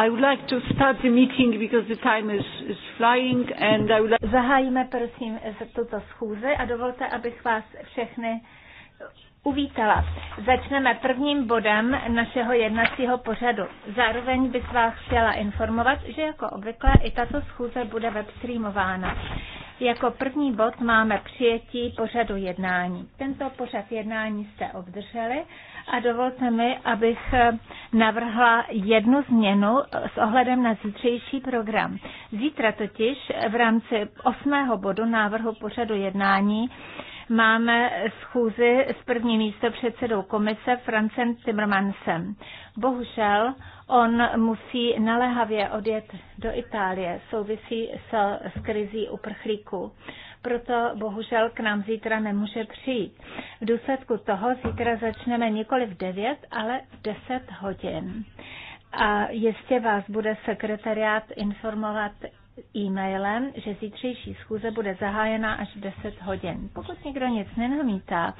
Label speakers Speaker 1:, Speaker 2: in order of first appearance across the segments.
Speaker 1: I would like to start the meeting because the time is, is flying and I would like... Zahájíme prosím tuto schůze a dovolte, abych vás všechny uvítala. Začneme prvním bodem našeho jednacího pořadu. Zároveň bych vás chtěla informovat, že jako obvykle i tato schůze bude webstreamována. Jako první bod máme přijetí pořadu jednání. Tento pořad jednání jste obdrželi a dovolte mi, abych navrhla jednu změnu s ohledem na zítřejší program. Zítra totiž v rámci osmého bodu návrhu pořadu jednání máme schůzi s prvním předsedou komise Francem Timmermansem. Bohužel on musí naléhavě odjet do Itálie, souvisí s, s krizí uprchlíků. Proto bohužel k nám zítra nemůže přijít. V důsledku toho zítra začneme nikoli v 9, ale v 10 hodin. A jistě vás bude sekretariát informovat e-mailem, že zítřejší schůze bude zahájena až v 10 hodin. Pokud nikdo nic nenamítá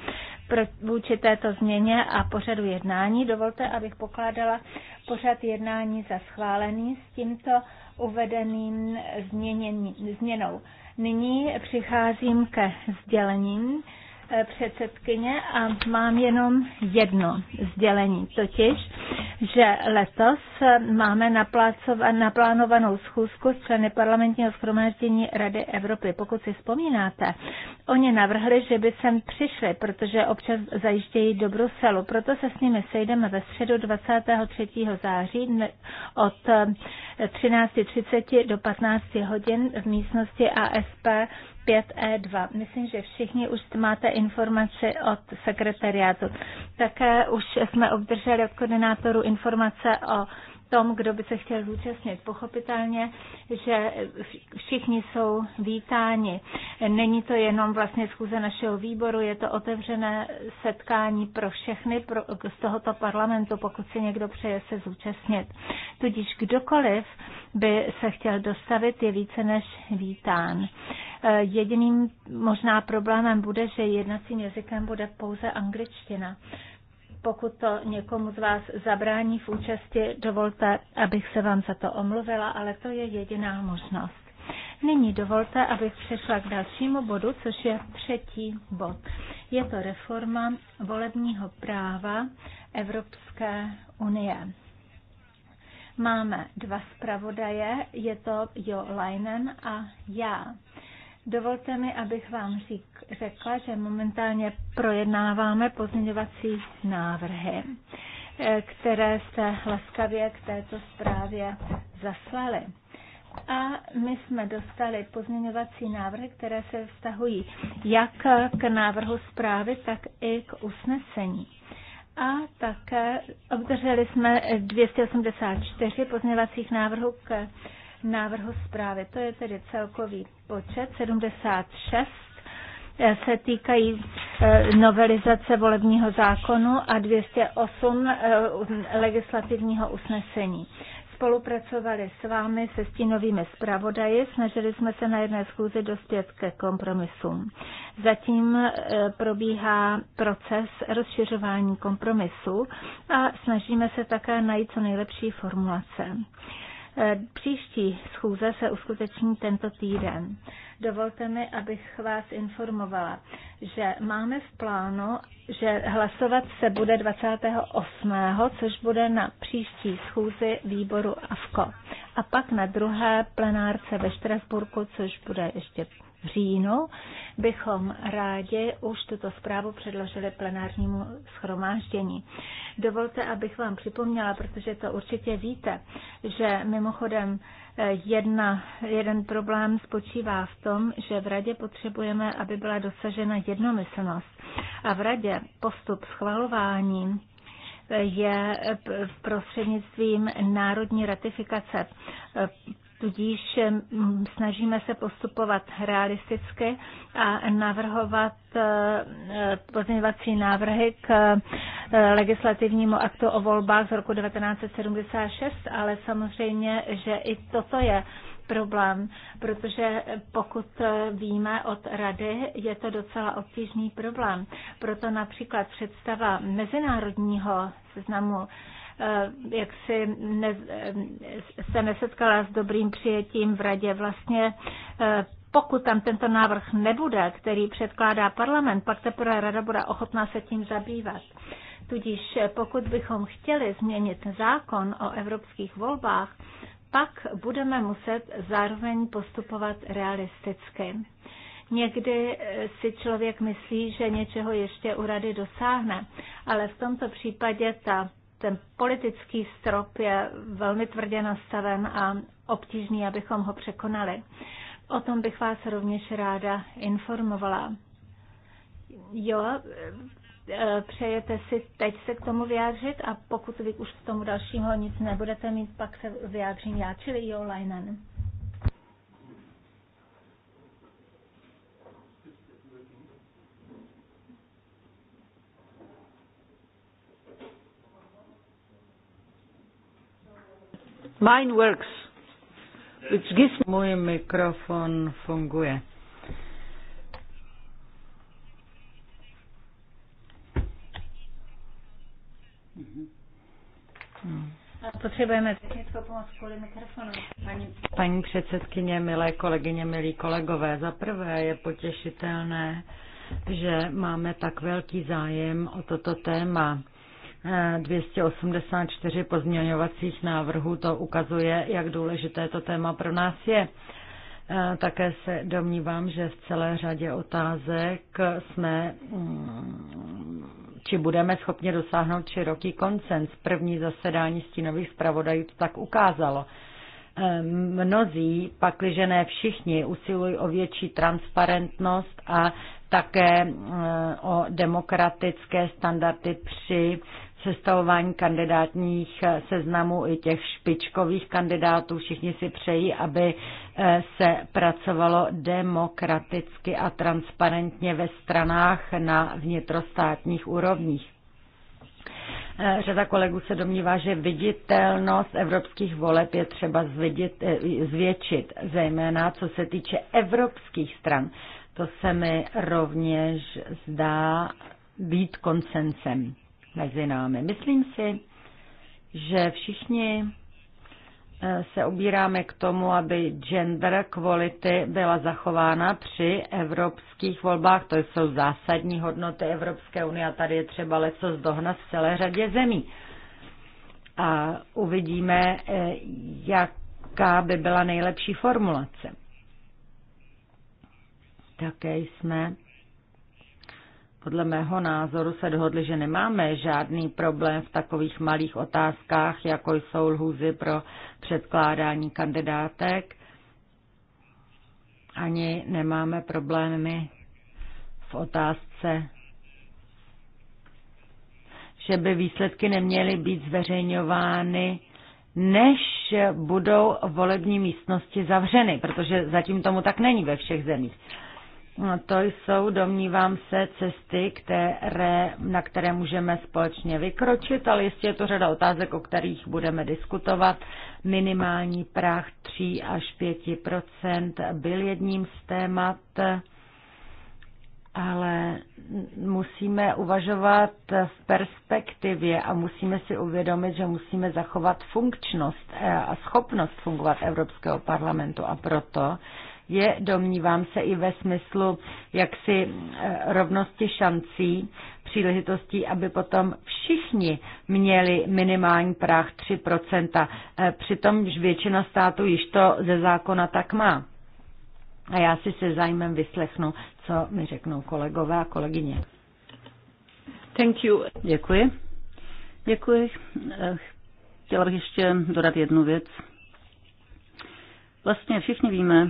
Speaker 1: vůči této změně a pořadu jednání, dovolte, abych pokládala pořad jednání za schválený s tímto uvedeným změnění, změnou. Nyní přicházím ke sdělením předsedkyně a mám jenom jedno sdělení, totiž, že letos máme naplánovanou schůzku s členy parlamentního schromáždění Rady Evropy. Pokud si vzpomínáte, oni navrhli, že by sem přišli, protože občas zajištějí do Bruselu. Proto se s nimi sejdeme ve středu 23. září od 13.30 eh, do 15 hodin v místnosti ASP 5E2. Myslím, že všichni už máte informace od sekretariátu. Také už jsme obdrželi od koordinátoru informace o tom, kdo by se chtěl zúčastnit. Pochopitelně, že všichni jsou vítáni. Není to jenom vlastně schůze našeho výboru, je to otevřené setkání pro všechny pro, z tohoto parlamentu, pokud si někdo přeje se zúčastnit. Tudíž kdokoliv by se chtěl dostavit, je více než vítán. Eh, jediným možná problémem bude, že jednacím jazykem bude pouze angličtina. Pokud to někomu z vás zabrání v účasti, dovolte, abych se vám za to omluvila, ale to je jediná možnost. Nyní dovolte, abych přešla k dalšímu bodu, což je třetí bod. Je to reforma volebního práva Evropské unie. Máme dva zpravodaje, je to Jo Leinen a já. Dovolte mi, abych vám řekla, že momentálně projednáváme pozměňovací návrhy, eh, které jste laskavě k této zprávě zaslali. A my jsme dostali pozměňovací návrhy, které se vztahují jak k návrhu zprávy, tak i k usnesení. A také obdrželi jsme 284 pozměňovacích návrhů k návrhu zprávy. To je tedy celkový počet 76 eh, se týkají eh, novelizace volebního zákonu a 208 eh, legislativního usnesení spolupracovali s vámi, se stínovými zpravodaji, snažili jsme se na jedné schůzi dospět ke kompromisům. Zatím probíhá proces rozšiřování kompromisu a snažíme se také najít co nejlepší formulace. Eh, příští schůze se uskuteční tento týden. Dovolte mi, abych vás informovala, že máme v plánu, že hlasovat se bude 28., což bude na příští schůzi výboru AFKO. A pak na druhé plenárce ve Štrasburku, což bude ještě říjnu bychom rádi už tuto zprávu předložili plenárnímu schromáždění. Dovolte, abych vám připomněla, protože to určitě víte, že mimochodem eh, jedna, jeden problém spočívá v tom, že v radě potřebujeme, aby byla dosažena jednomyslnost. A v radě postup schvalování eh, je eh, prostřednictvím národní ratifikace Tudíž snažíme se postupovat realisticky a navrhovat e, pozměňovací návrhy k e, legislativnímu aktu o volbách z roku 1976, ale samozřejmě, že i toto je problém, protože pokud e, víme od rady, je to docela obtížný problém. Proto například představa mezinárodního seznamu Eh, jak si ne, eh, se nesetkala s dobrým přijetím v radě. Vlastně eh, pokud tam tento návrh nebude, který předkládá parlament, pak teprve rada bude ochotná se tím zabývat. Tudíž pokud bychom chtěli změnit zákon o evropských volbách, pak budeme muset zároveň postupovat realisticky. Někdy si člověk myslí, že něčeho ještě u rady dosáhne, ale v tomto případě ta ten politický strop je velmi tvrdě nastaven a obtížný, abychom ho překonali. O tom bych vás rovněž ráda informovala. Jo, eh, přejete si teď se k tomu vyjádřit a pokud vy už k tomu dalšího nic nebudete mít, pak se vyjádřím já, čili Jo Leinen.
Speaker 2: Mine works. Which gives me... Můj mikrofon funguje.
Speaker 1: Hmm. Potřebujeme technickou pomoc kvůli mikrofonu. Paní...
Speaker 2: Paní předsedkyně, milé kolegyně, milí kolegové, za prvé je potěšitelné, že máme tak velký zájem o toto téma. 284 pozměňovacích návrhů. To ukazuje, jak důležité to téma pro nás je. Eh, také se domnívám, že v celé řadě otázek jsme mm, či budeme schopni dosáhnout široký koncens. První zasedání stínových zpravodajů to tak ukázalo. Eh, mnozí, pakliže ne všichni, usilují o větší transparentnost a také mm, o demokratické standardy při sestavování kandidátních eh, seznamů i těch špičkových kandidátů. Všichni si přejí, aby eh, se pracovalo demokraticky a transparentně ve stranách na vnitrostátních úrovních. Eh, řada kolegů se domnívá, že viditelnost evropských voleb je třeba zvidit, zvětšit, zejména co se týče evropských stran. To se mi rovněž zdá být konsensem mezi námi. Myslím si, že všichni eh, se obíráme k tomu, aby gender quality byla zachována při evropských volbách. To jsou zásadní hodnoty Evropské unie a tady je třeba leco zdohnat v celé řadě zemí. A uvidíme, eh, jaká by byla nejlepší formulace. Také jsme podle mého názoru se dohodli, že nemáme žádný problém v takových malých otázkách, jako jsou lhůzy pro předkládání kandidátek. Ani nemáme problémy v otázce, že by výsledky neměly být zveřejňovány, než budou volební místnosti zavřeny, protože zatím tomu tak není ve všech zemích. No to jsou, domnívám se, cesty, které, na které můžeme společně vykročit, ale jistě je to řada otázek, o kterých budeme diskutovat. Minimální práh 3 až 5 byl jedním z témat, ale musíme uvažovat v perspektivě a musíme si uvědomit, že musíme zachovat funkčnost eh, a schopnost fungovat Evropského parlamentu a proto je, domnívám se, i ve smyslu jaksi eh, rovnosti šancí, příležitostí, aby potom všichni měli minimální práh 3%. Eh, přitom většina států již to ze zákona tak má. A já si se zájmem vyslechnu, co mi řeknou kolegové a kolegyně. Thank you. Děkuji.
Speaker 3: Děkuji. Eh, chtěla bych ještě dodat jednu věc. Vlastně všichni víme,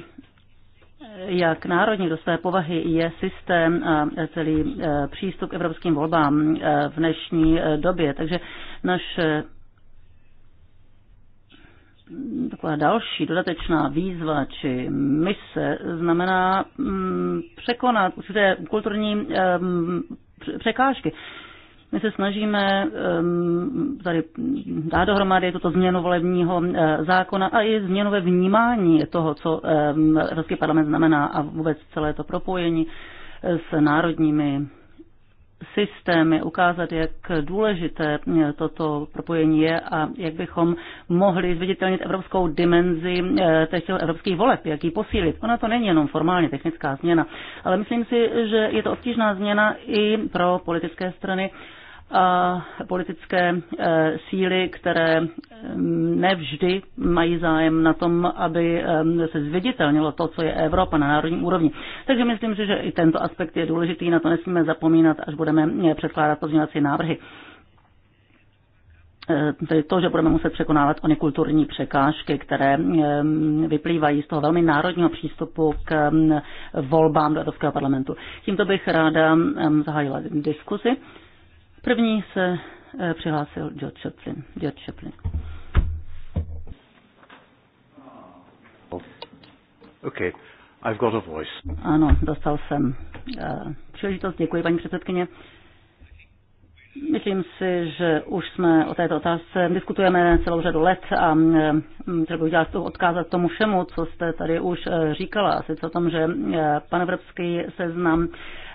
Speaker 3: jak národní do své povahy je systém a celý e, přístup k evropským volbám e, v dnešní e, době. Takže naše mm, taková další dodatečná výzva či mise znamená mm, překonat určité kulturní překážky. My se snažíme ehm, tady dát dohromady tuto změnu volebního eh, zákona a i změnové vnímání toho, co ehm, Evropský parlament znamená a vůbec celé to propojení eh, s národními systémy, ukázat, jak důležité eh, toto propojení je a jak bychom mohli zviditelnit evropskou dimenzi těch evropských voleb, jak ji posílit. Ona to není jenom formálně technická změna, ale myslím si, že je to obtížná změna i pro politické strany, a politické e, síly, které e, nevždy mají zájem na tom, aby e, se zviditelnilo to, co je Evropa na národní úrovni. Takže myslím si, že i tento aspekt je důležitý, na to nesmíme zapomínat, až budeme předkládat pozměňovací návrhy. Tedy to, že budeme muset překonávat ony kulturní překážky, které vyplývají z toho velmi národního přístupu k volbám do Evropského parlamentu. Tímto bych ráda zahájila diskusi. První se eh, přihlásil George Chaplin. George Chaplin.
Speaker 2: Okay. I've got a voice. Ano,
Speaker 3: dostal jsem eh, příležitost. Děkuji, paní předsedkyně. Myslím si, že už jsme o této otázce diskutujeme celou řadu let a eh, třeba udělat to odkázat tomu všemu, co jste tady už eh, říkala, sice o tom, že panevropský seznam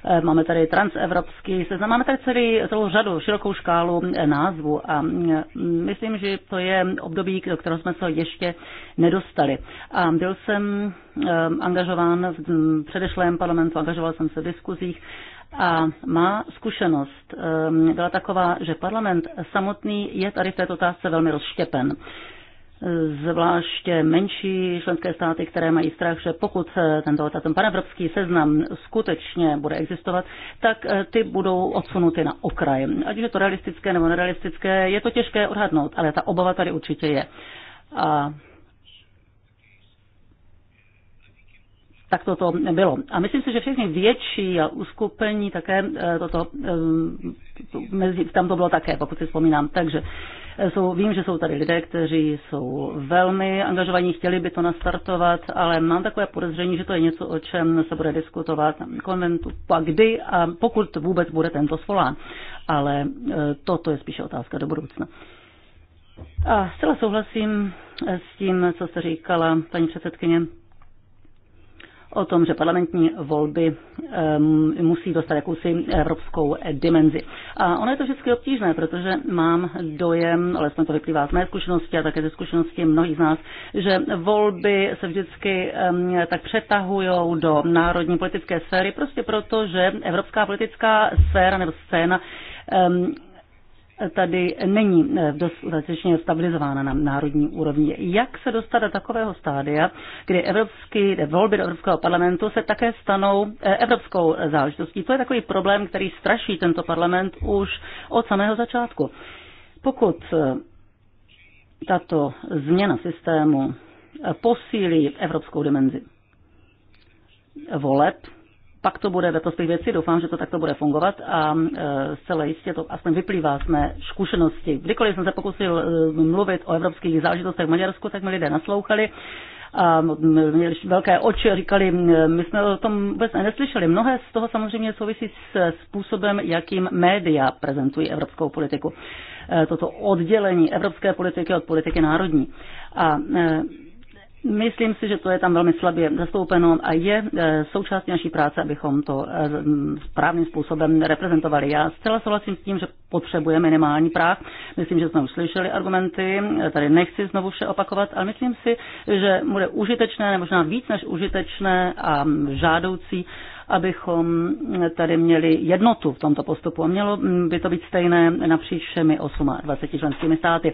Speaker 3: Eh, máme tady transevropský seznam, máme tady celý, celou řadu, širokou škálu eh, názvů a mm, myslím, že to je období, do kterého jsme se ještě nedostali. A byl jsem eh, angažován v mm, předešlém parlamentu, angažoval jsem se v diskuzích a má zkušenost byla taková, že parlament samotný je tady v této otázce velmi rozštěpen zvláště menší členské státy, které mají strach, že pokud tento ten panevropský seznam skutečně bude existovat, tak eh, ty budou odsunuty na okraj. Ať je to realistické nebo nerealistické, je to těžké odhadnout, ale ta obava tady určitě je. A tak toto bylo. A myslím si, že všechny větší uskupení také eh, toto, eh, mezi, tam to bylo také, pokud si vzpomínám. Takže eh, jsou, vím, že jsou tady lidé, kteří jsou velmi angažovaní, chtěli by to nastartovat, ale mám takové podezření, že to je něco, o čem se bude diskutovat na konventu, pak kdy a pokud vůbec bude tento svolán. Ale toto je spíše otázka do budoucna. A zcela souhlasím s tím, co jste říkala, paní předsedkyně o tom, že parlamentní volby ehm, musí dostat jakousi evropskou dimenzi. A ono je to vždycky obtížné, protože mám dojem, alespoň to vyplývá z mé zkušenosti a také ze zkušenosti mnohých z nás, že volby se vždycky ehm, tak přetahují do národní politické sféry, prostě proto, že evropská politická sféra nebo scéna ehm, tady není eh, dostatečně stabilizována na národní úrovni. Jak se dostat do takového stádia, kdy evropský, volby do Evropského parlamentu se také stanou eh, evropskou záležitostí? To je takový problém, který straší tento parlament už od samého začátku. Pokud eh, tato změna systému posílí evropskou dimenzi voleb, pak to bude ve prospěch věci. Doufám, že to takto bude fungovat a e, zcela jistě to aspoň vyplývá z mé zkušenosti. Kdykoliv jsem se pokusil e, mluvit o evropských záležitostech v Maďarsku, tak mi lidé naslouchali a měli velké oči a říkali, my jsme o tom vůbec neslyšeli. Mnohé z toho samozřejmě souvisí s způsobem, jakým média prezentují evropskou politiku. E, toto oddělení evropské politiky od politiky národní. A Myslím si, že to je tam velmi slabě zastoupeno a je e, součástí naší práce, abychom to e, správným způsobem reprezentovali. Já zcela souhlasím s tím, že potřebuje minimální práv. Myslím, že jsme už slyšeli argumenty, tady nechci znovu vše opakovat, ale myslím si, že bude užitečné, možná víc než užitečné a žádoucí, abychom tady měli jednotu v tomto postupu. A mělo by to být stejné napříč všemi 28 členskými státy.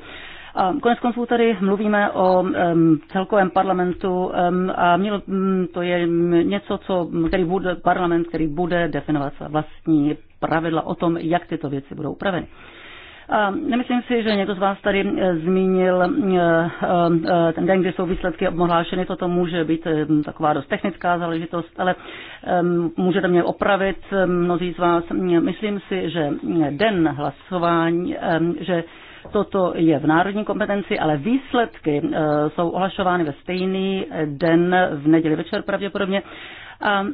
Speaker 3: A ehm, konec konců tady mluvíme o ehm, celkovém parlamentu ehm, a mělo, mm, to je něco, co, který bude, parlament, který bude definovat vlastní pravidla o tom, jak tyto věci budou upraveny. A nemyslím si, že někdo z vás tady eh, zmínil eh, eh, ten den, kdy jsou výsledky obmohlášeny. Toto může být taková dost technická záležitost, ale můžete mě opravit mnozí z vás. Myslím si, že den hlasování, že Toto je v národní kompetenci, ale výsledky eh, jsou ohlašovány ve stejný den v neděli večer pravděpodobně. A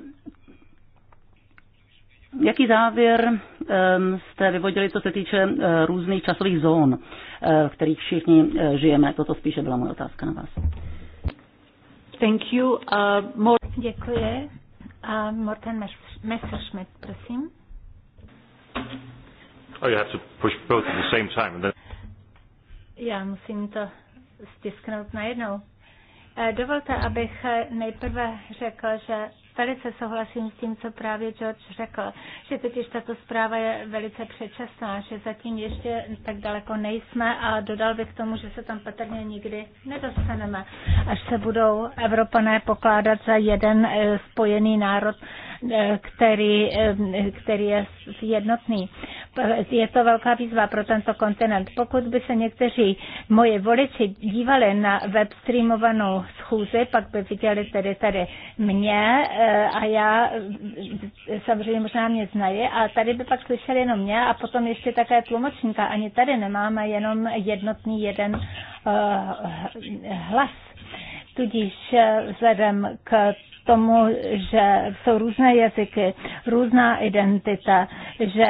Speaker 3: Jaký závěr ehm, jste vyvodili, co se týče eh, různých časových zón, eh, v kterých všichni žijeme? Toto spíše byla moje otázka na vás.
Speaker 1: Thank you. Uh, more... Děkuji. Uh, Morten Messerschmidt, prosím. Oh, you have to push both at the same time. And then... Já musím to stisknout najednou. Eh, dovolte, abych eh, nejprve řekl, že velice souhlasím s tím, co právě George řekl, že totiž tato zpráva je velice předčasná, že zatím ještě tak daleko nejsme a dodal bych tomu, že se tam patrně nikdy nedostaneme, až se budou Evropané pokládat za jeden eh, spojený národ, který, který je jednotný. Je to velká výzva pro tento kontinent. Pokud by se někteří moje voliči dívali na webstreamovanou schůzi, pak by viděli tedy tady mě eh, a já eh, samozřejmě možná mě znají a tady by pak slyšeli jenom mě a potom ještě také tlumočníka. Ani tady nemáme jenom jednotný jeden eh, hlas Tudíž eh, vzhledem k tomu, že jsou různé jazyky, různá identita, že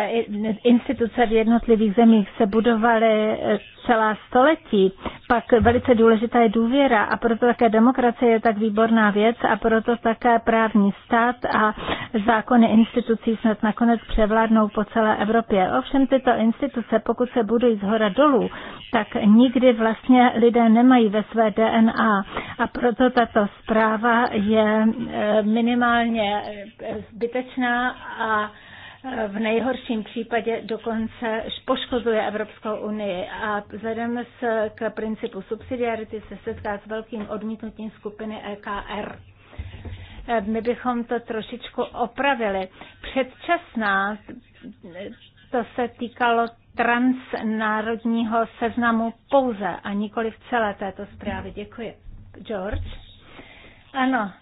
Speaker 1: instituce v jednotlivých zemích se budovaly eh, celá století, pak velice důležitá je důvěra a proto také demokracie je tak výborná věc a proto také právní stát a zákony institucí snad nakonec převládnou po celé Evropě. Ovšem tyto instituce, pokud se budují z hora dolů, tak nikdy vlastně lidé nemají ve své DNA a proto tato zpráva je eh, minimálně eh, zbytečná a v nejhorším případě dokonce poškozuje Evropskou unii. A vzhledem se k principu subsidiarity se setká s velkým odmítnutím skupiny EKR my bychom to trošičku opravili. Předčasná, to se týkalo transnárodního seznamu pouze a nikoli v celé této zprávy. Děkuji. George? Ano,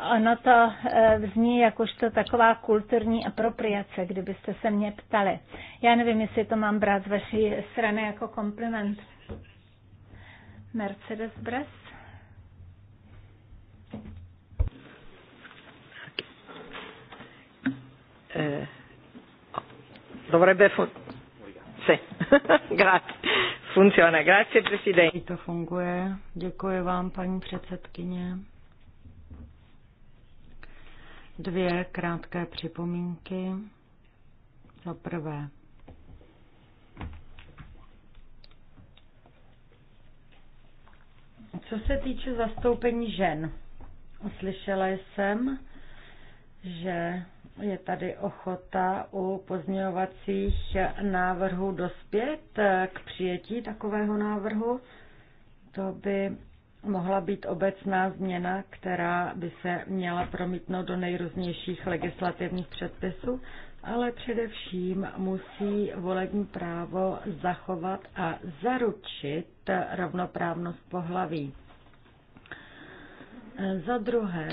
Speaker 1: Ono to vzní e, jakožto taková kulturní apropriace, kdybyste se mě ptali. Já nevím, jestli to mám brát z vaší strany jako kompliment. Mercedes Bres. Eh,
Speaker 2: dovrebbe fun- sì. grazie. Funziona. Grazie Presidente. To funguje. Děkuji vám, paní předsedkyně. Dvě krátké připomínky. Za prvé, co se týče zastoupení žen, slyšela jsem, že je tady ochota u pozměňovacích návrhů dospět k přijetí takového návrhu. To by mohla být obecná změna, která by se měla promítnout do nejrůznějších legislativních předpisů, ale především musí volební právo zachovat a zaručit rovnoprávnost pohlaví. Za druhé,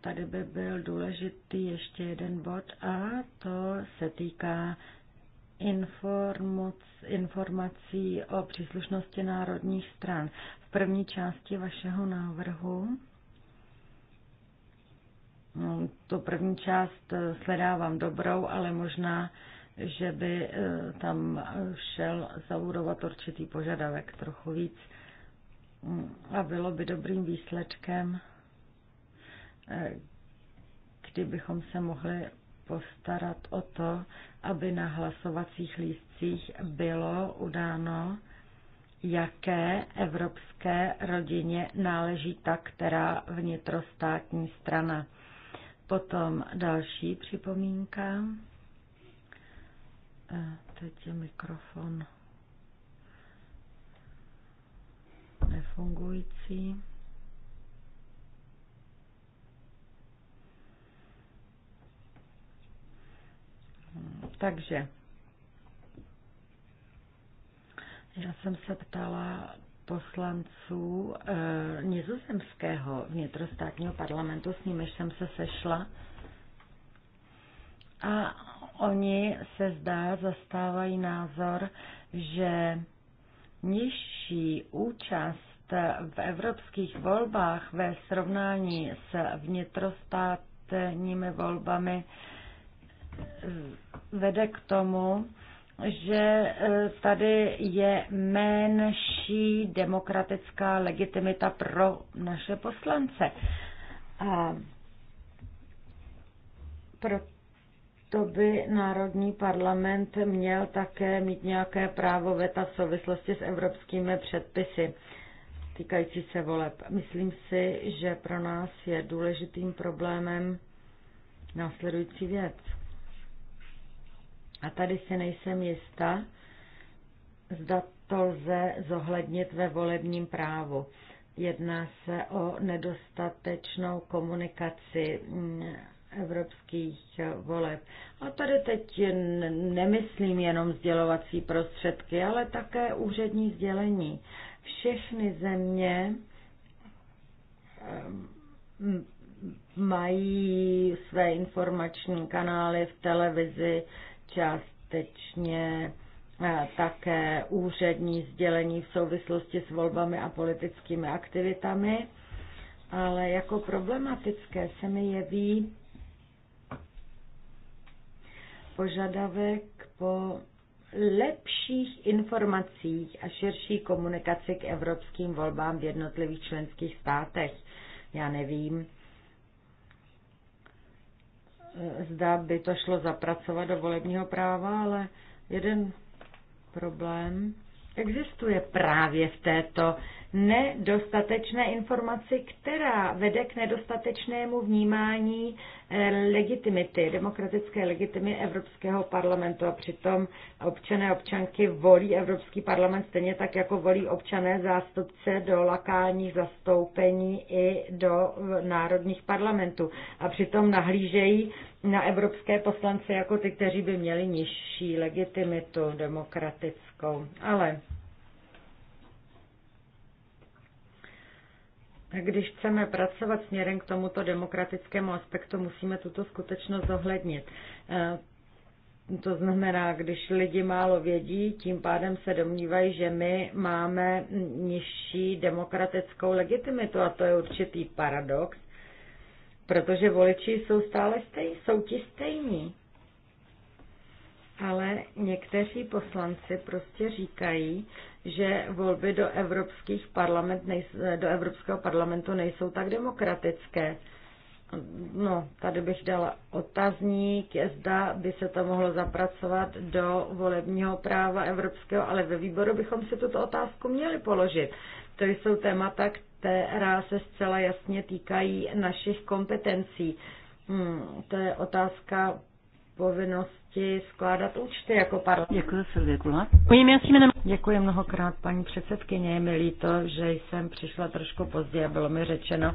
Speaker 2: Tady by byl důležitý ještě jeden bod a to se týká informací o příslušnosti národních stran. V první části vašeho návrhu mm, tu první část eh, sledávám dobrou, ale možná, že by eh, tam šel zaurovat určitý požadavek trochu víc mm, a bylo by dobrým výsledkem, eh, kdybychom se mohli postarat o to, aby na hlasovacích lístcích bylo udáno, jaké evropské rodině náleží ta, která vnitrostátní strana. Potom další připomínka. Teď je mikrofon nefungující. Takže já jsem se ptala poslanců e, nizozemského vnitrostátního parlamentu, s nimiž jsem se sešla. A oni se zdá zastávají názor, že nižší účast v evropských volbách ve srovnání s vnitrostátními volbami vede k tomu, že e, tady je menší demokratická legitimita pro naše poslance. A proto by Národní parlament měl také mít nějaké právo veta v souvislosti s evropskými předpisy týkající se voleb. Myslím si, že pro nás je důležitým problémem následující věc. A tady si nejsem jistá, zda to lze zohlednit ve volebním právu. Jedná se o nedostatečnou komunikaci mm, evropských voleb. A tady teď nemyslím jenom sdělovací prostředky, ale také úřední sdělení. Všechny země mm, mají své informační kanály v televizi, částečně eh, také úřední sdělení v souvislosti s volbami a politickými aktivitami, ale jako problematické se mi jeví požadavek po lepších informacích a širší komunikaci k evropským volbám v jednotlivých členských státech. Já nevím, zda by to šlo zapracovat do volebního práva, ale jeden problém existuje právě v této nedostatečné informaci, která vede k nedostatečnému vnímání eh, legitimity, demokratické legitimity Evropského parlamentu a přitom občané občanky volí Evropský parlament stejně tak, jako volí občané zástupce do lokálních zastoupení i do eh, národních parlamentů a přitom nahlížejí na evropské poslance jako ty, kteří by měli nižší legitimitu demokratickou. Ale Když chceme pracovat směrem k tomuto demokratickému aspektu, musíme tuto skutečnost zohlednit. E, to znamená, když lidi málo vědí, tím pádem se domnívají, že my máme nižší demokratickou legitimitu a to je určitý paradox, protože voliči jsou stále stejní, jsou ti stejní ale někteří poslanci prostě říkají, že volby do, evropských parlament do Evropského parlamentu nejsou tak demokratické. No, tady bych dala otazník, zda by se to mohlo zapracovat do volebního práva evropského, ale ve výboru bychom si tuto otázku měli položit. To jsou témata, která se zcela jasně týkají našich kompetencí. Hmm, to je otázka povinnosti skládat účty jako parlament. Děkuji, Silvě Kula. Děkuji mnohokrát, paní předsedkyně. Je mi líto, že jsem přišla trošku pozdě a bylo mi řečeno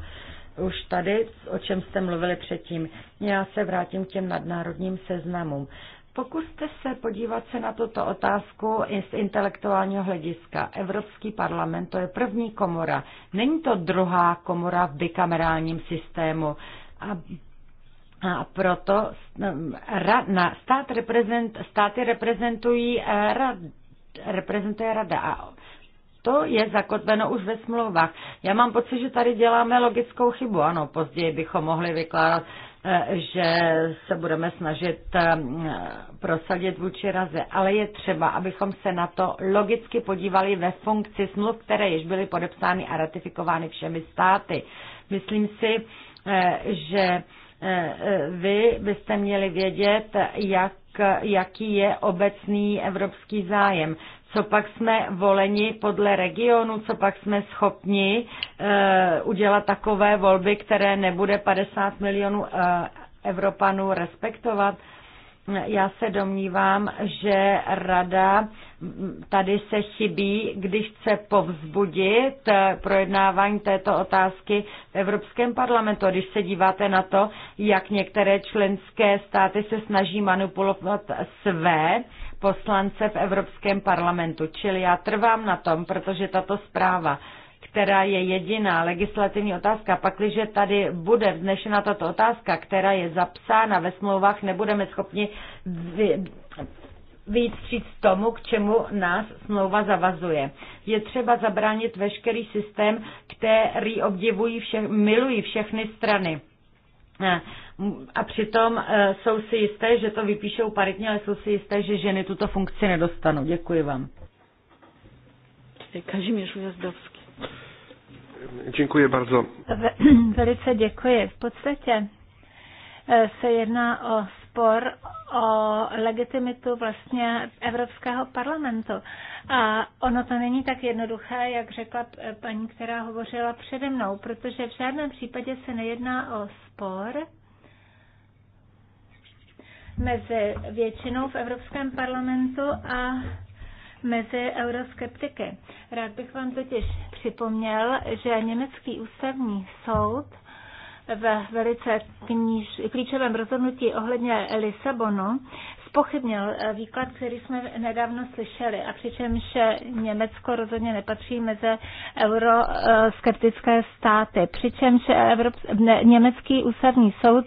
Speaker 2: už tady, o čem jste mluvili předtím. Já se vrátím k těm nadnárodním seznamům. Pokuste se podívat se na tuto otázku i z intelektuálního hlediska. Evropský parlament to je první komora. Není to druhá komora v bikamerálním systému. A a proto na stát reprezent, státy reprezentují eh, rad, reprezentuje rada a to je zakotveno už ve smlouvách. Já mám pocit, že tady děláme logickou chybu. Ano, později bychom mohli vykládat, eh, že se budeme snažit eh, prosadit vůči raze, ale je třeba, abychom se na to logicky podívali ve funkci smluv, které již byly podepsány a ratifikovány všemi státy. Myslím si, že Eh, eh, vy byste měli vědět, jak, jaký je obecný evropský zájem. Co pak jsme voleni podle regionu, co pak jsme schopni eh, udělat takové volby, které nebude 50 milionů Evropanů respektovat já se domnívám, že rada tady se chybí, když chce povzbudit projednávání této otázky v Evropském parlamentu. Když se díváte na to, jak některé členské státy se snaží manipulovat své poslance v Evropském parlamentu. Čili já trvám na tom, protože tato zpráva která je jediná legislativní otázka, pakliže tady bude vznešena tato otázka, která je zapsána ve smlouvách, nebudeme schopni víc říct tomu, k čemu nás smlouva zavazuje. Je třeba zabránit veškerý systém, který obdivují vše, milují všechny strany. A přitom e, jsou si jisté, že to vypíšou paritně, ale jsou si jisté, že ženy tuto funkci nedostanou.
Speaker 1: Děkuji vám. Kažimír Ujazdovský. Děkuji bardzo. Velice děkuji. V podstatě eh, se jedná o spor o legitimitu vlastně Evropského parlamentu. A ono to není tak jednoduché, jak řekla paní, která hovořila přede mnou, protože v žádném případě se nejedná o spor mezi většinou v Evropském parlamentu a mezi euroskeptiky. Rád bych vám totiž připomněl, že německý ústavní soud ve velice kníž, klíčovém rozhodnutí ohledně Lisabonu spochybnil eh, výklad, který jsme nedávno slyšeli, a přičemž eh, Německo rozhodně nepatří mezi euroskeptické státy. Přičemž eh, Evrop, ne, Německý ústavní soud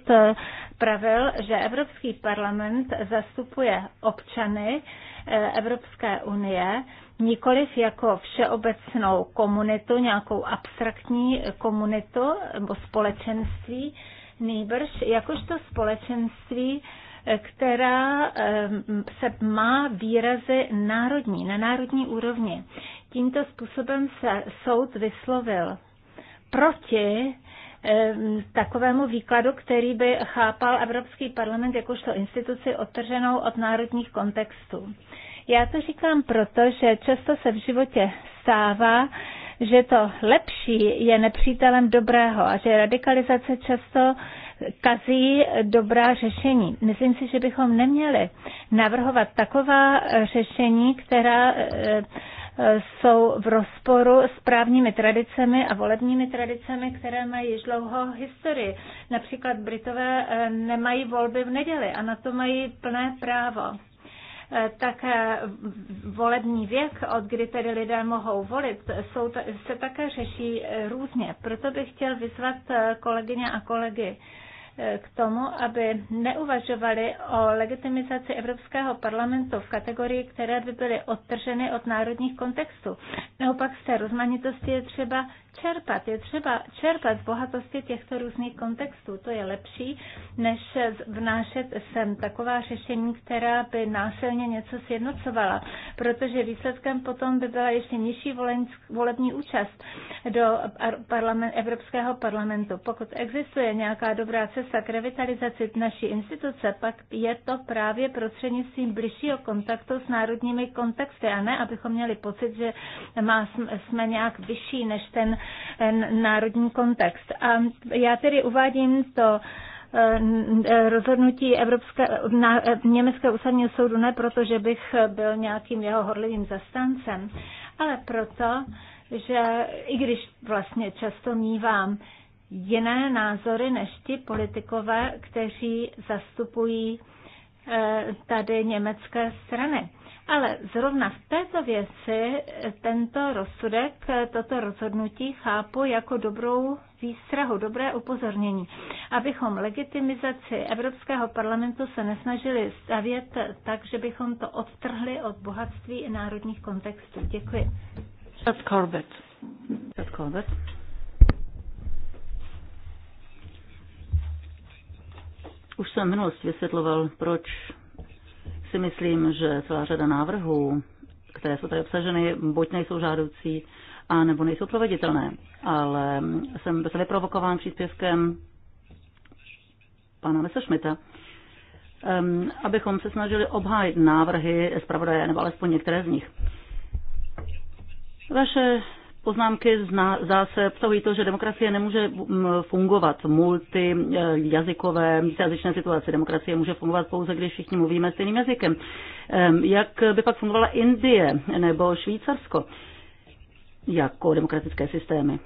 Speaker 1: pravil, že Evropský parlament zastupuje občany Evropské unie nikoliv jako všeobecnou komunitu, nějakou abstraktní komunitu nebo společenství, nýbrž jakožto společenství, která se má výrazy národní, na národní úrovni. Tímto způsobem se soud vyslovil proti takovému výkladu, který by chápal Evropský parlament jakožto instituci otrženou od národních kontextů. Já to říkám proto, že často se v životě stává, že to lepší je nepřítelem dobrého a že radikalizace často kazí dobrá řešení. Myslím si, že bychom neměli navrhovat taková řešení, která e, e, jsou v rozporu s právními tradicemi a volebními tradicemi, které mají již dlouho historii. Například Britové e, nemají volby v neděli a na to mají plné právo také eh, volební věk, od kdy tedy lidé mohou volit, jsou, se také řeší eh, různě. Proto bych chtěl vyzvat eh, kolegyně a kolegy k tomu, aby neuvažovali o legitimizaci Evropského parlamentu v kategorii, které by byly odtrženy od národních kontextů. Neopak z té rozmanitosti je třeba čerpat. Je třeba čerpat z bohatosti těchto různých kontextů. To je lepší, než vnášet sem taková řešení, která by násilně něco sjednocovala, protože výsledkem potom by byla ještě nižší volební účast do parlament, Evropského parlamentu. Pokud existuje nějaká dobrá cesta k revitalizaci naší instituce, pak je to právě prostřednictvím bližšího kontaktu s národními kontexty, a ne abychom měli pocit, že má, jsme nějak vyšší než ten národní kontext. A já tedy uvádím to e, rozhodnutí Evropské, na, Německého ústavního soudu ne proto, že bych byl nějakým jeho horlivým zastáncem, ale proto, že i když vlastně často mívám jiné názory než ti politikové, kteří zastupují e, tady německé strany. Ale zrovna v této věci tento rozsudek, toto rozhodnutí chápu jako dobrou výstrahu, dobré upozornění, abychom legitimizaci Evropského parlamentu se nesnažili stavět tak, že bychom to odtrhli od bohatství i národních kontextů. Děkuji. Chad Corbett. Chad Corbett. Už
Speaker 3: jsem minulost vysvětloval, proč si myslím, že celá řada návrhů, které jsou tady obsaženy, buď nejsou žádoucí, a nebo nejsou proveditelné. Ale jsem byl vyprovokován příspěvkem pana Messerschmitta, um, abychom se snažili obhájit návrhy zpravodaje, nebo alespoň některé z nich. Vaše poznámky zase obsahují to, že demokracie nemůže mm, fungovat v multijazykové, jazyčné situaci. Demokracie může fungovat pouze, když všichni mluvíme stejným jazykem. Jak by pak fungovala Indie nebo Švýcarsko jako demokratické systémy?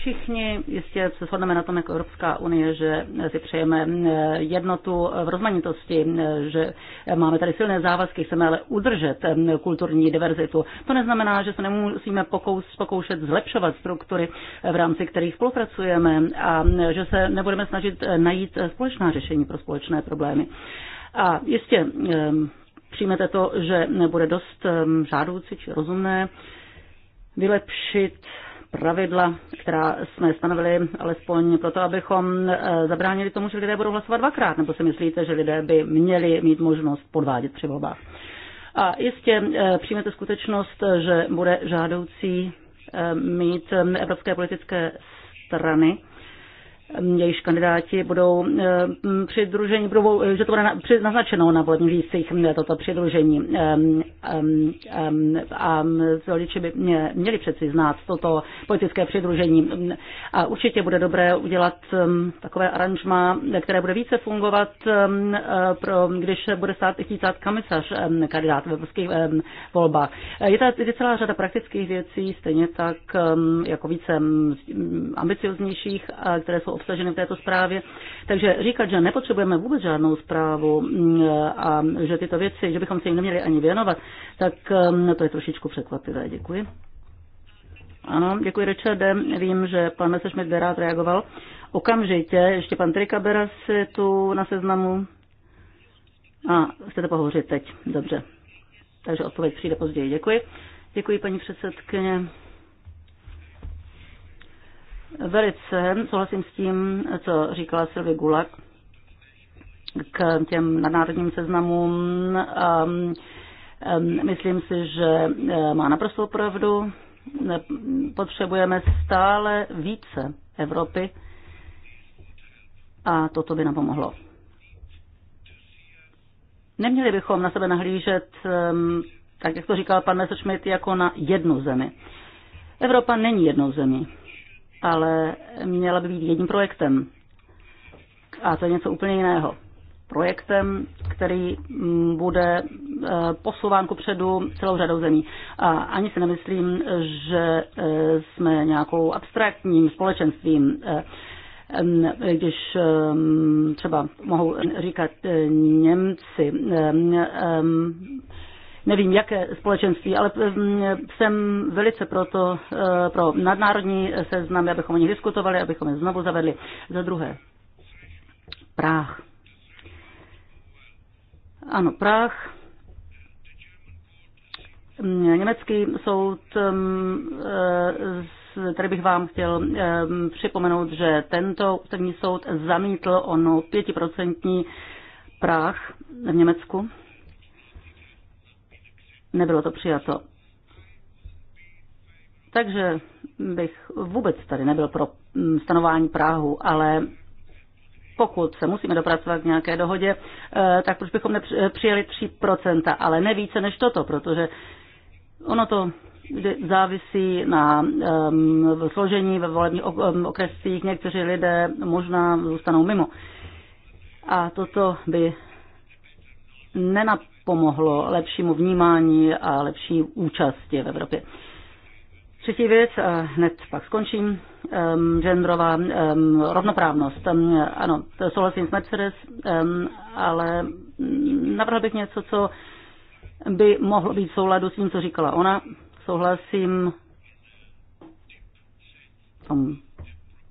Speaker 3: Všichni jistě se shodneme na tom jako Evropská unie, že si přejeme eh, jednotu v rozmanitosti, eh, že máme tady silné závazky, chceme ale udržet eh, kulturní diverzitu. To neznamená, že se nemusíme pokous, pokoušet zlepšovat struktury, v rámci kterých spolupracujeme a že se nebudeme snažit najít společná řešení pro společné problémy. A jistě přijmete to, že nebude dost žádoucí či rozumné vylepšit pravidla, která jsme stanovili alespoň proto, abychom eh, zabránili tomu, že lidé budou hlasovat dvakrát, nebo si myslíte, že lidé by měli mít možnost podvádět při volbách. A jistě eh, přijmete skutečnost, že bude žádoucí eh, mít evropské politické strany, jejíž kandidáti budou eh, přidružení, budou, eh, že to bude naznačeno na volebních lístcích eh, toto přidružení. A voliči by měli přeci znát toto politické přidružení. A určitě bude dobré udělat takové aranžma, které bude více fungovat, pro, když bude stát chtít stát komisař kandidát ve evropských volbách. Je tady celá řada praktických věcí, stejně tak jako více ambicioznějších, které jsou obsaženy v této zprávě. Takže říkat, že nepotřebujeme vůbec žádnou zprávu mm, a že tyto věci, že bychom se jim neměli ani věnovat, tak mm, to je trošičku překvapivé. Děkuji. Ano, děkuji Richarde. Vím, že pan Messerschmidt by rád reagoval. Okamžitě, ještě pan Trikabera se tu na seznamu. A chcete pohovořit teď, dobře. Takže odpověď přijde později. Děkuji. Děkuji, paní předsedkyně. Velice souhlasím s tím, co říkala Silvi Gulak k těm nadnárodním seznamům. Ehm, ehm, myslím si, že eh, má naprosto pravdu. Potřebujeme stále více Evropy a toto by nám pomohlo. Neměli bychom na sebe nahlížet, ehm, tak jak to říkal pan Messerschmidt, jako na jednu zemi. Evropa není jednou zemí ale měla by být jedním projektem. A to je něco úplně jiného. Projektem, který mm, bude eh, posouván ku předu celou řadou zemí. A ani si nemyslím, že eh, jsme nějakou abstraktním společenstvím eh, mm, když třeba mohou říkat Němci, mm, nevím jaké společenství, ale mm, jsem velice proto e, pro nadnárodní seznamy, abychom o nich diskutovali, abychom je znovu zavedli. Za druhé, Práh. Ano, Práh. Mm, německý soud mm, e, tady bych vám chtěl e, připomenout, že tento ústavní soud zamítl ono pětiprocentní práh v Německu. Nebylo to přijato. Takže bych vůbec tady nebyl pro mm, stanování Prahu, ale pokud se musíme dopracovat k nějaké dohodě, eh, tak proč bychom nepřijeli eh, 3%, ale ne více než toto, protože ono to závisí na um, složení ve volebních ehm, okrescích. Někteří lidé možná zůstanou mimo. A toto by nenap pomohlo lepšímu vnímání a lepší účasti v Evropě. Třetí věc, a hned pak skončím, um, genderová um, rovnoprávnost. Um, ano, souhlasím s Mercedes, um, ale navrhl bych něco, co by mohlo být v souladu s tím, co říkala ona. Souhlasím v tom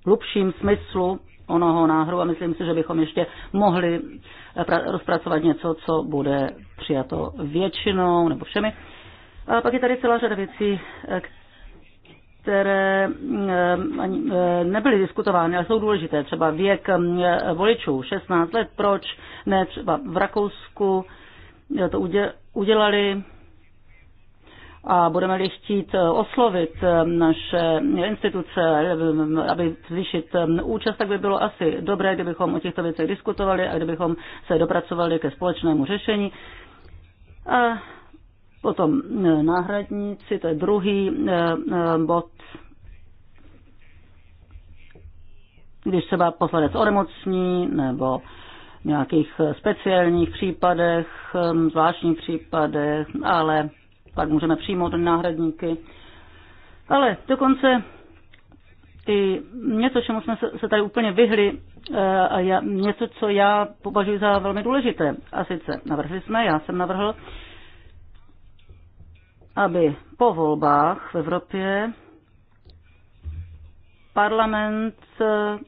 Speaker 3: hlubším smyslu onoho náhru a myslím si, že bychom ještě mohli rozpracovat něco, co bude přijato většinou nebo všemi. A pak je tady celá řada věcí, které eh, eh, nebyly diskutovány, ale jsou důležité. Třeba věk eh, voličů, 16 let, proč ne, třeba v Rakousku to udělali, a budeme-li chtít oslovit naše instituce, aby zvýšit účast, tak by bylo asi dobré, kdybychom o těchto věcech diskutovali a kdybychom se dopracovali ke společnému řešení. A potom e, náhradníci, to je druhý e, e, bod. Když třeba poslanec onemocní nebo v nějakých speciálních případech, zvláštních případech, ale pak můžeme přijmout náhradníky. Ale dokonce ty, něco, čemu jsme se tady úplně vyhli, eh, a já, něco, co já považuji za velmi důležité. A sice navrhli jsme, já jsem navrhl, aby po volbách v Evropě parlament eh,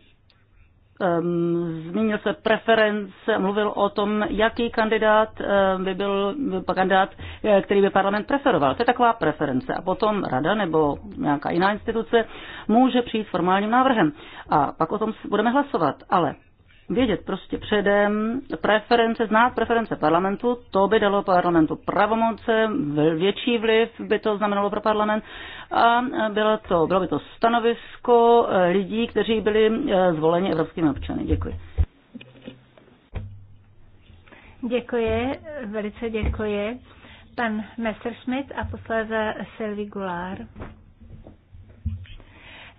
Speaker 3: Ehm, zmínil se preference, mluvil o tom, jaký kandidát ehm, by byl kandidát, eh, který by parlament preferoval. To je taková preference. A potom rada nebo nějaká jiná instituce může přijít s formálním návrhem. A pak o tom budeme hlasovat. Ale vědět prostě předem preference, znát preference parlamentu, to by dalo parlamentu pravomoce, větší vliv by to znamenalo pro parlament a bylo, to, bylo by to stanovisko eh, lidí, kteří byli eh, zvoleni evropskými občany. Děkuji.
Speaker 1: Děkuji, velice děkuji. Pan Messerschmidt a posléze Sylvie Goulart.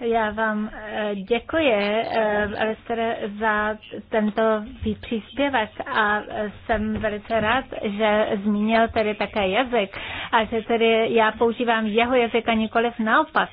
Speaker 1: Já vám eh, děkuji, eh, Alistair, za tento příspěvek a eh, jsem velice rád, že zmínil tedy také jazyk a že tedy já používám jeho jazyk a nikoliv naopak.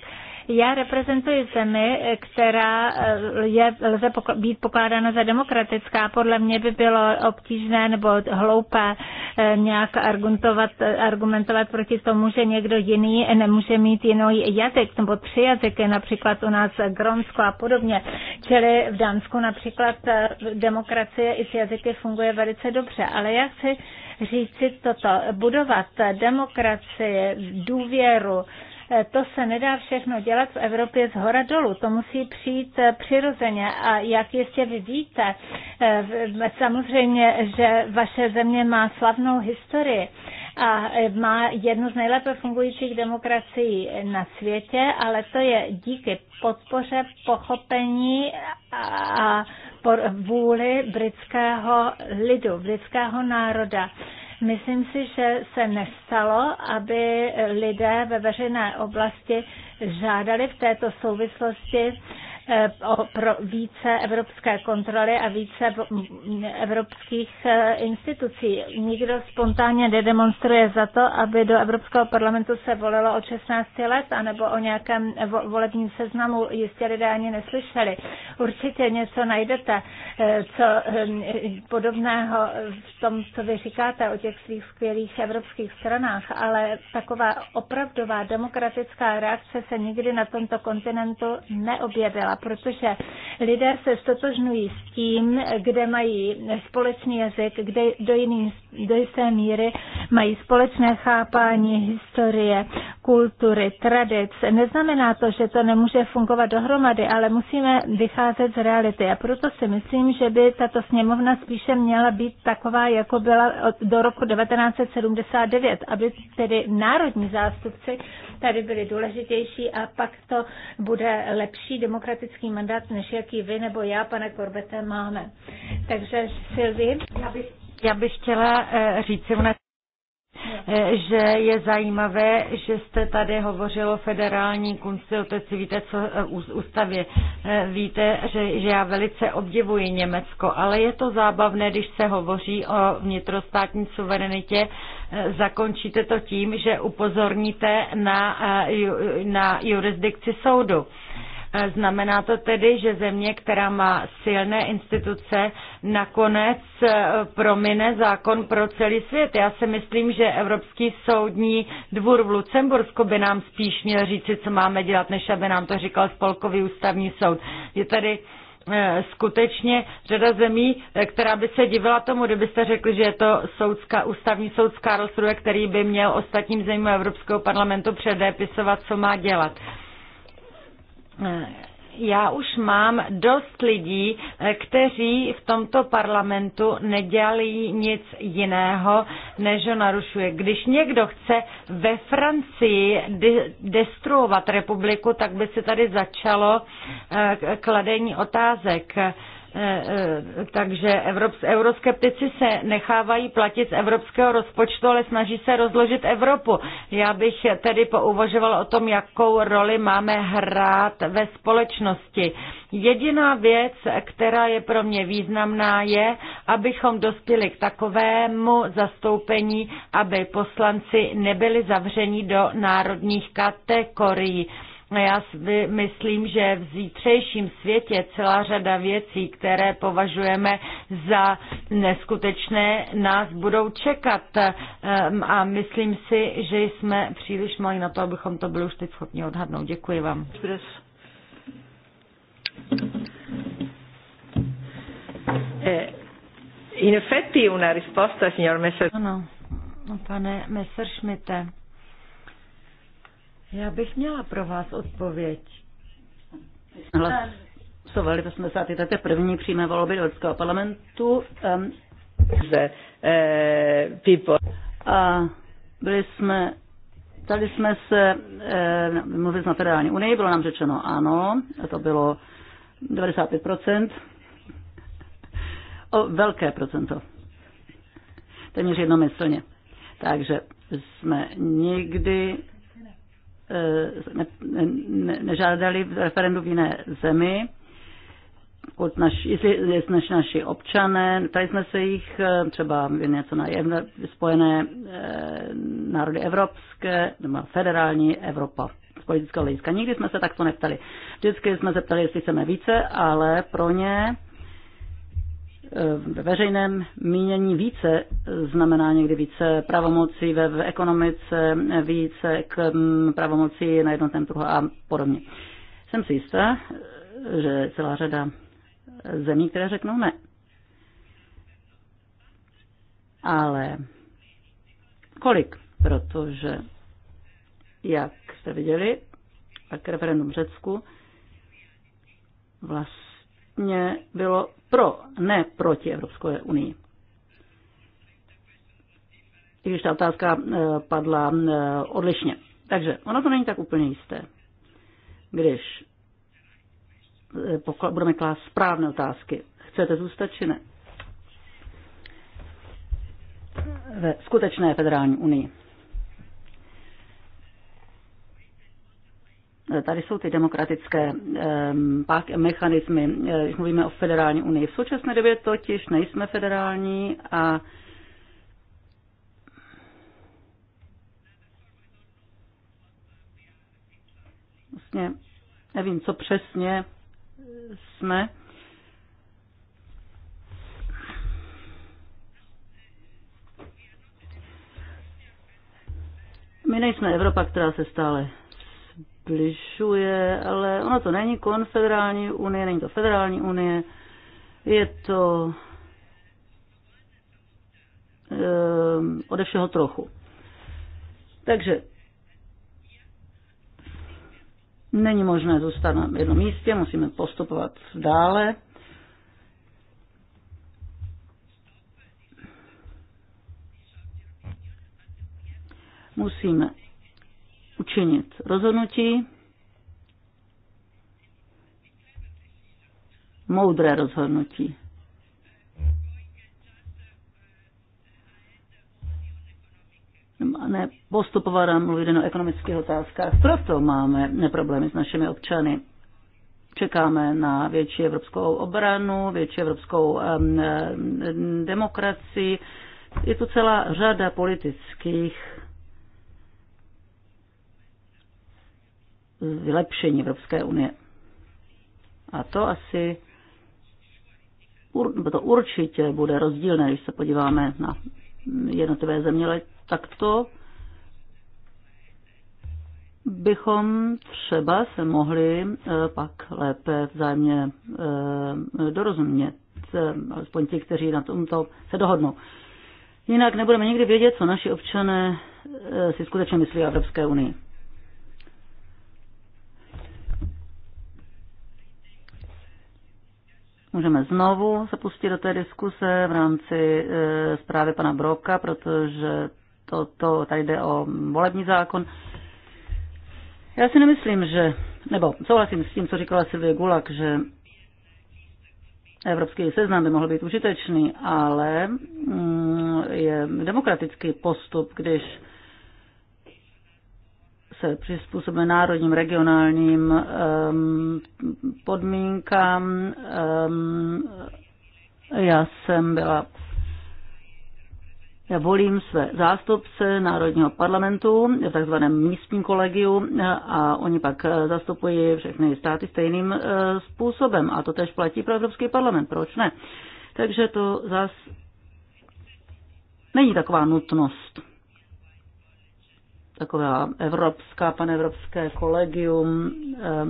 Speaker 1: Já reprezentuji zemi, která eh, je, lze být pokládána za demokratická. Podle mě by bylo obtížné nebo hloupé eh, nějak argumentovat, argumentovat proti tomu, že někdo jiný nemůže mít jiný jazyk nebo tři jazyky, například u nás Gronsko a podobně. Čili v Dánsku například eh, demokracie i s jazyky funguje velice dobře, ale já chci říci toto, budovat demokracii, důvěru, to se nedá všechno dělat v Evropě z hora dolů. To musí přijít eh, přirozeně. A jak jistě vy víte, eh, samozřejmě, že vaše země má slavnou historii a eh, má jednu z nejlépe fungujících demokracií na světě, ale to je díky podpoře, pochopení a vůli britského lidu, britského národa. Myslím si, že se nestalo, aby lidé ve veřejné oblasti žádali v této souvislosti Eh, pro více evropské kontroly a více evropských eh, institucí. Nikdo spontánně nedemonstruje za to, aby do Evropského parlamentu se volilo od 16 let, anebo o nějakém volebním seznamu jistě lidé ani neslyšeli. Určitě něco najdete, eh, co hm, podobného v tom, co vy říkáte o těch svých skvělých evropských stranách, ale taková opravdová demokratická reakce se nikdy na tomto kontinentu neobjevila protože lidé se stotožňují s tím, kde mají společný jazyk, kde do, jiný, do jisté míry mají společné chápání historie, kultury, tradic. Neznamená to, že to nemůže fungovat dohromady, ale musíme vycházet z reality. A proto si myslím, že by tato sněmovna spíše měla být taková, jako byla do roku 1979, aby tedy národní zástupci tady byli důležitější a pak to bude lepší demokratický mandát, než jaký vy nebo já, pane Korbete, máme. Takže Silvi, já bych,
Speaker 2: já bych chtěla eh, říct, Eh, že je zajímavé, že jste tady hovořilo o federální si víte, co eh, ústavě, eh, víte, že, že já velice obdivuji Německo, ale je to zábavné, když se hovoří o vnitrostátní suverenitě, zakončíte to tím, že upozorníte na, na jurisdikci soudu. Eh, znamená to tedy, že země, která má silné instituce, nakonec eh, promine zákon pro celý svět. Já si myslím, že Evropský soudní dvůr v Lucembursku by nám spíš měl říci, co máme dělat, než aby nám to říkal spolkový ústavní soud. Je tady eh, skutečně řada zemí, která by se divila tomu, kdybyste řekli, že je to soudská, ústavní soudská rozsudek, který by měl ostatním zemím Evropského parlamentu předepisovat, co má dělat já už mám dost lidí, kteří v tomto parlamentu nedělají nic jiného, než ho narušuje. Když někdo chce ve Francii destruovat republiku, tak by se tady začalo eh, kladení otázek. Eh, eh, takže euroskeptici se nechávají platit z evropského rozpočtu, ale snaží se rozložit Evropu. Já bych tedy pouvažoval o tom, jakou roli máme hrát ve společnosti. Jediná věc, která je pro mě významná, je, abychom dospěli k takovému zastoupení, aby poslanci nebyli zavřeni do národních kategorií já si myslím, že v zítřejším světě celá řada věcí, které považujeme za neskutečné, nás budou čekat. Ehm, a myslím si, že jsme příliš malí na to, abychom to byli už teď schopni odhadnout. Děkuji vám. Eh, in effetti una risposta, signor Messerschmidt. Ano, no, pane Messerschmitte. Já bych měla pro vás odpověď.
Speaker 3: Hlasovali v 80. také první přímé volby do Evropského parlamentu. Um, ze, e, a byli jsme tady jsme se, e, mluvili jsme na federální unii, bylo nám řečeno ano, a to bylo 95%, o velké procento, téměř jednomyslně. Takže jsme nikdy nežádali referendum v jiné zemi, od naši, jestli než naši občané, tady jsme se jich eh, třeba něco na spojené e, národy evropské, nebo federální Evropa z politického hlediska. Nikdy jsme se takto neptali. Vždycky jsme se ptali, jestli chceme více, ale pro ně Eh, ve veřejném mínění více znamená někdy více pravomocí ve, v ekonomice, více k mm, pravomocí na jednotném trhu a podobně. Jsem si jistá, že celá řada zemí, které řeknou ne. Ale kolik? Protože, jak jste viděli, tak referendum v Řecku vlastně mě vlastně bylo pro, ne proti Evropské unii. I když ta otázka e, padla e, odlišně. Takže ono to není tak úplně jisté. Když e, budeme klást správné otázky, chcete zůstat či ne? Ve skutečné federální unii. Tady jsou ty demokratické ehm, pak mechanismy, eh, když mluvíme o federální unii. V současné době totiž nejsme federální a vlastně nevím, co přesně jsme. My nejsme Evropa, která se stále zbližuje, ale ono to není konfederální unie, není to federální unie, je to ehm, ode všeho trochu. Takže není možné zůstat na jednom místě, musíme postupovat dále. Musíme učinit rozhodnutí, moudré rozhodnutí. Ne, postupovat a mluvit o ekonomických otázkách. Proto máme problémy s našimi občany. Čekáme na větší evropskou obranu, větší evropskou um, demokracii. Je tu celá řada politických vylepšení Evropské unie. A to asi to určitě bude rozdílné, když se podíváme na jednotlivé země, ale tak to bychom třeba se mohli eh, pak lépe vzájemně eh, dorozumět, eh, alespoň ti, kteří na tomto se dohodnou. Jinak nebudeme nikdy vědět, co naši občané si skutečně myslí o Evropské unii. Můžeme znovu se pustit do té diskuse v rámci e, zprávy pana Broka, protože to, to, tady jde o volební zákon. Já si nemyslím, že, nebo souhlasím s tím, co říkala Silvie Gulak, že Evropský seznam by mohl být užitečný, ale mm, je demokratický postup, když se přizpůsobuje národním, regionálním podmínkám. Já jsem byla já volím své zástupce Národního parlamentu v takzvaném místním kolegiu e, a oni pak e, zastupují všechny státy stejným e, způsobem. A to tež platí pro Evropský parlament. Proč ne? Takže to zase není taková nutnost taková evropská, panevropské kolegium. Eh,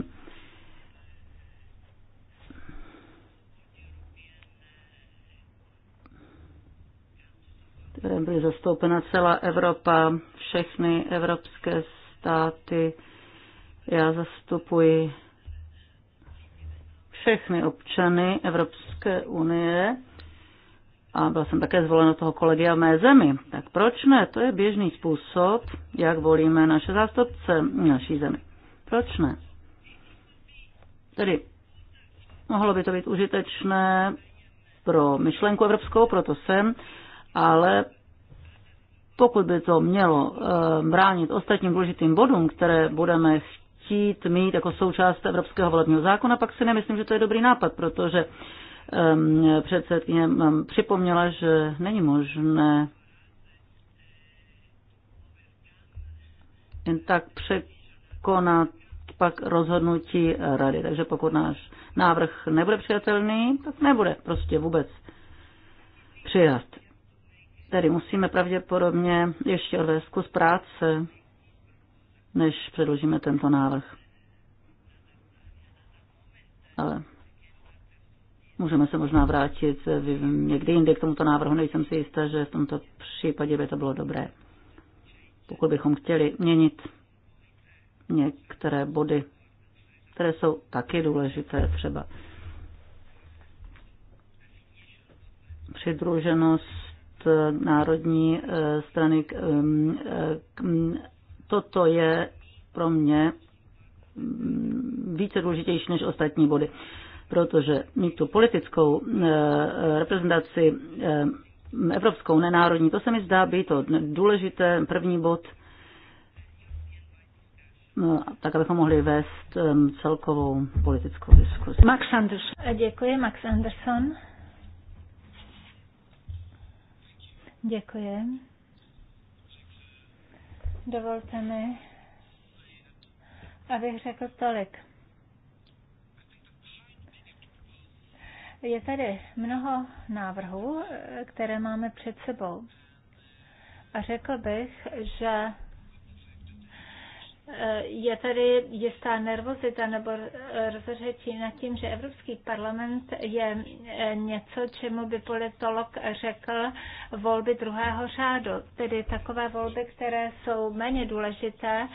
Speaker 3: které byly zastoupena celá Evropa, všechny evropské státy. Já zastupuji všechny občany Evropské unie a byla jsem také zvolena toho kolegia v mé zemi. Tak proč ne? To je běžný způsob, jak volíme naše zástupce v naší zemi. Proč ne? Tedy mohlo by to být užitečné pro myšlenku evropskou, proto jsem, ale pokud by to mělo eh, bránit ostatním důležitým bodům, které budeme chtít mít jako součást evropského volebního zákona, pak si nemyslím, že to je dobrý nápad, protože předsedkyně připomněla, že není možné jen tak překonat pak rozhodnutí rady. Takže pokud náš návrh nebude přijatelný, tak nebude prostě vůbec přijat. Tedy musíme pravděpodobně ještě odvést kus práce, než předložíme tento návrh. Ale Můžeme se možná vrátit eh, někdy jindy k tomuto návrhu, nejsem si jistá, že v tomto případě by to bylo dobré. Pokud bychom chtěli měnit některé body, které jsou taky důležité třeba. Přidruženost eh, národní eh, strany, toto je pro mě mm, více důležitější než ostatní body protože mít tu politickou eh, reprezentaci eh, evropskou nenárodní, to se mi zdá být to důležité, první bod, no, tak abychom mohli vést celkovou politickou
Speaker 1: diskusi. Max Anderson. Eh, děkuji, Max Anderson. Děkuji. Dovolte mi, abych řekl tolik. Je tady mnoho návrhů, které máme před sebou. A řekl bych, že e, je tady jistá nervozita nebo rozřečí nad tím, že Evropský parlament je e, něco, čemu by politolog řekl volby druhého řádu, tedy takové volby, které jsou méně důležité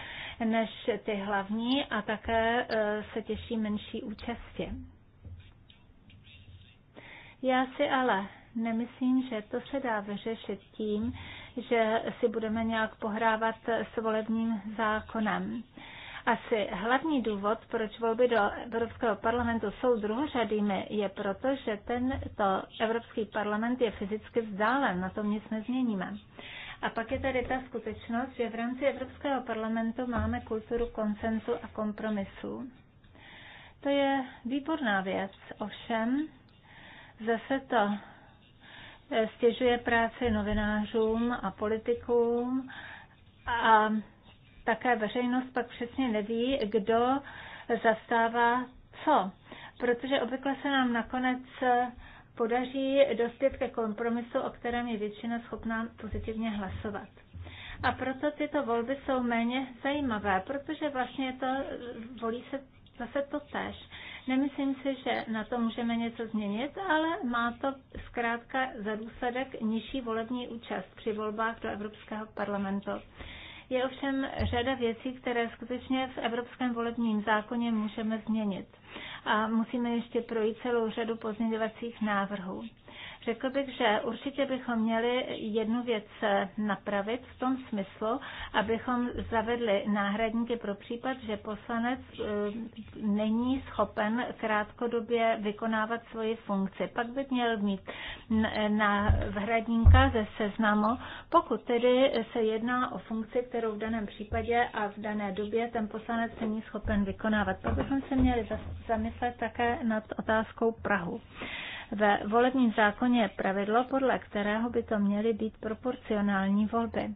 Speaker 1: než ty hlavní a také e, se těší menší účasti. Já si ale nemyslím, že to se dá vyřešit tím, že si budeme nějak pohrávat s volebním zákonem. Asi hlavní důvod, proč volby do Evropského parlamentu jsou druhořadými, je proto, že tento Evropský parlament je fyzicky vzdálen, na tom nic nezměníme. A pak je tady ta skutečnost, že v rámci Evropského parlamentu máme kulturu konsenzu a kompromisu. To je výborná věc, ovšem Zase to eh, stěžuje práci novinářům a politikům a také veřejnost pak přesně neví, kdo zastává co. Protože obvykle se nám nakonec eh, podaří dospět ke kompromisu, o kterém je většina schopná pozitivně hlasovat. A proto tyto volby jsou méně zajímavé, protože vlastně to eh, volí se zase to tež. Nemyslím si, že na to můžeme něco změnit, ale má to zkrátka za důsledek nižší volební účast při volbách do Evropského parlamentu. Je ovšem řada věcí, které skutečně v Evropském volebním zákoně můžeme změnit. A musíme ještě projít celou řadu pozměňovacích návrhů. Řekl bych, že určitě bychom měli jednu věc napravit v tom smyslu, abychom zavedli náhradníky pro případ, že poslanec eh, není schopen krátkodobě vykonávat svoji funkci. Pak by měl mít na hradníka ze seznamu, pokud tedy se jedná o funkci, kterou v daném případě a v dané době ten poslanec není schopen vykonávat. Pak bychom se měli zamyslet také nad otázkou Prahu. Ve volebním zákoně je pravidlo, podle kterého by to měly být proporcionální volby.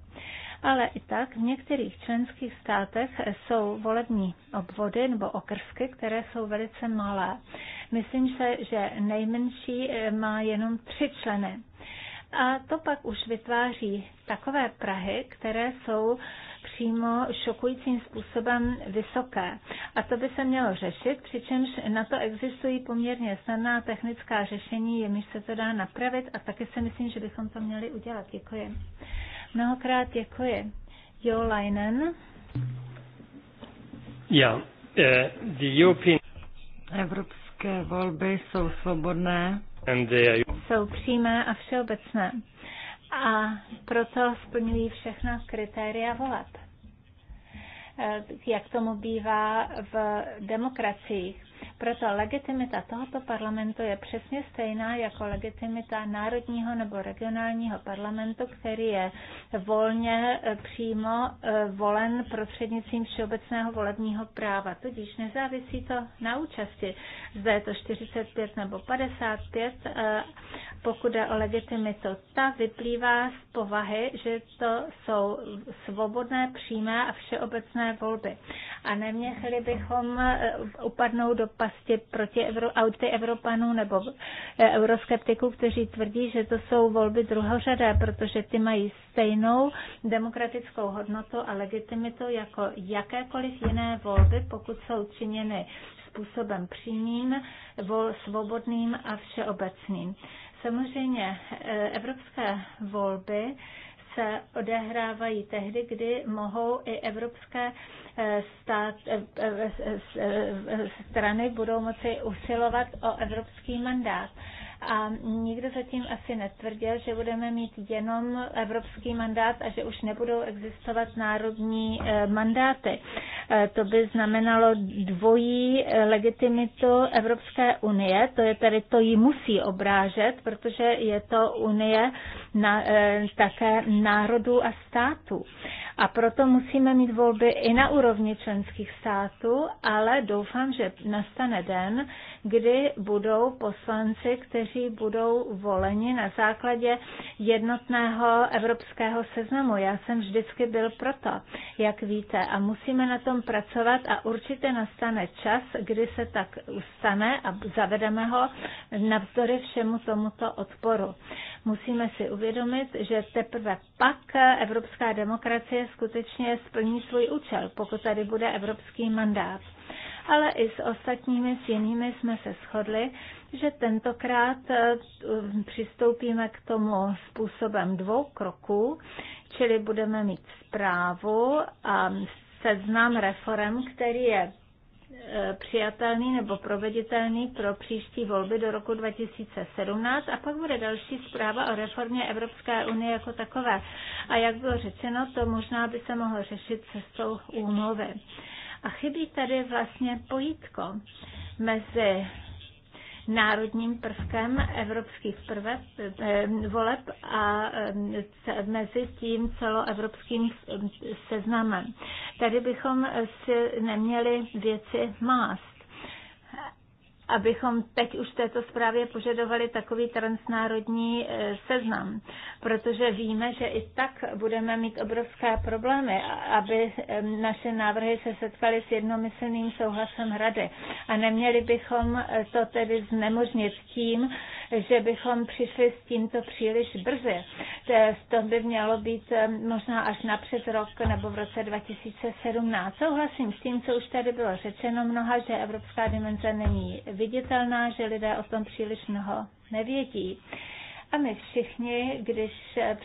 Speaker 1: Ale i tak v některých členských státech jsou volební obvody nebo okrsky, které jsou velice malé. Myslím se, že nejmenší eh, má jenom tři členy. A to pak už vytváří takové Prahy, které jsou přímo šokujícím způsobem vysoké. A to by se mělo řešit, přičemž na to existují poměrně snadná technická řešení, jimiž se to dá napravit a taky si myslím, že bychom to měli udělat. Děkuji. Mnohokrát děkuji. Jo Leinen. Já, eh, the European... Evropské volby jsou svobodné. And they are... Jsou přímé a všeobecné a proto splňují všechna kritéria voleb e, jak tomu bývá v demokraciích. Proto legitimita tohoto parlamentu je přesně stejná jako legitimita národního nebo regionálního parlamentu, který je volně eh, přímo eh, volen prostřednictvím všeobecného volebního práva. Tudíž nezávisí to na účasti. Zde je to 45 nebo 55, eh, pokud je o legitimitu. Ta vyplývá z povahy, že to jsou svobodné, přímé a všeobecné volby. A neměli bychom upadnout do pastě proti Evro, auty Evropanů nebo eh, euroskeptiků, kteří tvrdí, že to jsou volby druhořadé, protože ty mají stejnou demokratickou hodnotu a legitimitu jako jakékoliv jiné volby, pokud jsou činěny způsobem přímým, vol, svobodným a všeobecným. Samozřejmě eh, evropské volby se odehrávají tehdy, kdy mohou i evropské eh, stát, eh, eh, strany budou moci usilovat o evropský mandát. A nikdo zatím asi netvrdil, že budeme mít jenom evropský mandát a že už nebudou existovat národní eh, mandáty. Eh, to by znamenalo dvojí legitimitu Evropské unie, to je tedy, to ji musí obrážet, protože je to unie na, eh, také národů a států. A proto musíme mít volby i na úrovni členských států, ale doufám, že nastane den, kdy budou poslanci, kteří kteří budou voleni na základě jednotného evropského seznamu. Já jsem vždycky byl proto, jak víte, a musíme na tom pracovat a určitě nastane čas, kdy se tak ustane a zavedeme ho navzdory všemu tomuto odporu. Musíme si uvědomit, že teprve pak evropská demokracie skutečně splní svůj účel, pokud tady bude evropský mandát ale i s ostatními, s jinými jsme se shodli, že tentokrát eh, přistoupíme k tomu způsobem dvou kroků, čili budeme mít zprávu a seznam reform, který je eh, přijatelný nebo proveditelný pro příští volby do roku 2017 a pak bude další zpráva o reformě Evropské unie jako takové. A jak bylo řečeno, to možná by se mohlo řešit cestou úmluvy. A chybí tady vlastně pojítko mezi národním prvkem evropských prvek, eh, voleb a eh, mezi tím celoevropským eh, seznamem. Tady bychom si neměli věci mást abychom teď už v této zprávě požadovali takový transnárodní e, seznam, protože víme, že i tak budeme mít obrovské problémy, aby naše návrhy se setkaly s jednomyslným souhlasem Rady. A neměli bychom e, to tedy znemožnit tím, že bychom přišli s tímto příliš brzy. To by mělo být eh, možná až na před rok nebo v roce 2017. Souhlasím s tím, co už tady bylo řečeno mnoha, že evropská dimenze není viditelná, že lidé o tom příliš mnoho nevědí. A my všichni, když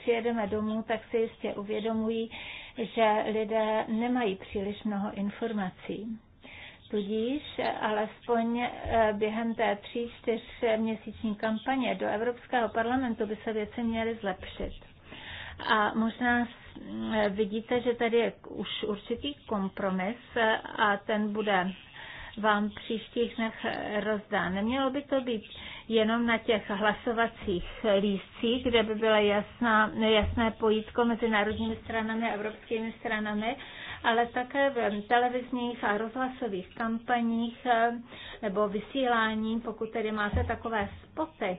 Speaker 1: přijedeme domů, tak si jistě uvědomují, že lidé nemají příliš mnoho informací. Tudíž alespoň eh, během té tří, čtyř měsíční kampaně do Evropského parlamentu by se věci měly zlepšit. A možná eh, vidíte, že tady je už určitý kompromis eh, a ten bude vám příštích dnech rozdán. Nemělo by to být jenom na těch hlasovacích lístcích, kde by byla jasná, jasné pojítko mezi národními stranami a evropskými stranami, ale také v televizních a rozhlasových kampaních eh, nebo vysílání, pokud tedy máte takové spoty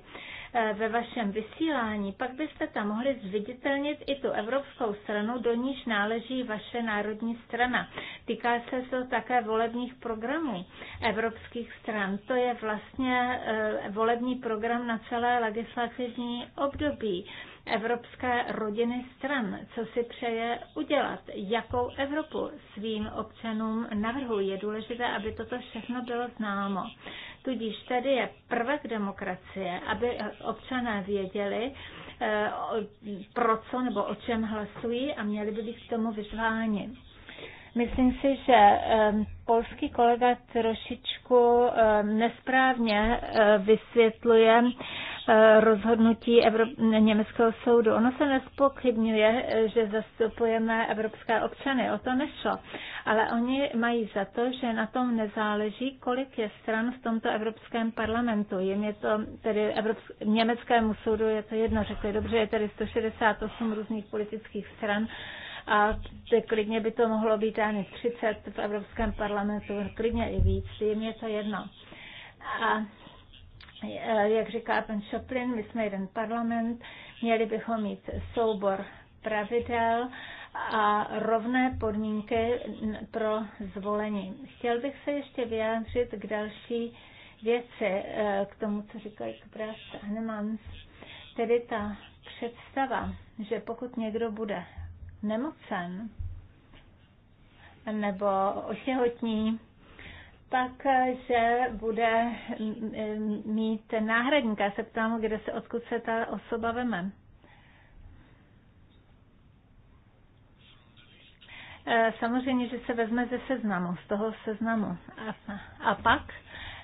Speaker 1: eh, ve vašem vysílání, pak byste tam mohli zviditelnit i tu evropskou stranu, do níž náleží vaše národní strana. Týká se to také volebních programů evropských stran. To je vlastně eh, volební program na celé legislativní období evropské rodiny stran, co si přeje udělat, jakou Evropu svým občanům navrhují. Je důležité, aby toto všechno bylo známo. Tudíž tady je prvek demokracie, aby občané věděli, eh, pro co nebo o čem hlasují a měli by být k tomu vyzváni. Myslím si, že polský kolega trošičku nesprávně e, vysvětluje e, rozhodnutí Evrop- německého soudu. Ono se nespochybňuje, e, že zastupujeme evropské občany, o to nešlo. Ale oni mají za to, že na tom nezáleží, kolik je stran v tomto Evropském parlamentu. Jim je to tedy Evropsk- německému soudu je to jedno, řekli, dobře, je tady 168 různých politických stran, a klidně by to mohlo být ani 30 v Evropském parlamentu, klidně i víc, je to jedno. A e, jak říká pan Šoplin, my jsme jeden parlament, měli bychom mít soubor pravidel a rovné podmínky pro zvolení. Chtěl bych se ještě vyjádřit k další věci, e, k tomu, co říkal Kbrast Hnemans. Tedy ta představa, že pokud někdo bude nemocen nebo otěhotní, tak že bude mít náhradníka. Já se ptám, kde se, odkud se ta osoba veme. Eh, samozřejmě, že se vezme ze seznamu, z toho seznamu. A, a pak?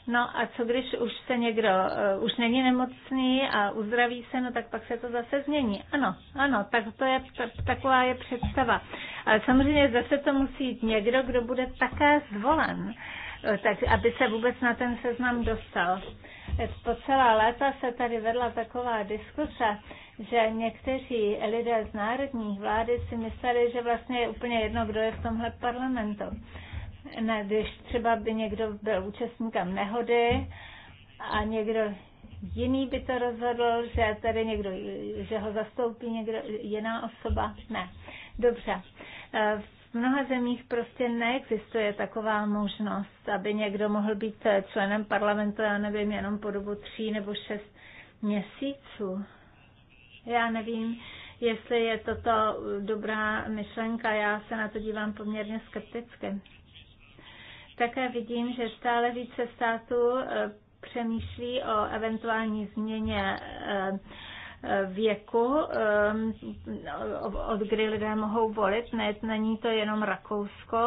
Speaker 1: No a co když už se někdo, uh, už není nemocný a uzdraví se, no tak pak se to zase změní. Ano, ano, tak to je, taková je představa. Ale samozřejmě zase to musí jít někdo, kdo bude také zvolen, eh, tak aby se vůbec na ten seznam dostal. Eh, po celá léta se tady vedla taková diskuse, že někteří lidé z národních vlády si mysleli, že vlastně je úplně jedno, kdo je v tomhle parlamentu ne, když třeba by někdo byl účastníkem nehody a někdo jiný by to rozhodl, že tady někdo, že ho zastoupí někdo, jiná osoba? Ne. Dobře. Eh, v mnoha zemích prostě neexistuje taková možnost, aby někdo mohl být členem parlamentu, já nevím, jenom po dobu tří nebo šest měsíců. Já nevím, jestli je toto dobrá myšlenka, já se na to dívám poměrně skepticky. Také vidím, že stále více států eh, přemýšlí o eventuální změně eh, eh, věku, od kdy lidé mohou volit. není to jenom Rakousko,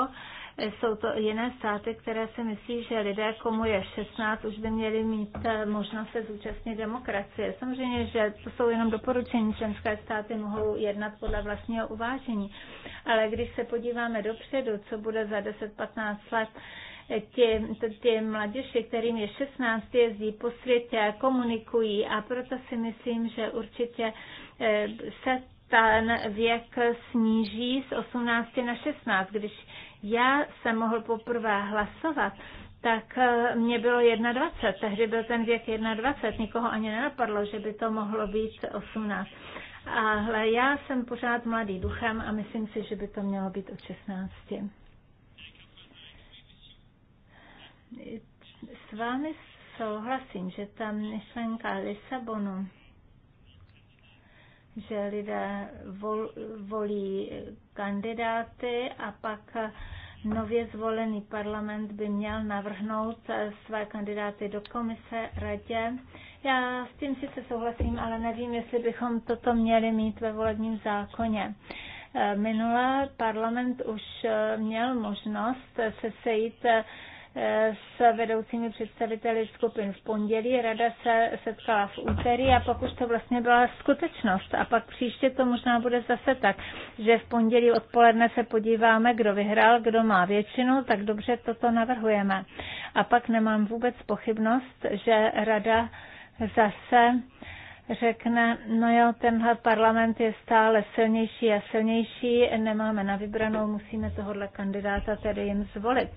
Speaker 1: jsou to jiné státy, které si myslí, že lidé, komu je 16, už by měli mít eh, možnost se zúčastnit demokracie. Samozřejmě, že to jsou jenom doporučení, členské státy mohou jednat podle vlastního uvážení. Ale když se podíváme dopředu, co bude za 10-15 let, eh, ti, ti mladěši, kterým je 16, jezdí po světě, komunikují a proto si myslím, že určitě eh, se ten věk sníží z 18 na 16, když já jsem mohl poprvé hlasovat, tak eh, mě bylo 21. Tehdy byl ten věk 21. Nikoho ani nenapadlo, že by to mohlo být 18. Ale já jsem pořád mladý duchem a myslím si, že by to mělo být od 16. S vámi souhlasím, že ta myšlenka Lisabonu, že lidé vol, volí kandidáty a pak eh, Nově zvolený parlament by měl navrhnout eh, své kandidáty do komise, radě. Já s tím sice souhlasím, ale nevím, jestli bychom toto měli mít ve volebním zákoně. Eh, Minulé parlament už eh, měl možnost se sejít s vedoucími představiteli skupin v pondělí, rada se setkala v úterý a pak už to vlastně byla skutečnost. A pak příště to možná bude zase tak, že v pondělí odpoledne se podíváme, kdo vyhrál, kdo má většinu, tak dobře toto navrhujeme. A pak nemám vůbec pochybnost, že rada zase řekne, no jo, tenhle parlament je stále silnější a silnější, nemáme na vybranou, musíme tohohle kandidáta tedy jim zvolit.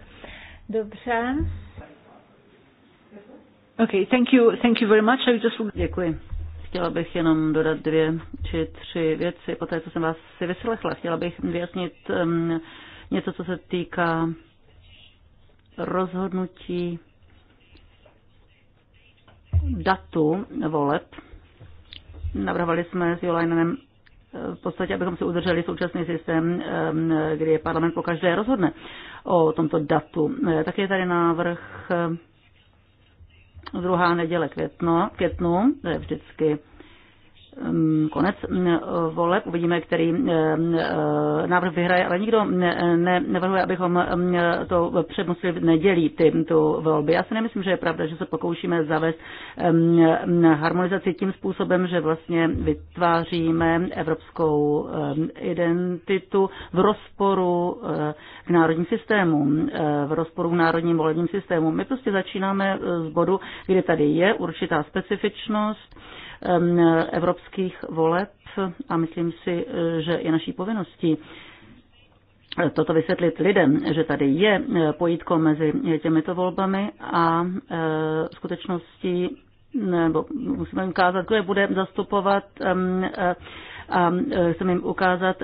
Speaker 1: Dobře.
Speaker 3: Okay, thank you, thank you very much. I just... Děkuji. Chtěla bych jenom dodat dvě či tři věci. Po té, co jsem vás si vyslechla, chtěla bych vyjasnit um, něco, co se týká rozhodnutí datu voleb. Navrhovali jsme s Jolajnem v podstatě, abychom si udrželi současný systém, kdy parlament po každé rozhodne o tomto datu. Eh, tak je tady návrh eh, druhá neděle květno, květnu, to je vždycky Ehm, konec ehm, voleb, uvidíme, který ehm, návrh vyhraje, ale nikdo ne, ne, nevrhuje, abychom to přemostili v nedělí, ty, tu volby. Já si nemyslím, že je pravda, že se pokoušíme zavést harmonizaci tím způsobem, že vlastně vytváříme evropskou identitu v rozporu eh, k národním systémům, eh, v rozporu k národním volebním systémům. My prostě začínáme z bodu, kde tady je určitá specifičnost, evropských voleb a myslím si, že je naší povinností toto vysvětlit lidem, že tady je eh, pojítko mezi těmito volbami a eh, skutečností, nebo musíme jim kdo je bude zastupovat eh, a e, chcem jim ukázat,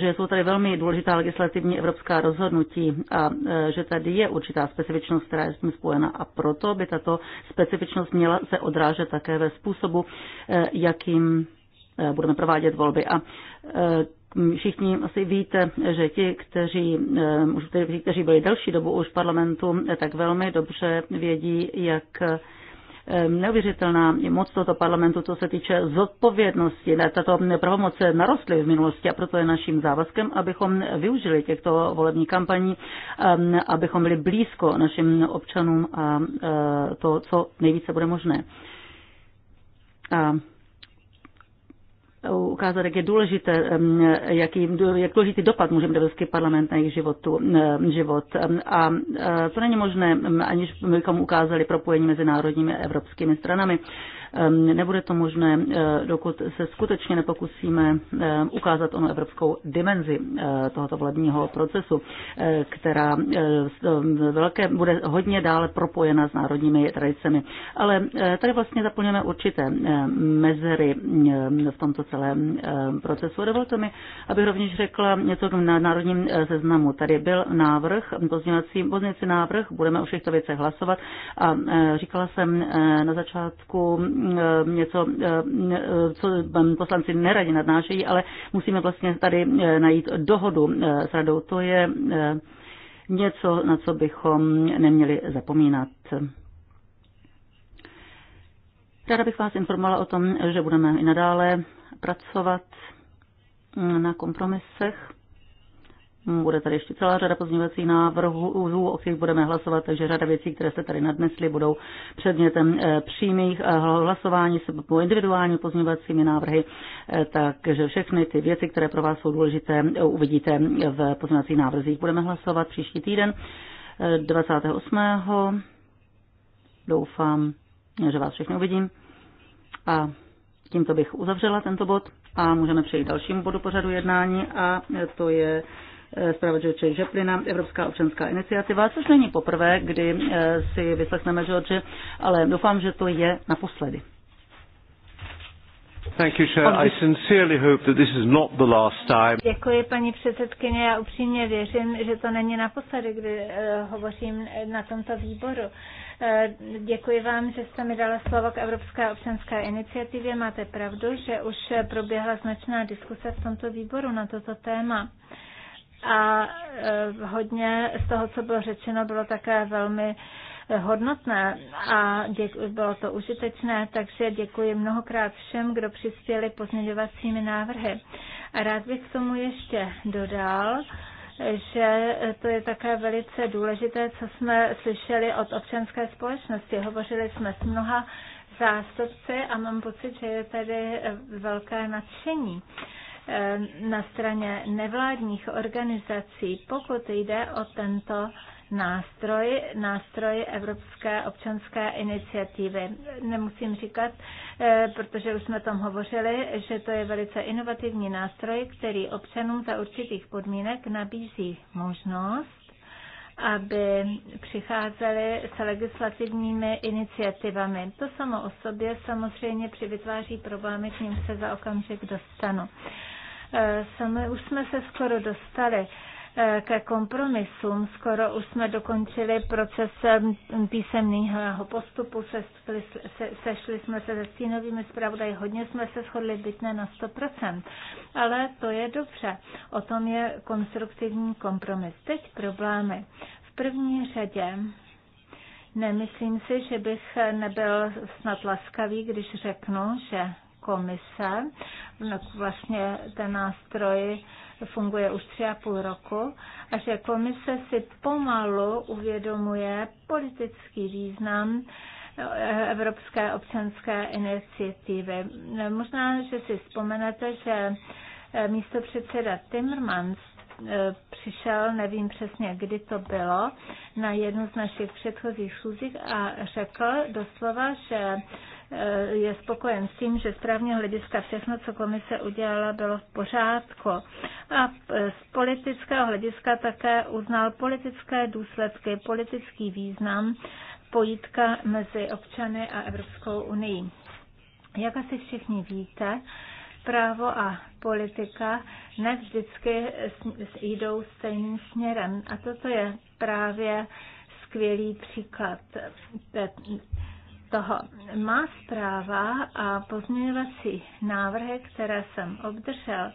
Speaker 3: že jsou tady velmi důležitá legislativní evropská rozhodnutí a e, že tady je určitá specifičnost, která je s tím spojena a proto by tato specifičnost měla se odrážet také ve způsobu, e, jakým budeme provádět volby. A všichni asi víte, že ti, kteří, kteří byli delší dobu už v parlamentu, tak velmi dobře vědí, jak Ehm, neuvěřitelná moc tohoto parlamentu, co se týče zodpovědnosti. Tato pravomoce narostly v minulosti a proto je naším závazkem, abychom využili těchto volebních kampaní, ehm, abychom byli blízko našim občanům a e, to, co nejvíce bude možné. A ukázat, jak je důležité, jaký, jak důležitý dopad může mít Evropský parlament na jejich životu, život. A e, to není možné, aniž bychom ukázali propojení mezi národními a evropskými stranami. Ehm, nebude to možné, eh, dokud se skutečně nepokusíme ehm, ukázat onu evropskou dimenzi eh, tohoto volebního procesu, eh, která velké, bude hodně dále propojena s národními tradicemi. Ale tady vlastně zaplňujeme určité mezery ehm, v tomto celém procesu. Dovolte mi, abych rovněž řekla něco na národním seznamu. Tady byl návrh, pozměňovací, pozměňovací návrh, budeme o všech věcech hlasovat a říkala jsem na začátku, Eh, něco, eh, co eh, poslanci neradě nadnášejí, ale musíme vlastně tady najít dohodu s radou. To je něco, na co bychom neměli zapomínat. Ráda bych vás informovala o tom, že budeme i nadále pracovat mm, na kompromisech bude tady ještě celá řada pozměňovacích návrhů, o kterých budeme hlasovat, takže řada věcí, které se tady nadnesly, budou předmětem eh, přímých eh, hlasování se individuální pozměňovacími návrhy, eh, takže všechny ty věci, které pro vás jsou důležité, uvidíte v pozměňovacích návrzích. Budeme hlasovat příští týden 28. Doufám, že vás všechny uvidím. A tímto bych uzavřela tento bod a můžeme přejít dalšímu bodu pořadu jednání a to je zpravodaj George Žeplina, Evropská občanská iniciativa, což není poprvé, kdy eh, si vyslechneme George, ale doufám, že to je naposledy.
Speaker 1: Děkuji, paní předsedkyně. Já upřímně věřím, že to není naposledy, kdy uh, hovořím na tomto výboru. Uh, děkuji vám, že jste mi dala slovo k Evropské občanské iniciativě. Máte pravdu, že už proběhla značná diskuse v tomto výboru na toto téma. Uh, a e, hodně z toho, co bylo řečeno, bylo také velmi e, hodnotné a děku, bylo to užitečné, takže děkuji mnohokrát všem, kdo přispěli pozměňovacími návrhy. A rád bych k tomu ještě dodal, že to je také velice důležité, co jsme slyšeli od občanské společnosti. Hovořili jsme s mnoha zástupci a mám pocit, že je tady velké nadšení Eh, na straně nevládních organizací, pokud jde o tento nástroj, nástroj Evropské občanské iniciativy. Nemusím říkat, eh, protože už jsme tam hovořili, že to je velice inovativní nástroj, který občanům za určitých podmínek nabízí možnost aby přicházeli s legislativními iniciativami. To samo o sobě samozřejmě přivytváří problémy, k ním se za okamžik dostanu. Eh, sami už jsme se skoro dostali eh, ke kompromisům. Skoro už jsme dokončili proces eh, písemného postupu, sešli, se, sešli jsme se se stínovými zpravodaji, hodně jsme se shodli, byť ne na 100%, ale to je dobře. O tom je konstruktivní kompromis. Teď problémy. V první řadě nemyslím si, že bych nebyl snad laskavý, když řeknu, že komise. Vlastně ten nástroj funguje už tři a půl roku a že komise si pomalu uvědomuje politický význam eh, Evropské občanské iniciativy. Možná, že si vzpomenete, že eh, místo předseda Timmermans eh, přišel, nevím přesně, kdy to bylo, na jednu z našich předchozích schůzích a řekl doslova, že Eh, je spokojen s tím, že z právního hlediska všechno, co komise udělala, bylo v pořádku. A eh, z politického hlediska také uznal politické důsledky, politický význam pojítka mezi občany a Evropskou unii. Jak asi všichni víte, právo a politika ne vždycky jdou stejným směrem. A toto je právě skvělý příklad toho má zpráva a pozměňovací návrhy, které jsem obdržel,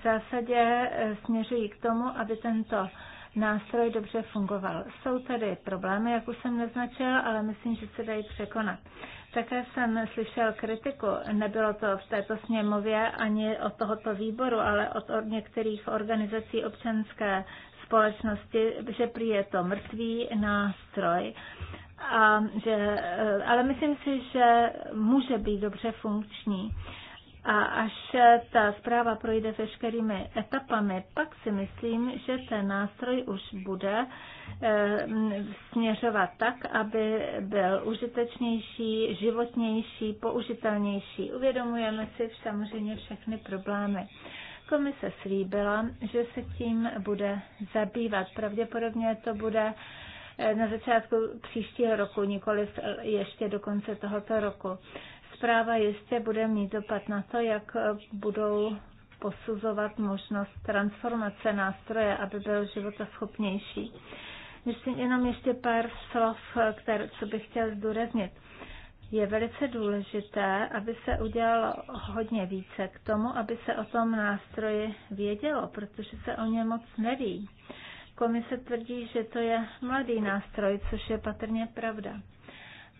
Speaker 1: v zásadě eh, směřují k tomu, aby tento nástroj dobře fungoval. Jsou tady problémy, jak už jsem naznačil, ale myslím, že se dají překonat. Také jsem slyšel kritiku, nebylo to v této sněmově ani od tohoto výboru, ale od některých organizací občanské společnosti, že prý je to mrtvý nástroj a že, eh, ale myslím si, že může být dobře funkční. A až ta zpráva projde veškerými etapami, pak si myslím, že ten nástroj už bude eh, směřovat tak, aby byl užitečnější, životnější, použitelnější. Uvědomujeme si samozřejmě všechny problémy. Komise slíbila, že se tím bude zabývat. Pravděpodobně to bude Eh, na začátku příštího roku, nikoli ještě do konce tohoto roku. Zpráva jistě bude mít dopad na to, jak eh, budou posuzovat možnost transformace nástroje, aby byl schopnější. Myslím jenom ještě pár slov, eh, které, co bych chtěl zdůraznit. Je velice důležité, aby se udělalo hodně více k tomu, aby se o tom nástroji vědělo, protože se o něm moc neví. Komise tvrdí, že to je mladý nástroj, což je patrně pravda.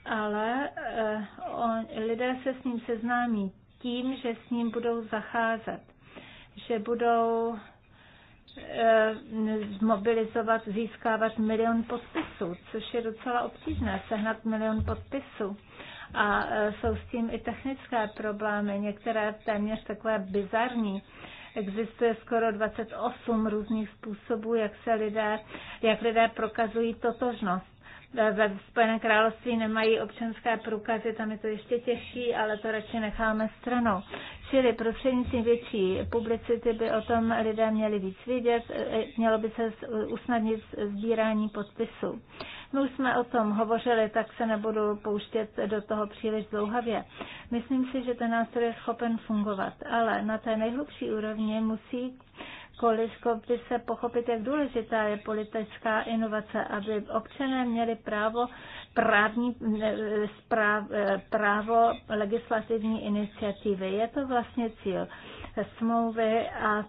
Speaker 1: Ale eh, on, lidé se s ním seznámí tím, že s ním budou zacházet, že budou eh, zmobilizovat, získávat milion podpisů, což je docela obtížné, sehnat milion podpisů. A eh, jsou s tím i technické problémy, některé téměř takové bizarní Existuje skoro 28 různých způsobů, jak se lidé, jak lidé prokazují totožnost ve Spojeném království nemají občanské průkazy, tam je to ještě těžší, ale to radši necháme stranou. Čili prostřednictvím větší publicity by o tom lidé měli víc vědět, e, e, mělo by se usnadnit sbírání podpisů. My už jsme o tom hovořili, tak se nebudu pouštět do toho příliš dlouhavě. Myslím si, že ten nástroj je schopen fungovat, ale na té nejhlubší úrovni musí koliskopy se pochopit, jak důležitá je politická inovace, aby občané měli právo, právní, eh, právo legislativní iniciativy. Je to vlastně cíl smlouvy a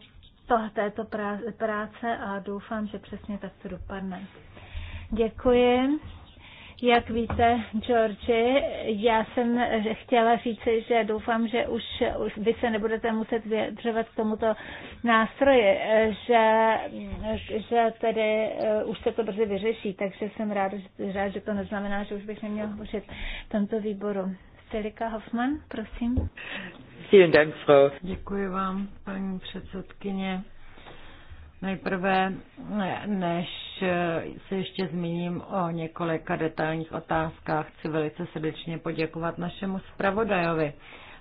Speaker 1: to, této práce a doufám, že přesně tak to dopadne. Děkuji. Jak víte, Georgi, já jsem chtěla říct, že doufám, že už, už vy se nebudete muset vyjadřovat k tomuto nástroji, že, že tedy eh, už se to brzy vyřeší, takže jsem ráda, že, rád, že to neznamená, že už bych neměla hovořit v tomto výboru. Celika Hoffman, prosím.
Speaker 2: Děkuji vám,
Speaker 1: paní předsedkyně. Nejprve, než
Speaker 2: se ještě zmíním o několika detailních otázkách, chci velice srdečně poděkovat našemu zpravodajovi.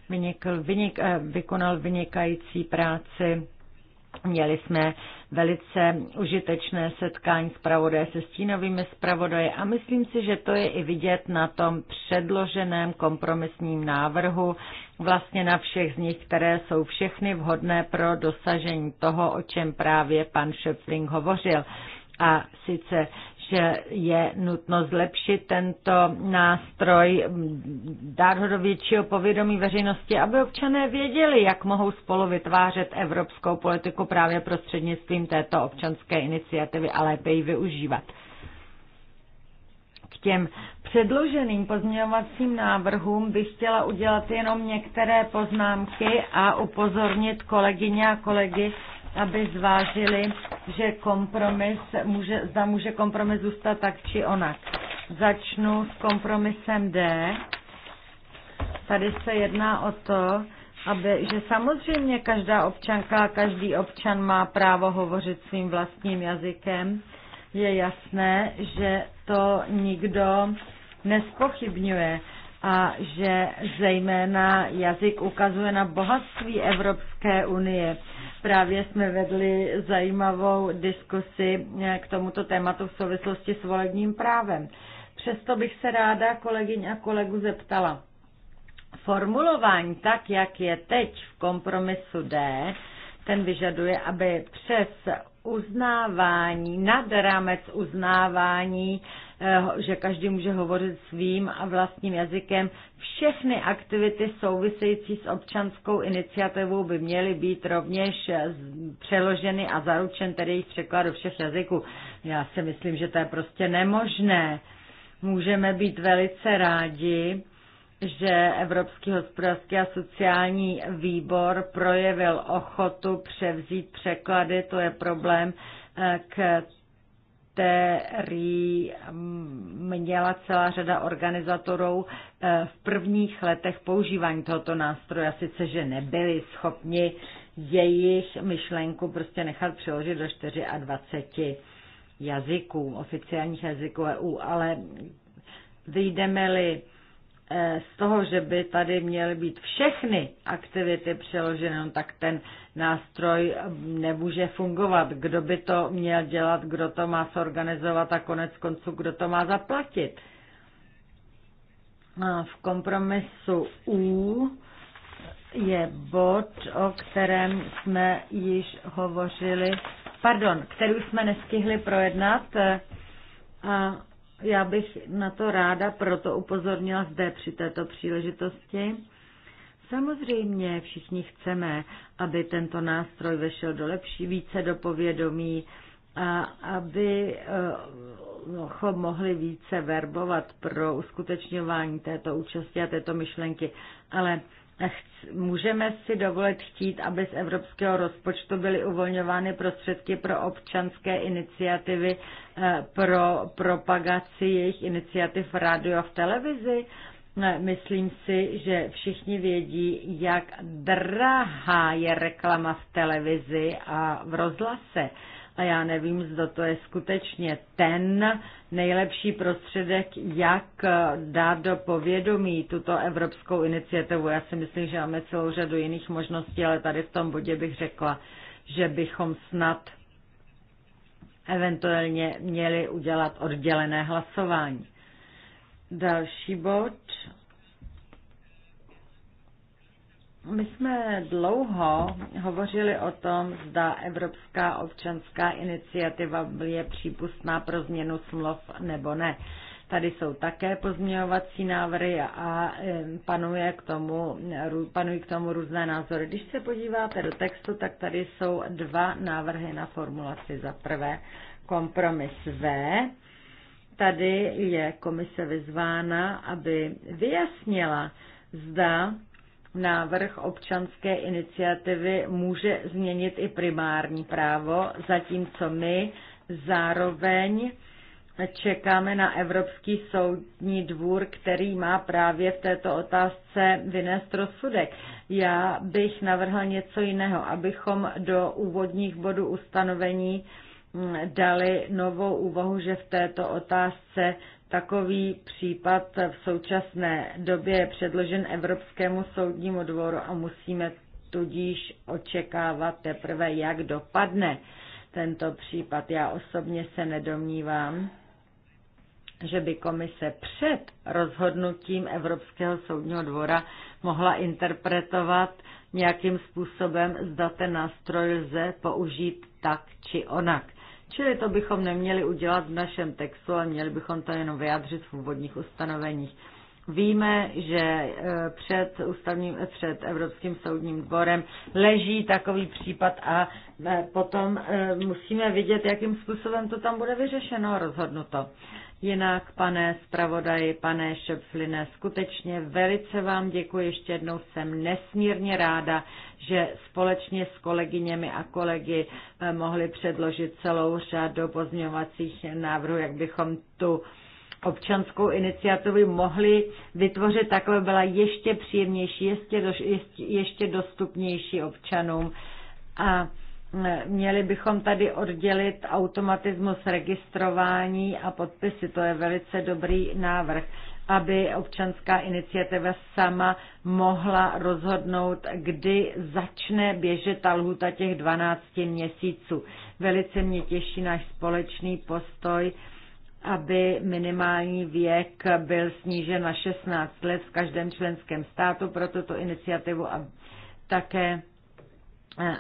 Speaker 2: Vynikl, vynik, eh, vykonal vynikající práci Měli jsme velice užitečné setkání s pravodaje se stínovými zpravodaje a myslím si, že to je i vidět na tom předloženém kompromisním návrhu, vlastně na všech z nich, které jsou všechny vhodné pro dosažení toho, o čem právě pan Schöpfling hovořil. A sice že je nutno zlepšit tento nástroj většího povědomí veřejnosti, aby občané věděli, jak mohou spolu vytvářet evropskou politiku právě prostřednictvím této občanské iniciativy a lépe ji využívat. K těm předloženým pozměňovacím návrhům bych chtěla udělat jenom některé poznámky a upozornit kolegyně a kolegy, aby zvážili, že kompromis může, zda může kompromis zůstat tak či onak. Začnu s kompromisem D. Tady se jedná o to, aby, že samozřejmě každá občanka a každý občan má právo hovořit svým vlastním jazykem. Je jasné, že to nikdo nespochybňuje a že zejména jazyk ukazuje na bohatství Evropské unie Právě jsme vedli zajímavou diskusi eh, k tomuto tématu v souvislosti s volebním právem. Přesto bych se ráda kolegyň a kolegu zeptala. Formulování tak, jak je teď v kompromisu D, ten vyžaduje, aby přes uznávání, nad rámec uznávání Eh, že každý může hovořit svým a vlastním jazykem. Všechny aktivity související s občanskou iniciativou by měly být rovněž eh, přeloženy a zaručen tedy jejich překlad do všech jazyků. Já si myslím, že to je prostě nemožné. Můžeme být velice rádi, že Evropský hospodářský a sociální výbor projevil ochotu převzít překlady. To je problém, eh, k který měla celá řada organizátorů eh, v prvních letech používání tohoto nástroje, sice že nebyli schopni jejich myšlenku prostě nechat přeložit do 24 jazyků, oficiálních jazyků EU, ale vyjdeme-li eh, z toho, že by tady měly být všechny aktivity přeloženy, no, tak ten nástroj nemůže fungovat. Kdo by to měl dělat, kdo to má sorganizovat a konec konců, kdo to má zaplatit. V kompromisu U je bod, o kterém jsme již hovořili, pardon, který jsme nestihli projednat a já bych na to ráda proto upozornila zde při této příležitosti. Samozřejmě všichni chceme, aby tento nástroj vešel do lepší, více do povědomí, a aby eh, mohli více verbovat pro uskutečňování této účasti a této myšlenky. Ale můžeme si dovolit chtít, aby z evropského rozpočtu byly uvolňovány prostředky pro občanské iniciativy, eh, pro propagaci jejich iniciativ v rádiu a v televizi. No, myslím si, že všichni vědí, jak drahá je reklama v televizi a v rozhlase. A já nevím, zda to je skutečně ten nejlepší prostředek, jak dát do povědomí tuto evropskou iniciativu. Já si myslím, že máme celou řadu jiných možností, ale tady v tom bodě bych řekla, že bychom snad eventuálně měli udělat oddělené hlasování. Další bod. My jsme dlouho hovořili o tom, zda Evropská občanská iniciativa je přípustná pro změnu smluv nebo ne. Tady jsou také pozměňovací návrhy a e, panuje k tomu, panují k tomu různé názory. Když se podíváte do textu, tak tady jsou dva návrhy na formulaci. Za prvé kompromis V, Tady je komise vyzvána, aby vyjasnila, zda návrh občanské iniciativy může změnit i primární právo, zatímco my zároveň čekáme na Evropský soudní dvůr, který má právě v této otázce vynést rozsudek. Já bych navrhl něco jiného, abychom do úvodních bodů ustanovení dali novou úvahu, že v této otázce takový případ v současné době je předložen Evropskému soudnímu dvoru a musíme tudíž očekávat teprve, jak dopadne tento případ. Já osobně se nedomnívám, že by komise před rozhodnutím Evropského soudního dvora mohla interpretovat nějakým způsobem, zda ten nástroj lze použít tak či onak. Čili to bychom neměli udělat v našem textu, ale měli bychom to jenom vyjádřit v úvodních ustanoveních. Víme, že e, před, ústavním, před Evropským soudním dvorem leží takový případ a e, potom e, musíme vidět, jakým způsobem to tam bude vyřešeno, a rozhodnuto. Jinak, pane zpravodaji, pane Šepfline, skutečně velice vám děkuji. Ještě jednou jsem nesmírně ráda, že společně s kolegyněmi a kolegy mohli předložit celou řadu pozměňovacích návrhů, jak bychom tu občanskou iniciativu mohli vytvořit takové, byla ještě příjemnější, ještě, do, ještě, ještě dostupnější občanům. A měli bychom tady oddělit automatismus registrování a podpisy. To je velice dobrý návrh, aby občanská iniciativa sama mohla rozhodnout, kdy začne běžet ta lhuta těch 12 měsíců. Velice mě těší náš společný postoj aby minimální věk byl snížen na 16 let v každém členském státu pro tuto iniciativu a také eh,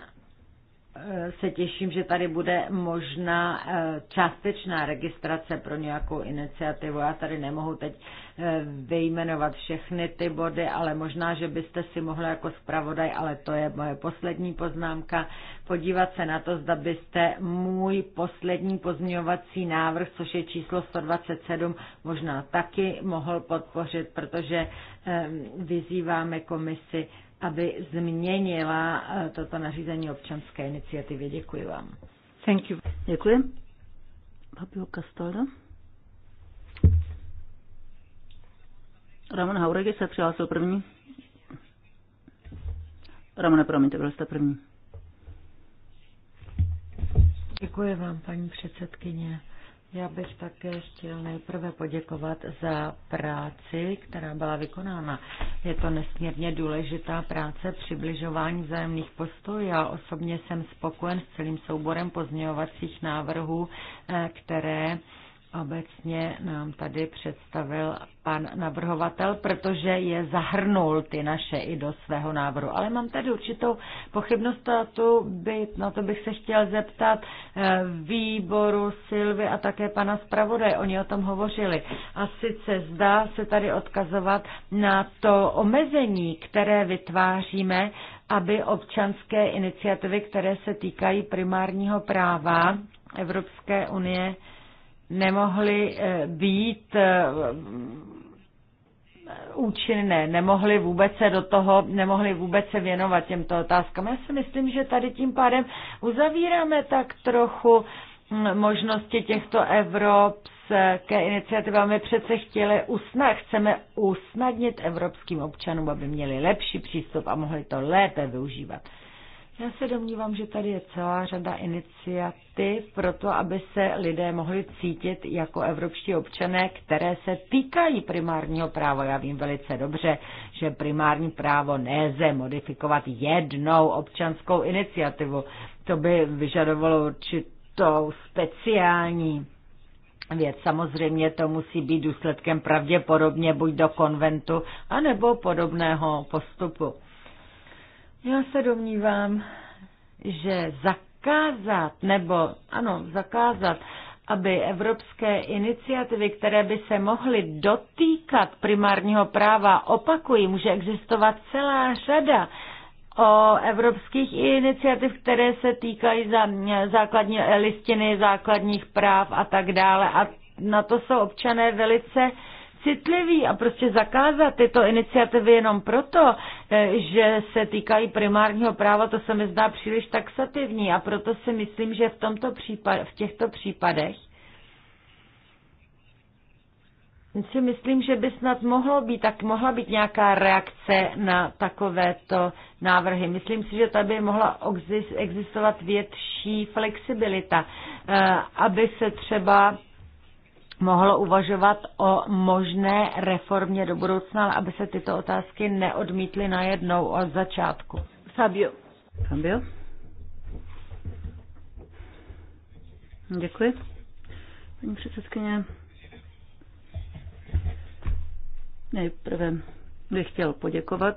Speaker 2: Eh, se těším, že tady bude možná eh, částečná registrace pro nějakou iniciativu. Já tady nemohu teď eh, vyjmenovat všechny ty body, ale možná, že byste si mohla jako zpravodaj, ale to je moje poslední poznámka, podívat se na to, zda byste můj poslední pozměňovací návrh, což je číslo 127, možná taky mohl podpořit, protože vyzýváme komisi, aby změnila eh, toto nařízení občanské iniciativy. Děkuji vám.
Speaker 3: Thank you. Děkuji. Pablo Castaldo. Ramon Hauregi se přihlásil první. Ramone, promiňte, byl jste první.
Speaker 2: Děkuji vám, paní předsedkyně. Já bych také chtěl nejprve poděkovat za práci, která byla vykonána. Je to nesmírně důležitá práce přibližování vzájemných postojů. Já osobně jsem spokojen s celým souborem pozměňovacích návrhů, eh, které obecně nám tady představil pan navrhovatel, protože je zahrnul ty naše i do svého návrhu. Ale mám tady určitou pochybnost a tu by, na to bych se chtěl zeptat eh, výboru Silvy a také pana zpravodaje. Oni o tom hovořili. A sice zdá se tady odkazovat na to omezení, které vytváříme, aby občanské iniciativy, které se týkají primárního práva Evropské unie, nemohly eh, být eh, účinné, nemohli vůbec se do toho, nemohli vůbec se věnovat těmto otázkám. Já si myslím, že tady tím pádem uzavíráme tak trochu hm, možnosti těchto evropské iniciativy. My přece chtěli usna, chceme usnadnit evropským občanům, aby měli lepší přístup a mohli to lépe využívat.
Speaker 1: Já se domnívám,
Speaker 2: že tady je celá řada iniciativ pro to, aby se lidé mohli cítit jako evropští občané, které se týkají primárního práva. Já vím velice dobře, že primární právo nelze modifikovat jednou občanskou iniciativu. To by vyžadovalo určitou speciální věc. Samozřejmě to musí být důsledkem pravděpodobně buď do konventu, anebo podobného postupu. Já se domnívám, že zakázat, nebo ano, zakázat, aby evropské iniciativy, které by se mohly dotýkat primárního práva, opakují, může existovat celá řada o evropských iniciativ, které se týkají za základní listiny základních práv a tak dále. A na to jsou občané velice citlivý a prostě zakázat tyto iniciativy jenom proto, eh, že se týkají primárního práva, to se mi zdá příliš taxativní a proto si myslím, že v, tomto případ, v těchto případech si myslím, že by snad mohlo být, tak mohla být nějaká reakce na takovéto návrhy. Myslím si, že tady by mohla existovat větší flexibilita, eh, aby se třeba mohlo uvažovat o možné reformě do budoucna, ale aby se tyto otázky neodmítly najednou od začátku. Fabio. Fabio. Děkuji. Paní předsedkyně,
Speaker 3: nejprve bych chtěl poděkovat.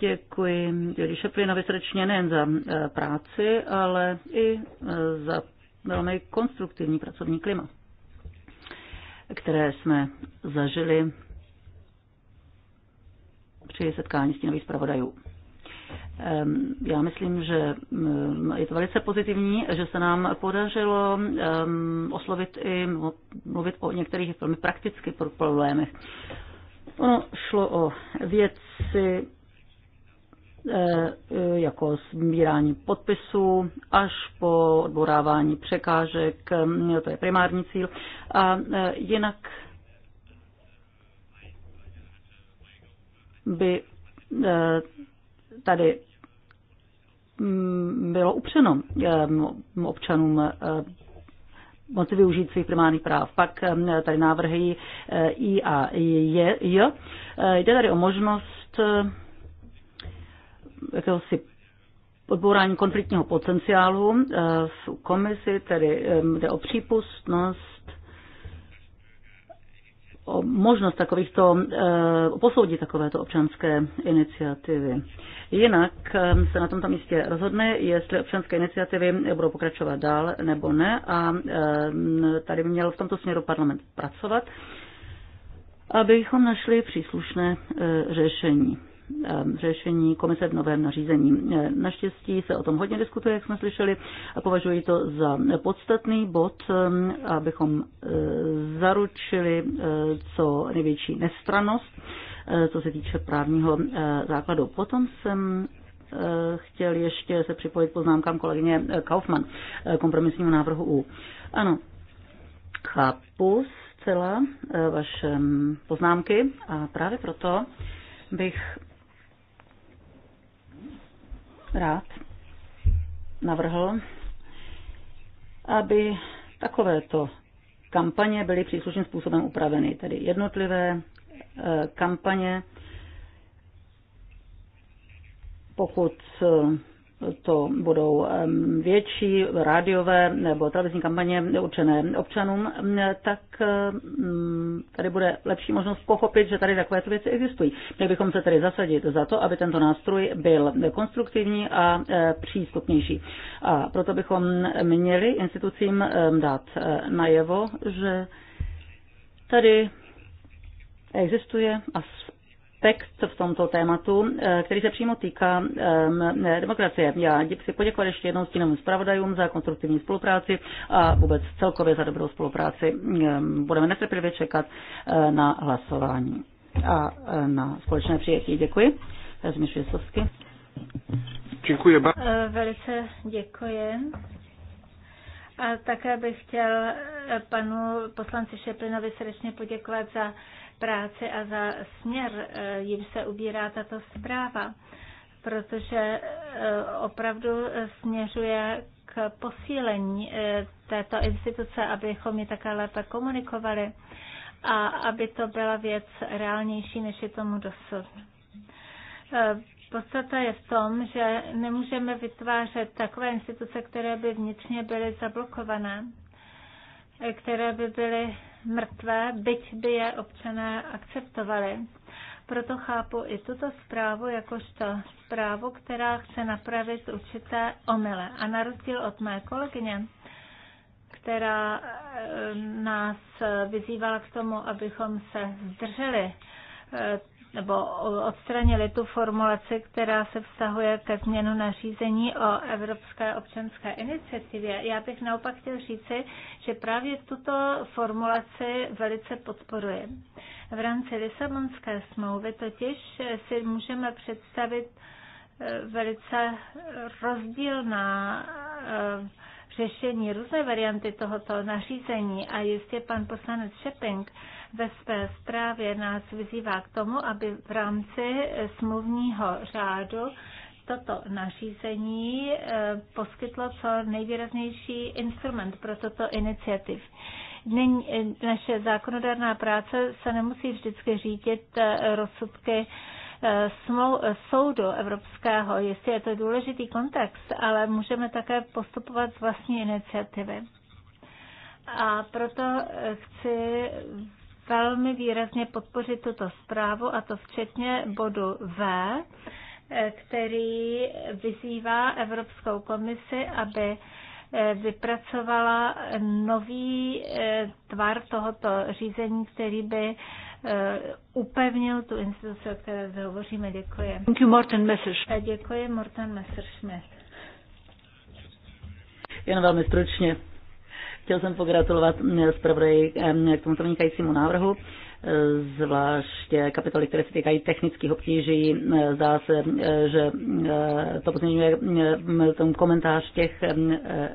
Speaker 3: Děkuji Jiri Šeplinovi srdečně nejen za eh, práci, ale i eh, za velmi konstruktivní pracovní klima, které jsme zažili při setkání s stínových zpravodajů. Ehm, já myslím, že ehm, je to velice pozitivní, že se nám podařilo ehm, oslovit i mluvit o některých velmi praktických problémech. Ono šlo o věci, Eh, jako sbírání podpisů až po odborávání překážek, mm, to je primární cíl. A eh, jinak by eh, tady mm, bylo upřeno občanům moci využít svých primárních práv. Pak tady návrhy I a J. Jde tady o možnost jakéhosi odbourání konfliktního potenciálu eh, v komisi, tedy eh, jde o přípustnost, o možnost takovýchto, eh, posoudit takovéto občanské iniciativy. Jinak se na tomto místě rozhodne, jestli občanské iniciativy budou pokračovat dál nebo ne a tady by měl v tomto směru parlament pracovat, abychom našli příslušné řešení. Um, řešení komise v novém nařízení. E, naštěstí se o tom hodně diskutuje, jak jsme slyšeli, a považuji to za podstatný bod, um, abychom e, zaručili e, co největší nestranost, co se týče právního základu. Potom jsem chtěl ještě se připojit poznámkám kolegyně Kaufmann kompromisnímu návrhu U. Ano, chápu zcela vaše poznámky a právě proto bych rád navrhl, aby takovéto kampaně byly příslušným způsobem upraveny, tedy jednotlivé eh, kampaně, pokud eh, to budou větší rádiové nebo televizní kampaně určené občanům, tak tady bude lepší možnost pochopit, že tady takovéto věci existují. Měli bychom se tedy zasadit za to, aby tento nástroj byl konstruktivní a e, přístupnější. A proto bychom měli institucím dát e, najevo, že tady existuje a text v tomto tématu, eh, který se přímo týká ehm, demokracie. Já chci poděkovat ještě jednou stínovým zpravodajům za konstruktivní spolupráci a vůbec celkově za dobrou spolupráci. Ehm, budeme netrpělivě čekat eh, na hlasování a eh, na společné přijetí. Děkuji. Zmíš Věsovsky.
Speaker 1: Děkuji. Velice děkuji. A také bych chtěl panu poslanci Šeplinovi srdečně poděkovat za práci a za směr, eh, jim se ubírá tato zpráva, protože eh, opravdu směřuje k posílení eh, této instituce, abychom ji také lépe komunikovali a aby to byla věc reálnější, než je tomu dosud. Podstata je v tom, že nemůžeme vytvářet takové instituce, které by vnitřně byly zablokované, které by byly mrtvé, byť by je občané akceptovali. Proto chápu i tuto zprávu jakožto zprávu, která chce napravit určité omyle. A na rozdíl od mé kolegyně, která eh, nás vyzývala k tomu, abychom se zdrželi eh, nebo odstranili tu formulaci, která se vztahuje ke změnu nařízení o Evropské občanské iniciativě. Já bych naopak chtěl říci, že právě tuto formulaci velice podporuji. V rámci Lisabonské smlouvy totiž si můžeme představit eh, velice rozdílná eh, řešení, různé varianty tohoto nařízení a jistě pan poslanec Šeping ve své zprávě nás vyzývá k tomu, aby v rámci smluvního řádu toto nařízení eh, poskytlo co nejvýraznější instrument pro toto iniciativ. Eh, naše zákonodárná práce se nemusí vždycky řídit eh, rozsudky soudu evropského. Jestli je to důležitý kontext, ale můžeme také postupovat z vlastní iniciativy. A proto chci velmi výrazně podpořit tuto zprávu, a to včetně bodu V, který vyzývá Evropskou komisi, aby eh, vypracovala nový eh, tvar tohoto řízení, který by eh, upevnil tu instituci, o které zde hovoříme. Děkuji. Thank you, Morten Messerschmidt. Děkuji, Morten Messerschmidt.
Speaker 3: Jen velmi stručně. Chtěl jsem pogratulovat eh, zpravodaji eh, k tomuto vynikajícímu návrhu eh, zvláště kapitoly, které se týkají technických obtíží. Zdá se, že to pozměňuje ten komentář těch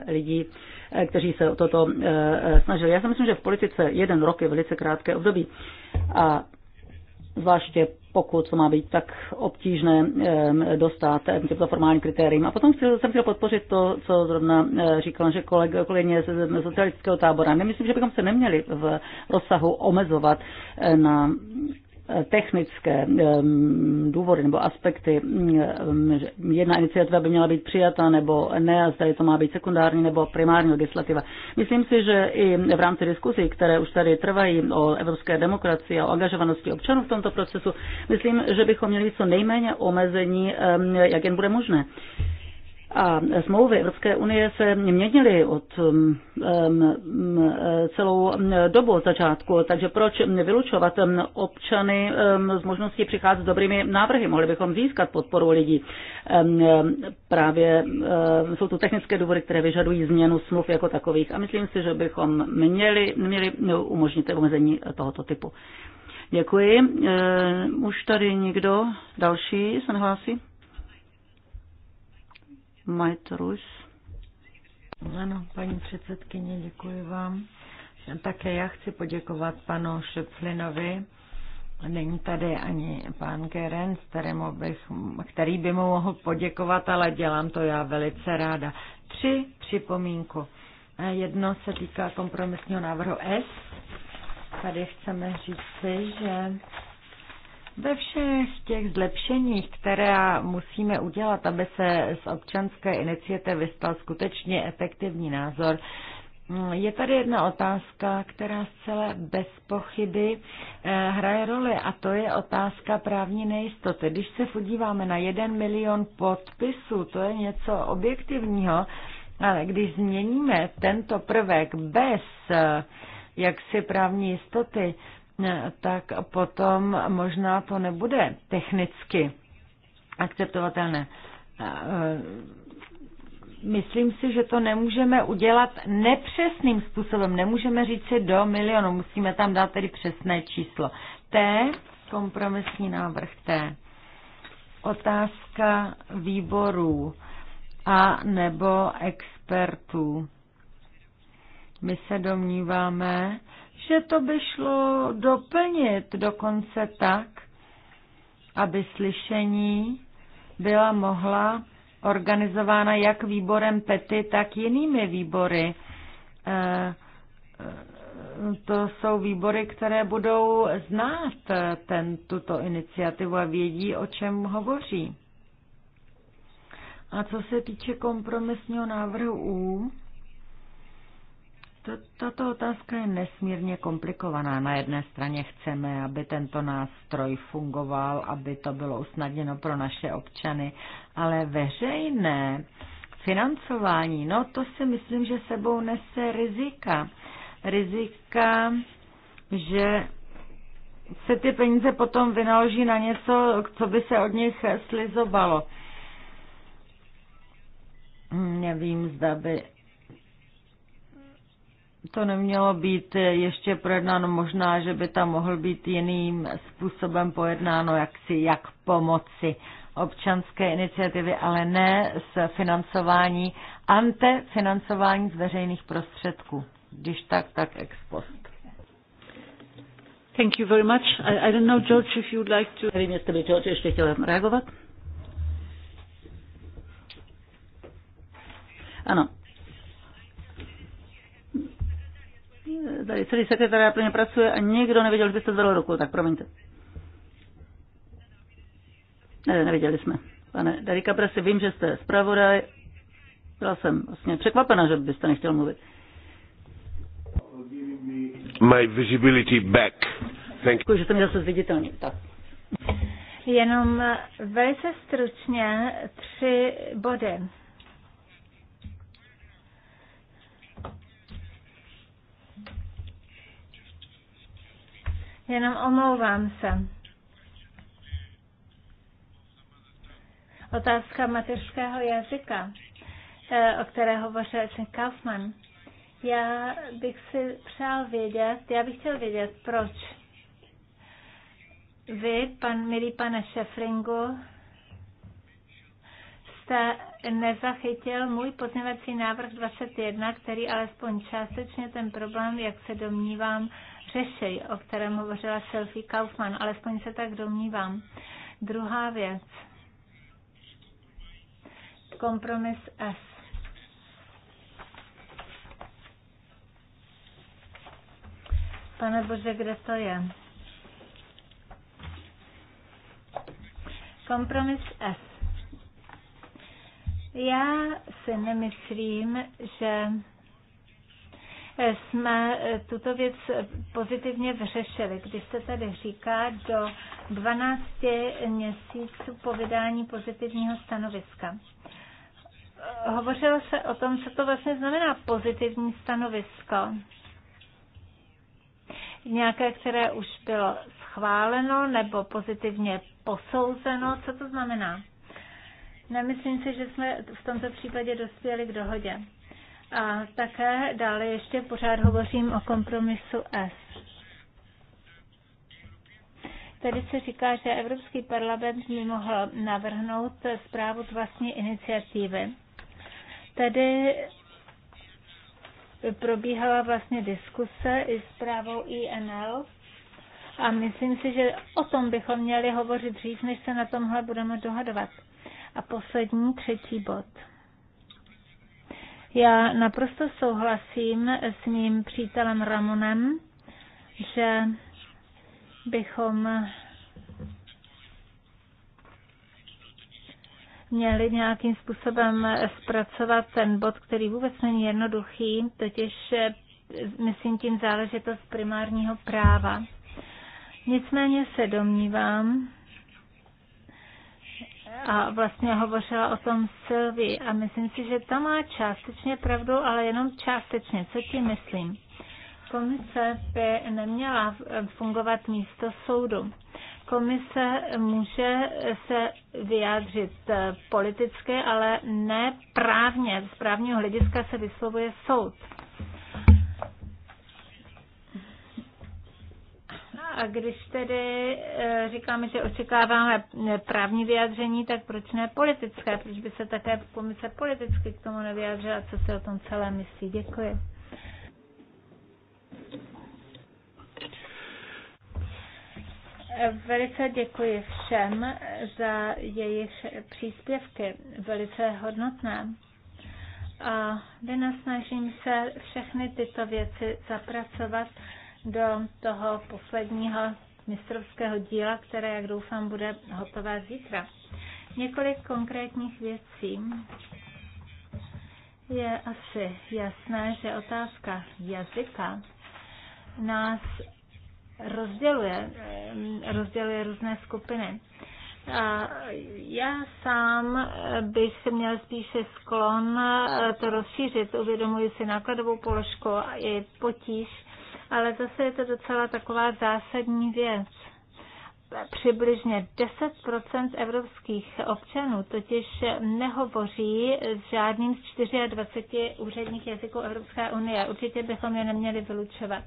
Speaker 3: lidí, kteří se o toto snažili. Já si myslím, že v politice jeden rok je velice krátké období. A zvláště pokud to má být tak obtížné dostat těmto formálním kritériím. A potom chci, jsem chtěl podpořit to, co zrovna eh, říkal že kolega, kolegyně z socialistického tábora. Nemyslím, že bychom se neměli v rozsahu omezovat eh, na technické důvody nebo aspekty, že jedna iniciativa by měla být přijata nebo ne, a zda je to má být sekundární nebo primární legislativa. Myslím si, že i v rámci diskuzí, které už tady trvají o evropské demokracii a o angažovanosti občanů v tomto procesu, myslím, že bychom měli co nejméně omezení, jak jen bude možné. A smlouvy Evropské unie se měnily od um, um, um celou dobu od začátku, takže proč vylučovat um, občany um, z možnosti přicházet s dobrými návrhy? Mohli bychom získat podporu lidí. Um, um, právě um, jsou tu technické důvody, které vyžadují změnu smluv jako takových a myslím si, že bychom měli, měli umožnit omezení tohoto typu. Děkuji. Um, už tady někdo další se nehlásí?
Speaker 2: Rus. Ano, paní předsedkyně, děkuji vám. Také já chci poděkovat panu Šeplinovi. Není tady ani pan Keren, bych, který by mu mohl poděkovat, ale dělám to já velice ráda. Tři připomínku. Eh, jedno se týká kompromisního návrhu S. Tady chceme si, že ve všech těch zlepšeních, které musíme udělat, aby se z občanské iniciativy stal skutečně efektivní názor, je tady jedna otázka, která zcela bez pochyby eh, hraje roli a to je otázka právní nejistoty. Když se podíváme na jeden milion podpisů, to je něco objektivního, ale když změníme tento prvek bez eh, jaksi právní jistoty, tak potom možná to nebude technicky akceptovatelné. E, myslím si, že to nemůžeme udělat nepřesným způsobem. Nemůžeme říct si do milionu, musíme tam dát tedy přesné číslo. T, kompromisní návrh T. Otázka výborů a nebo expertů. My se domníváme, že to by šlo doplnit dokonce tak, aby slyšení byla mohla organizována jak výborem PETY, tak jinými výbory. Eh, eh, to jsou výbory, které budou znát eh, ten, tuto iniciativu a vědí, o čem hovoří. A co se týče kompromisního návrhu U, tato otázka je nesmírně komplikovaná. Na jedné straně chceme, aby tento nástroj fungoval, aby to bylo usnadněno pro naše občany, ale veřejné financování, no to si myslím, že sebou nese rizika. Rizika, že se ty peníze potom vynaloží na něco, co by se od nich slizovalo. Nevím, zda by to nemělo být ještě projednáno, možná, že by tam mohl být jiným způsobem pojednáno, jak si, jak pomoci občanské iniciativy, ale ne s financování, ante financování z veřejných prostředků. Když tak, tak ex post. Thank you very much. I, I don't know, George, if
Speaker 3: you'd like to... Nevím, jestli by George ještě chtěl reagovat. Ano, tady celý sekretariat plně pracuje a nikdo nevěděl, že byste zvedl ruku, tak promiňte. Ne, nevěděli jsme. Pane Darika Presi, vím, že jste zpravodaj. Byla jsem vlastně překvapena, že byste nechtěl mluvit.
Speaker 1: My visibility back.
Speaker 3: Thank Děkuji, že jste mě zase zviditelný. Tak.
Speaker 1: Jenom velice stručně tři body. Jenom omlouvám se. Otázka mateřského jazyka, eh, o které hovořil Kaufman. Já bych si přál vědět, já bych chtěl vědět, proč vy, pan, milý pane Šefringu, jste nezachytil můj pozměvací návrh 21, který alespoň částečně ten problém, jak se domnívám, řešej, o kterém hovořila Sophie Kaufman, alespoň se tak domnívám. Druhá věc. Kompromis S. Pane Bože, kde to je? Kompromis S. Já si nemyslím, že jsme eh, tuto věc pozitivně vyřešili, když se tady říká do 12 měsíců po vydání pozitivního stanoviska. Hovořilo se o tom, co to vlastně znamená pozitivní stanovisko. Nějaké, které už bylo schváleno nebo pozitivně posouzeno, co to znamená? Nemyslím si, že jsme v tomto případě dospěli k dohodě. A také dále ještě pořád hovořím o kompromisu S. Tady se říká, že Evropský parlament by mohl navrhnout zprávu z vlastní iniciativy. Tady probíhala vlastně diskuse i s zprávou INL a myslím si, že o tom bychom měli hovořit dřív, než se na tomhle budeme dohadovat. A poslední, třetí bod. Já naprosto souhlasím s mým přítelem Ramonem, že bychom měli nějakým způsobem zpracovat ten bod, který vůbec není jednoduchý, totiž myslím tím záležitost primárního práva. Nicméně se domnívám, a vlastně hovořila o tom Sylvie a myslím si, že to má částečně pravdu, ale jenom částečně. Co ti myslím? Komise by neměla fungovat místo soudu. Komise může se vyjádřit politicky, ale ne právně. Z právního hlediska se vyslovuje soud. A když tedy e, říkáme, že očekáváme právní vyjádření, tak proč ne politické? Proč by se také komise politicky k tomu nevyjádřila? Co si o tom celé myslí? Děkuji. Velice děkuji všem za jejich příspěvky, velice hodnotné. A vynasnažím se všechny tyto věci zapracovat do toho posledního mistrovského díla, které, jak doufám, bude hotové zítra. Několik konkrétních věcí. Je asi jasné, že otázka jazyka nás rozděluje, rozděluje různé skupiny. A já sám bych se měl spíše sklon to rozšířit. Uvědomuji si nákladovou položku a i potíž, ale zase je to docela taková zásadní věc. Přibližně 10 evropských občanů totiž nehovoří s žádným z 24 úředních jazyků Evropské unie. Určitě bychom je neměli vylučovat.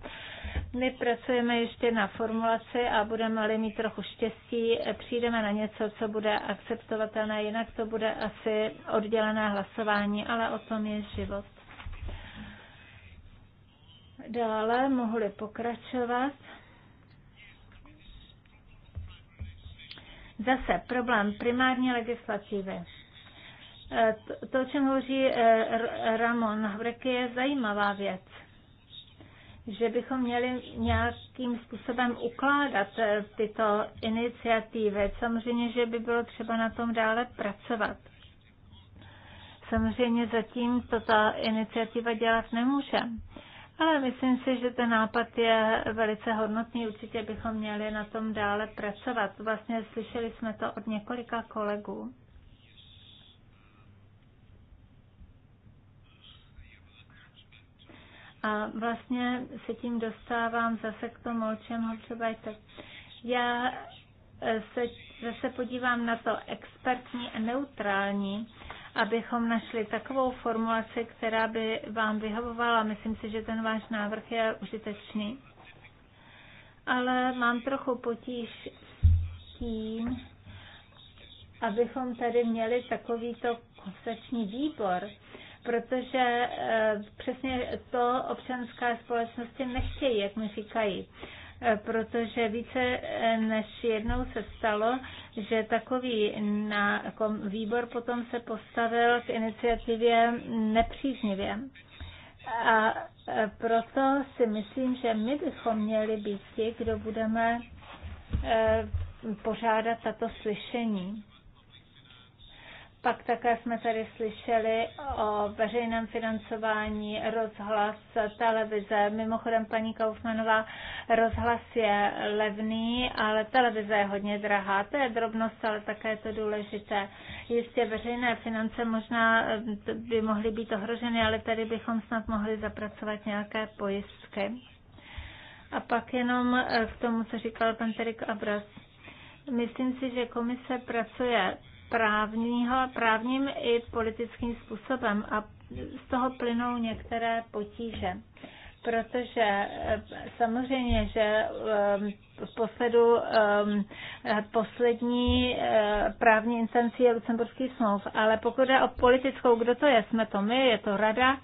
Speaker 1: My pracujeme ještě na formulaci a budeme-li mít trochu štěstí, přijdeme na něco, co bude akceptovatelné, jinak to bude asi oddělené hlasování, ale o tom je život dále mohli pokračovat. Zase problém primární legislativy. E, to, o čem hovoří e, Ramon Havrek, je zajímavá věc že bychom měli nějakým způsobem ukládat e, tyto iniciativy. Samozřejmě, že by bylo třeba na tom dále pracovat. Samozřejmě zatím to ta iniciativa dělat nemůže. Ale myslím si, že ten nápad je velice hodnotný, určitě bychom měli na tom dále pracovat. Vlastně slyšeli jsme to od několika kolegů. A vlastně se tím dostávám zase k tomu, o čem jste. Já eh, se zase podívám na to expertní a neutrální abychom našli takovou formulaci, která by vám vyhovovala. Myslím si, že ten váš návrh je užitečný. Ale mám trochu potíž s tím, abychom tady měli takovýto koncepční výbor, protože eh, přesně to občanská společnosti nechtějí, jak mi říkají protože více než jednou se stalo, že takový na, výbor potom se postavil k iniciativě nepříznivě. A e, proto si myslím, že my bychom měli být ti, kdo budeme e, pořádat tato slyšení. Pak také jsme tady slyšeli o veřejném financování, rozhlas, televize. Mimochodem, paní Kaufmanová, rozhlas je levný, ale televize je hodně drahá. To je drobnost, ale také je to důležité. Jistě veřejné finance možná eh, by mohly být ohroženy, ale tady bychom snad mohli zapracovat nějaké pojistky. A pak jenom eh, k tomu, co říkal pan Terik Abras. Myslím si, že komise pracuje právního, právním i politickým způsobem a z toho plynou některé potíže. Protože eh, samozřejmě, že eh, v posledu eh, poslední právní instanci je Lucemburský smlouv, ale pokud je o politickou, kdo to je, jsme to my, je to rada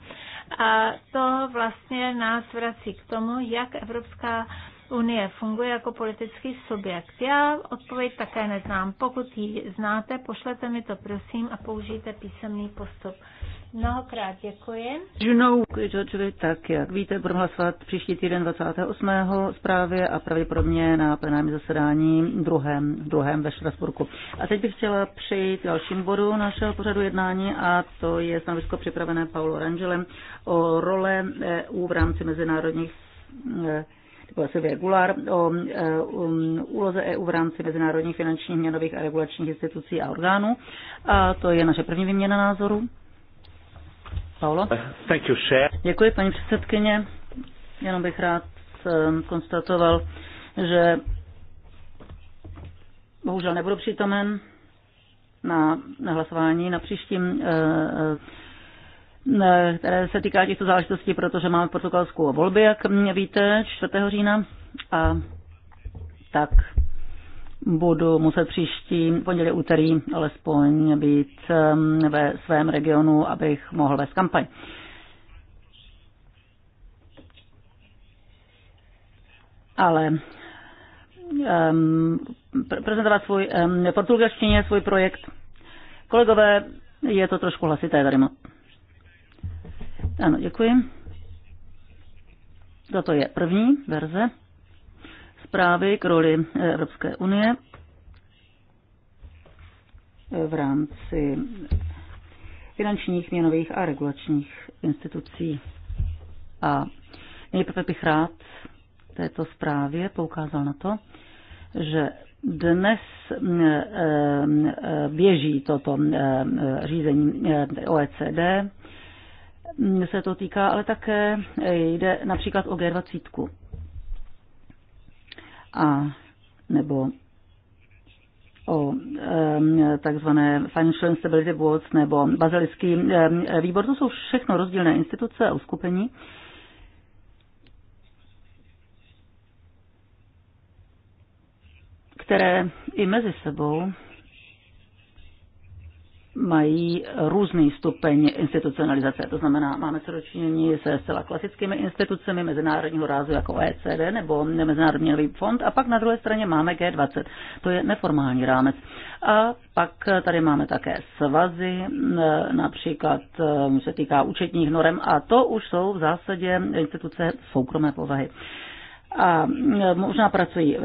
Speaker 1: a to vlastně nás vrací k tomu, jak Evropská unie funguje jako politický subjekt? Já odpověď také neznám. Pokud ji znáte, pošlete mi to prosím a použijte písemný postup. Mnohokrát děkuji.
Speaker 3: Junou Kujčočovi, tak jak víte, budeme hlasovat příští týden 28. zprávě a pravděpodobně na plenárním zasedání druhém, druhém ve Štrasburku. A teď bych chtěla přejít k dalším bodu našeho pořadu jednání a to je stanovisko připravené Paulo Rangelem o role EU v rámci mezinárodních eh, se Gular o um, um, úloze EU v rámci mezinárodních finančních měnových a regulačních institucí a orgánů. A to je naše první výměna názoru. Paolo?
Speaker 1: Uh, thank you,
Speaker 3: Děkuji, paní předsedkyně. Jenom bych rád um, konstatoval, že bohužel nebudu přítomen na hlasování na příštím uh, Eh, které se týká těchto záležitostí, protože máme v Portugalsku volby, jak víte, 4. října. A tak budu muset příští pondělí, úterý alespoň být ve svém regionu, abych mohl vést kampaň. Ale um, prezentovat svůj um, portugalštině, svůj projekt. Kolegové, je to trošku hlasité tady. Ano, děkuji. Toto je první verze zprávy k roli eh, Evropské unie v rámci finančních, měnových a regulačních institucí. A nejprve bych rád této zprávě poukázal na to, že dnes eh, eh, běží toto řízení OECD se to týká, ale také jde například o G20. A nebo o takzvané Financial Stability Boards nebo Bazilický výbor. To jsou všechno rozdílné instituce a uskupení. které i mezi sebou mají různý stupeň institucionalizace. To znamená, máme co dočinění se zcela klasickými institucemi mezinárodního rázu jako OECD nebo Mezinárodní fond a pak na druhé straně máme G20. To je neformální rámec. A pak tady máme také svazy, například eh, se týká účetních norem a to už jsou v zásadě instituce soukromé povahy a možná pracují,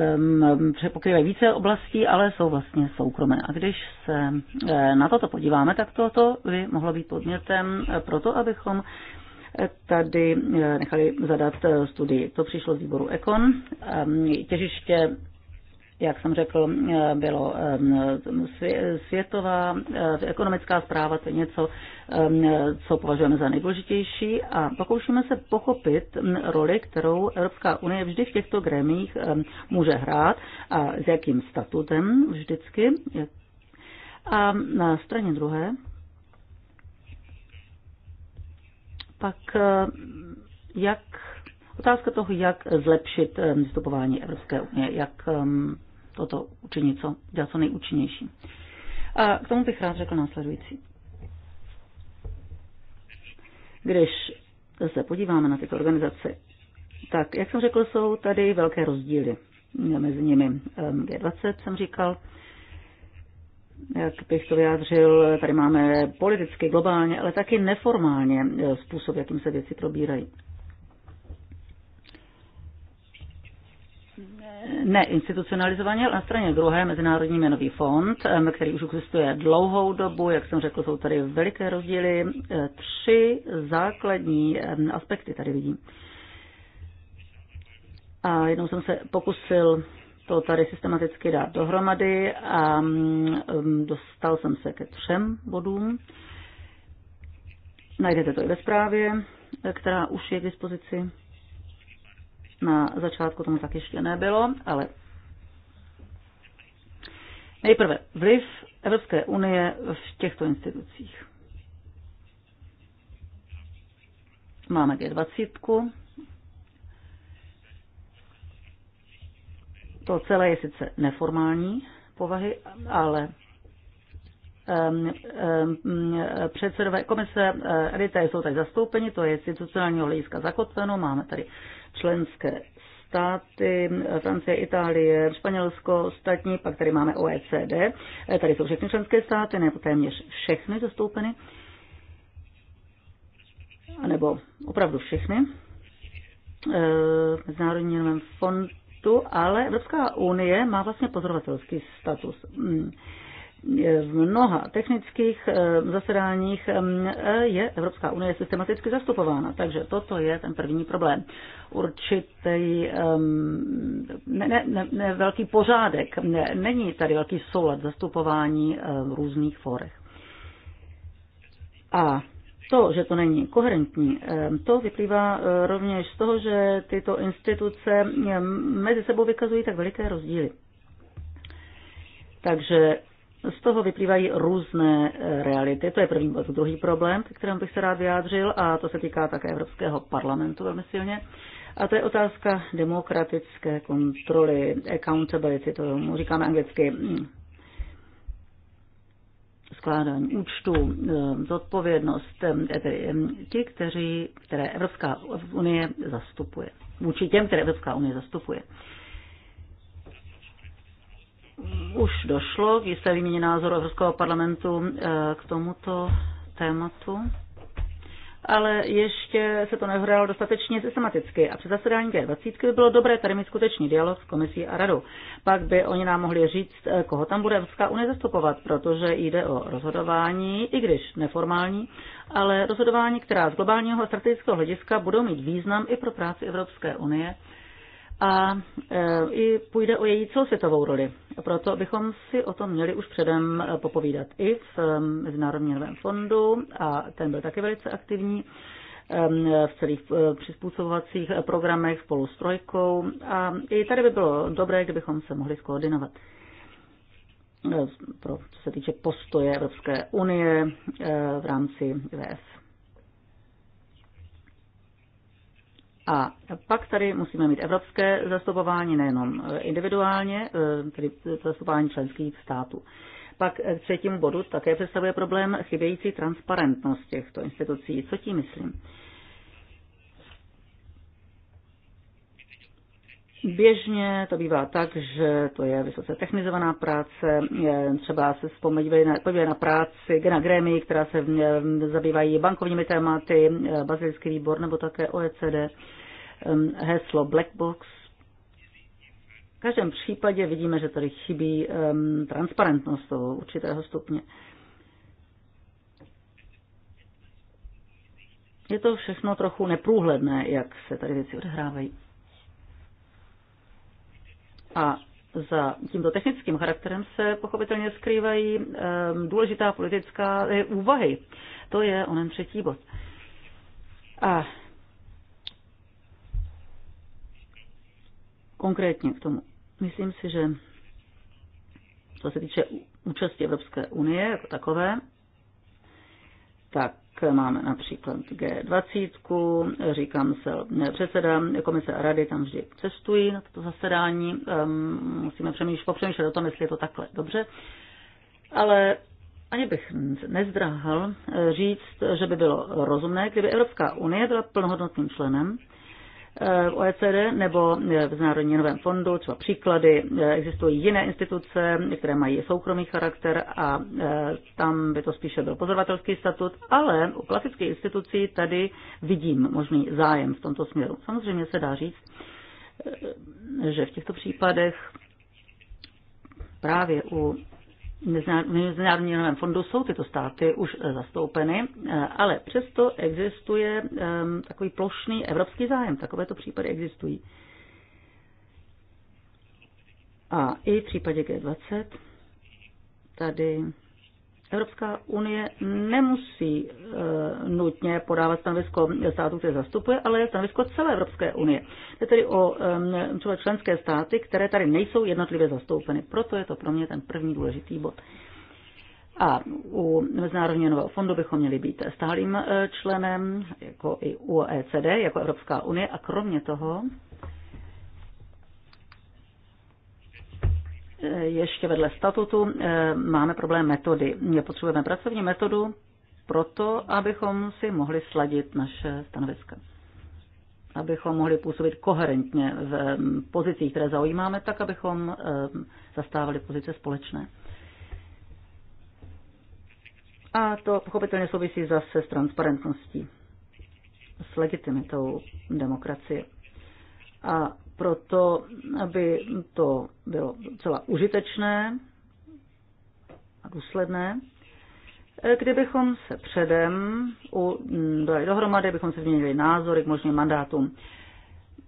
Speaker 3: přepokrývají více oblastí, ale jsou vlastně soukromé. A když se e, na toto podíváme, tak toto by mohlo být podnětem pro to, abychom tady e, nechali zadat e, studii. To přišlo z výboru Ekon. Těžiště jak jsem řekl, eh, bylo ehm, světová eh, ekonomická zpráva, to je něco, ehm, co považujeme za nejdůležitější a pokoušíme se pochopit hm, roli, kterou Evropská unie vždy v těchto gremích ehm, může hrát a s jakým statutem vždycky. A na straně druhé pak eh, jak Otázka toho, jak zlepšit vystupování Evropské unie, jak toto učinit co, dělat co nejúčinnější. A k tomu bych rád řekl následující. Když se podíváme na tyto organizace, tak, jak jsem řekl, jsou tady velké rozdíly mezi nimi. Ehm, G20 jsem říkal, jak bych to vyjádřil, tady máme politicky, globálně, ale taky neformálně e, způsob, jakým se věci probírají. neinstitucionalizovaně, ale na straně druhé Mezinárodní měnový fond, který už existuje dlouhou dobu, jak jsem řekl, jsou tady veliké rozdíly. E, tři základní aspekty tady vidím. A jednou jsem se pokusil to tady systematicky dát dohromady a dostal jsem se ke třem bodům. Najdete to i ve zprávě, e, která už je k dispozici. Na začátku tomu tak ještě nebylo, ale nejprve vliv Evropské unie v těchto institucích. Máme G20. To celé je sice neformální povahy, ale předsedové komise, edité eh, jsou tady zastoupeni, to je institucionálního hlediska zakotveno, máme tady členské státy, Francie, Itálie, Španělsko, ostatní, pak tady máme OECD, e, tady jsou všechny členské státy, nebo téměř všechny zastoupeny, nebo opravdu všechny, e, v Mezinárodní fondu, ale Evropská unie má vlastně pozorovatelský status. Mm v mnoha technických eh, zasedáních eh, je Evropská unie systematicky zastupována. Takže toto je ten první problém. Určitý ne, ne, ne, ne velký pořádek. Ne, není tady velký soulad zastupování eh, v různých fórech. A to, že to není koherentní, to vyplývá rovněž z toho, že tyto instituce mezi sebou vykazují tak veliké rozdíly. Takže z toho vyplývají různé eh, reality. To je první bod. Druhý problém, k kterému bych se rád vyjádřil, a to se týká také Evropského parlamentu velmi silně, a to je otázka demokratické kontroly, accountability, to mu říkáme anglicky, mm, skládání účtu, eh, zodpovědnost, eh, tedy ti, kteří, které Evropská unie zastupuje, vůči těm, které Evropská unie zastupuje už došlo k jisté výměně názoru Evropského parlamentu eh, k tomuto tématu, ale ještě se to nehrálo dostatečně systematicky. A při zasedání G20 by bylo dobré tady mít skutečný dialog s komisí a radou. Pak by oni nám mohli říct, eh, koho tam bude Evropská unie zastupovat, protože jde o rozhodování, i když neformální, ale rozhodování, která z globálního a strategického hlediska budou mít význam i pro práci Evropské unie a e, i půjde o její celosvětovou roli. Proto bychom si o tom měli už předem e, popovídat i v Mezinárodním měnovém fondu a ten byl také velice aktivní e, v celých přizpůsobovacích programech spolu s Trojkou a i tady by bylo dobré, kdybychom se mohli skoordinovat pro, co se týče postoje Evropské unie v rámci VF. A pak tady musíme mít evropské zastupování nejenom e, individuálně, e, tedy zastupování členských států. Pak e, k třetímu bodu také představuje problém chybějící transparentnost těchto institucí. Co tím myslím? Běžně to bývá tak, že to je vysoce technizovaná práce, třeba se vzpomeňme na, na práci na Grémy, která se zabývají bankovními tématy, Bazilský výbor nebo také OECD. Um, heslo Black Box. V každém případě vidíme, že tady chybí um, transparentnost toho určitého stupně. Je to všechno trochu neprůhledné, jak se tady věci odhrávají. A za tímto technickým charakterem se pochopitelně skrývají um, důležitá politická eh, úvahy. To je onen třetí bod. A konkrétně k tomu. Myslím si, že co se týče účasti Evropské unie jako takové, tak máme například G20, říkám se předseda komise a rady tam vždy cestují na toto zasedání. Ehm, musíme přemýšlet, popřemýšlet o tom, jestli je to takhle dobře. Ale ani bych nezdráhal eh, říct, že by bylo rozumné, kdyby Evropská unie byla plnohodnotným členem Eh, v OECD nebo eh, v Národní měnovém fondu, třeba příklady, eh, existují jiné instituce, které mají soukromý charakter a tam by to spíše byl pozorovatelský statut, ale u klasických institucí tady vidím možný zájem v tomto směru. Samozřejmě se dá říct, že v těchto případech právě u Mezinárodní měnovém fondu jsou tyto státy už eh, zastoupeny, eh, ale přesto existuje ehm, takový plošný evropský zájem. Takovéto případy existují. A i v případě G20 tady Evropská unie nemusí e, nutně podávat stanovisko státu, které zastupuje, ale stanovisko celé Evropské unie. Je tedy o e, členské státy, které tady nejsou jednotlivě zastoupeny. Proto je to pro mě ten první důležitý bod. A u Mezinárodního nového fondu bychom měli být stálým e, členem, jako i u OECD, jako Evropská unie. A kromě toho ještě vedle statutu eh, máme problém metody. Potřebujeme pracovní metodu proto, abychom si mohli sladit naše stanoviska. Abychom mohli působit koherentně v mm, pozicích, které zaujímáme, tak abychom eh, zastávali pozice společné. A to pochopitelně souvisí zase s transparentností, s legitimitou demokracie. A proto, aby to bylo docela užitečné a důsledné. E, kdybychom se předem u, dali dohromady, bychom se změnili názory k možným mandátům.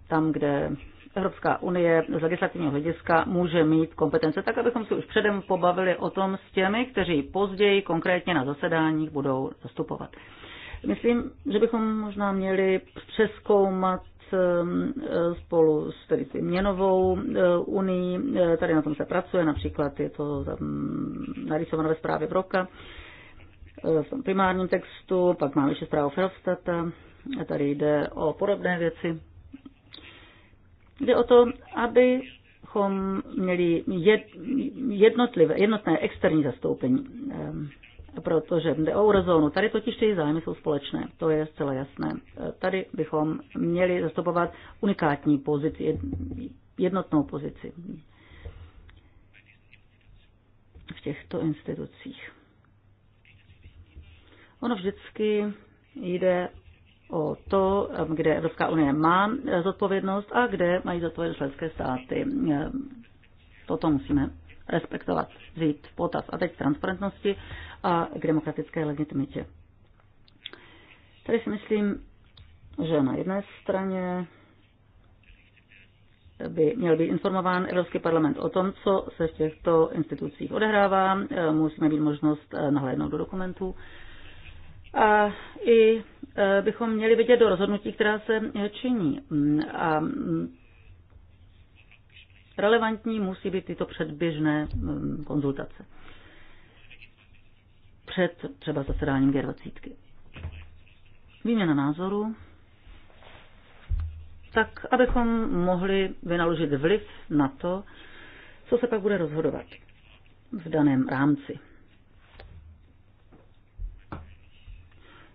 Speaker 3: Tam, kde Evropská unie z legislativního hlediska může mít kompetence, tak abychom si už předem pobavili o tom s těmi, kteří později konkrétně na zasedáních budou zastupovat. Myslím, že bychom možná měli přeskoumat Um, spolu s, tedy měnovou uh, unii. Eh, tady na tom se pracuje, například je to um, narysováno ve zprávě roka eh, v tom primárním textu, pak máme ještě zprávu Ferovstata, tady jde o podobné věci. Jde o to, aby abychom měli jednotlivé, jednotné externí zastoupení. Eh, protože jde o eurozónu. Tady totiž ty zájmy jsou společné, to je zcela jasné. E, tady bychom měli zastupovat unikátní pozici, jednotnou pozici v těchto institucích. Ono vždycky jde o to, kde Evropská unie má zodpovědnost a kde mají zodpovědnost členské státy. E, toto musíme respektovat, vzít v potaz. A teď transparentnosti a k demokratické legitimitě. Tady si myslím, že na jedné straně by měl být informován Evropský parlament o tom, co se v těchto institucích odehrává. Musíme mít možnost eh, nahlédnout do dokumentů. A i eh, bychom měli vidět do rozhodnutí, která se eh, činí. Mm, a mm, relevantní musí být tyto předběžné mm, konzultace před třeba zasedáním G20. Výměna názoru. Tak, abychom mohli vynaložit vliv na to, co se pak bude rozhodovat v daném rámci.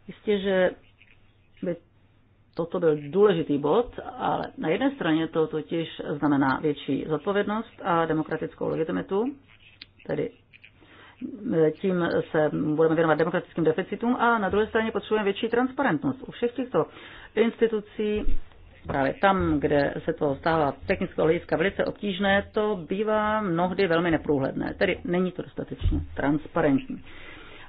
Speaker 3: Jistě, že by toto byl důležitý bod, ale na jedné straně to totiž znamená větší zodpovědnost a demokratickou legitimitu, tedy tím se budeme věnovat demokratickým deficitům a na druhé straně potřebujeme větší transparentnost. U všech těchto institucí právě tam, kde se to stává z technického hlediska velice obtížné, to bývá mnohdy velmi neprůhledné, tedy není to dostatečně transparentní.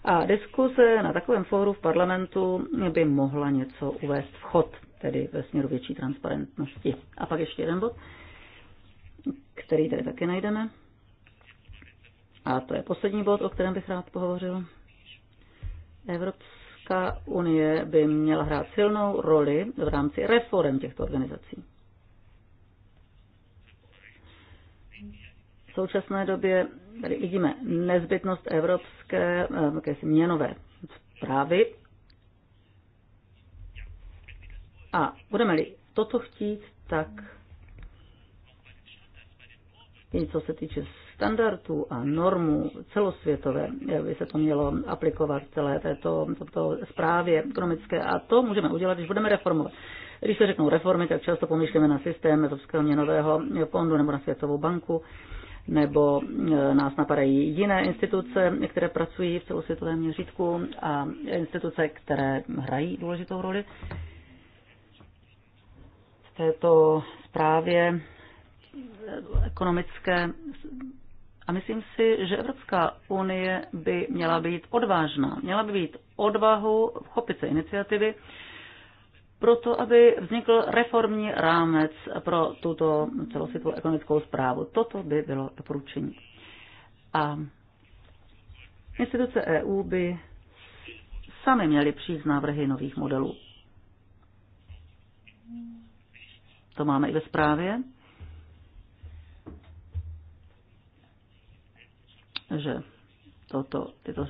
Speaker 3: A diskuse na takovém fóru v parlamentu by mohla něco uvést v chod, tedy ve směru větší transparentnosti. A pak ještě jeden bod, který tady také najdeme. A to je poslední bod, o kterém bych rád pohovořil. Evropská unie by měla hrát silnou roli v rámci reform těchto organizací. V současné době tady vidíme nezbytnost evropské eh, jakési měnové zprávy. A budeme-li toto chtít, tak i co se týče standardů a normů celosvětové by se to mělo aplikovat celé této, to zprávě ekonomické a to můžeme udělat, když budeme reformovat. Když se řeknou reformy, tak často pomýšlíme na systém Evropského měnového fondu nebo na Světovou banku nebo e, nás napadají jiné instituce, které pracují v celosvětovém měřítku a instituce, které hrají důležitou roli. V této zprávě ekonomické a myslím si, že Evropská unie by měla být odvážná. Měla by být odvahu chopit se iniciativy, proto aby vznikl reformní rámec pro tuto celosvětovou ekonomickou zprávu. Toto by bylo doporučení. A instituce EU by sami měly přijít z návrhy nových modelů. To máme i ve zprávě. že toto, tyto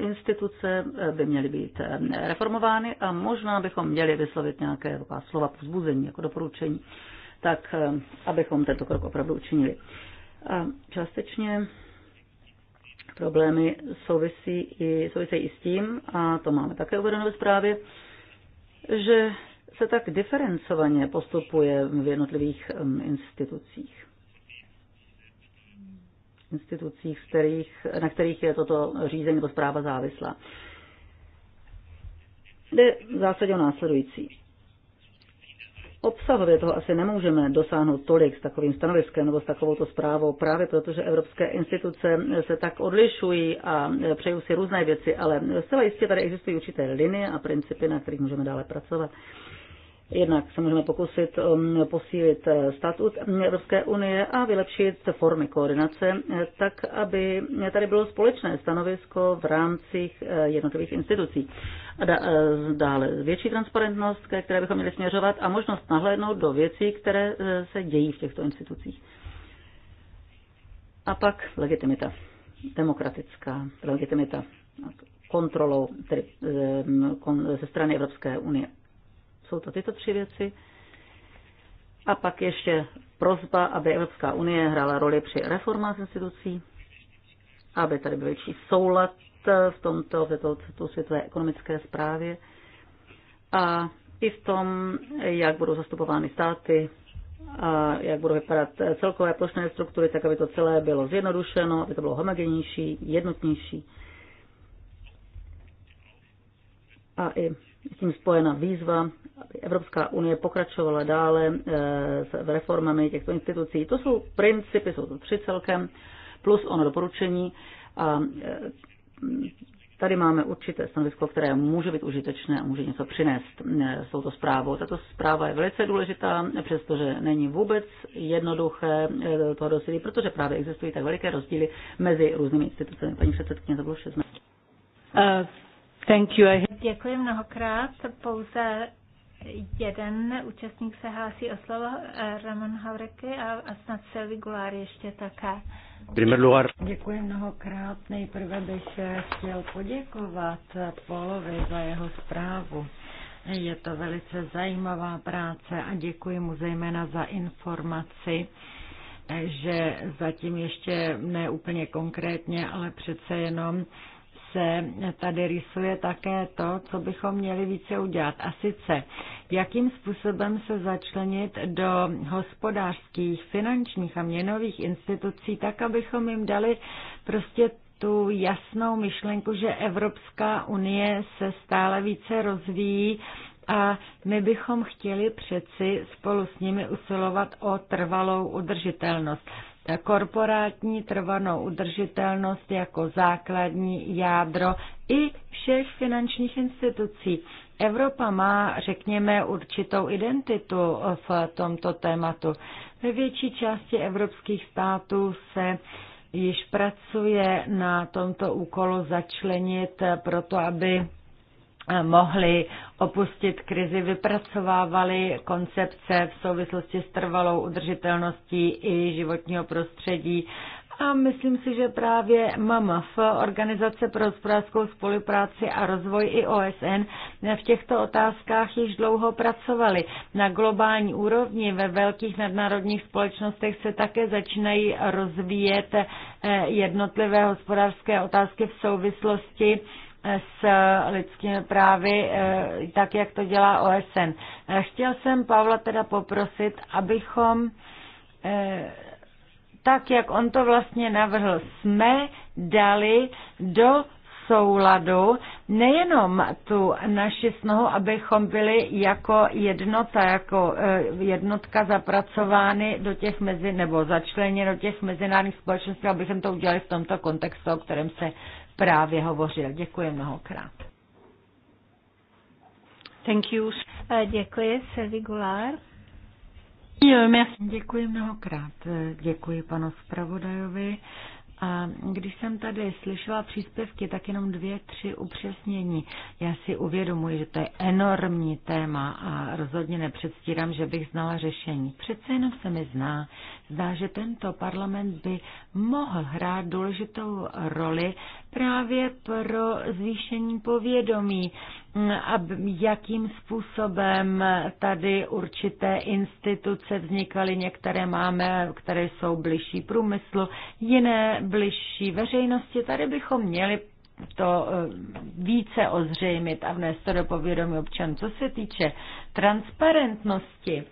Speaker 3: instituce by měly být eh, reformovány a možná bychom měli vyslovit nějaké slova povzbuzení jako doporučení, tak eh, abychom tento krok opravdu učinili. A částečně problémy souvisí i, souvisí i s tím, a to máme také uvedeno ve zprávě, že se tak diferencovaně postupuje v jednotlivých institucích institucích, kterých, na kterých je toto řízení nebo zpráva závislá. Jde v zásadě o následující. Obsahově toho asi nemůžeme dosáhnout tolik s takovým stanoviskem nebo s takovouto zprávou, právě protože evropské instituce se tak odlišují a přejou si různé věci, ale zcela jistě tady existují určité linie a principy, na kterých můžeme dále pracovat. Jednak se můžeme pokusit um, posílit eh, statut Evropské unie a vylepšit formy koordinace, eh, tak aby tady bylo společné stanovisko v rámci eh, jednotlivých institucí. A dále větší transparentnost, ke které bychom měli směřovat a možnost nahlédnout do věcí, které se dějí v těchto institucích. A pak legitimita, demokratická legitimita kontrolou tedy, kon, ze strany Evropské unie. Jsou to tyto tři věci. A pak ještě prozba, aby Evropská unie hrála roli při reformách institucí, aby tady byl větší soulad v tomto, v této, v této světové ekonomické zprávě a i v tom, jak budou zastupovány státy a jak budou vypadat celkové plošné struktury, tak aby to celé bylo zjednodušeno, aby to bylo homogenější, jednotnější. A i s tím spojena výzva, aby Evropská unie pokračovala dále eh, s reformami těchto institucí. To jsou principy, jsou to tři celkem, plus ono doporučení. A eh, tady máme určité stanovisko, které může být užitečné a může něco přinést eh, s touto zprávou. Tato zpráva je velice důležitá, přestože není vůbec jednoduché toho dosilí, protože právě existují tak veliké rozdíly mezi různými institucemi. Paní předsedkyně, to bylo Thank you.
Speaker 1: Děkuji mnohokrát. Pouze jeden účastník se hlásí o slovo, Ramon Havreky a, a snad Silvi Gulár ještě také. Děkuji mnohokrát. Nejprve bych chtěl poděkovat Polovi za jeho
Speaker 2: zprávu. Je to velice zajímavá práce a děkuji mu zejména za informaci, že zatím ještě ne úplně konkrétně, ale přece jenom se tady rysuje také to, co bychom měli více udělat. A sice, jakým způsobem se začlenit do hospodářských, finančních a měnových institucí, tak abychom jim dali prostě tu jasnou myšlenku, že Evropská unie se stále více rozvíjí a my bychom chtěli přeci spolu s nimi usilovat o trvalou udržitelnost korporátní trvanou udržitelnost jako základní jádro i všech finančních institucí. Evropa má, řekněme, určitou identitu v tomto tématu. Ve větší části evropských států se již pracuje na tomto úkolu začlenit proto, aby mohli opustit krizi, vypracovávali koncepce v souvislosti s trvalou udržitelností i životního prostředí. A myslím si, že právě MAMF, Organizace pro hospodářskou spolupráci a rozvoj i OSN, v těchto otázkách již dlouho pracovali. Na globální úrovni ve velkých nadnárodních společnostech se také začínají rozvíjet eh, jednotlivé hospodářské otázky v souvislosti s lidskými právy, eh, tak jak to dělá OSN. Eh, chtěl jsem Pavla teda poprosit, abychom eh, tak, jak on to vlastně navrhl, jsme dali do souladu nejenom tu naši snahu, abychom byli jako jednota, jako jednotka zapracovány do těch mezi, nebo začleněni do těch mezinárodních společností, abychom to udělali v tomto kontextu, o kterém se právě hovořil. Děkuji mnohokrát. Thank you.
Speaker 1: Eh, děkuji, Sylvie Goulart.
Speaker 2: Eh, děkuji mnohokrát. Eh, děkuji panu zpravodajovi. A když jsem tady slyšela příspěvky, tak jenom dvě, tři upřesnění. Já si uvědomuji, že to je enormní téma a rozhodně nepředstírám, že bych znala řešení. Přece jenom se mi zná, zdá, že tento parlament by mohl hrát důležitou roli právě pro zvýšení povědomí a jakým způsobem tady určité instituce vznikaly. Některé máme, které jsou bližší průmyslu, jiné bližší veřejnosti. Tady bychom měli to e, více ozřejmit a vnést to do povědomí občanů. Co se týče transparentnosti,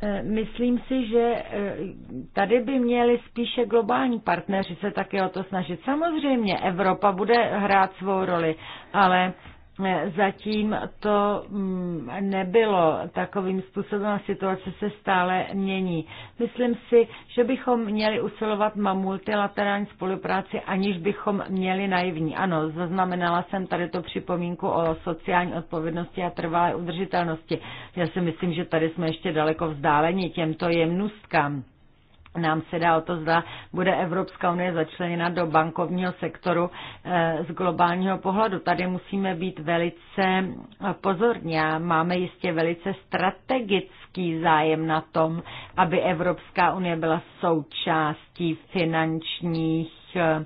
Speaker 2: Eh, myslím si, že eh, tady by měli spíše globální partneři se také o to snažit. Samozřejmě Evropa bude hrát svou roli, ale Zatím to mm, nebylo takovým způsobem situace se stále mění. Myslím si, že bychom měli usilovat na multilaterální spolupráci, aniž bychom měli naivní. Ano, zaznamenala jsem tady to připomínku o sociální odpovědnosti a trvalé udržitelnosti. Já si myslím, že tady jsme ještě daleko vzdáleni těmto jemnostkám nám se dá o to, zda bude Evropská unie začleněna do bankovního sektoru eh, z globálního pohledu. Tady musíme být velice eh, pozorní a máme jistě velice strategický zájem na tom, aby Evropská unie byla součástí finančních eh,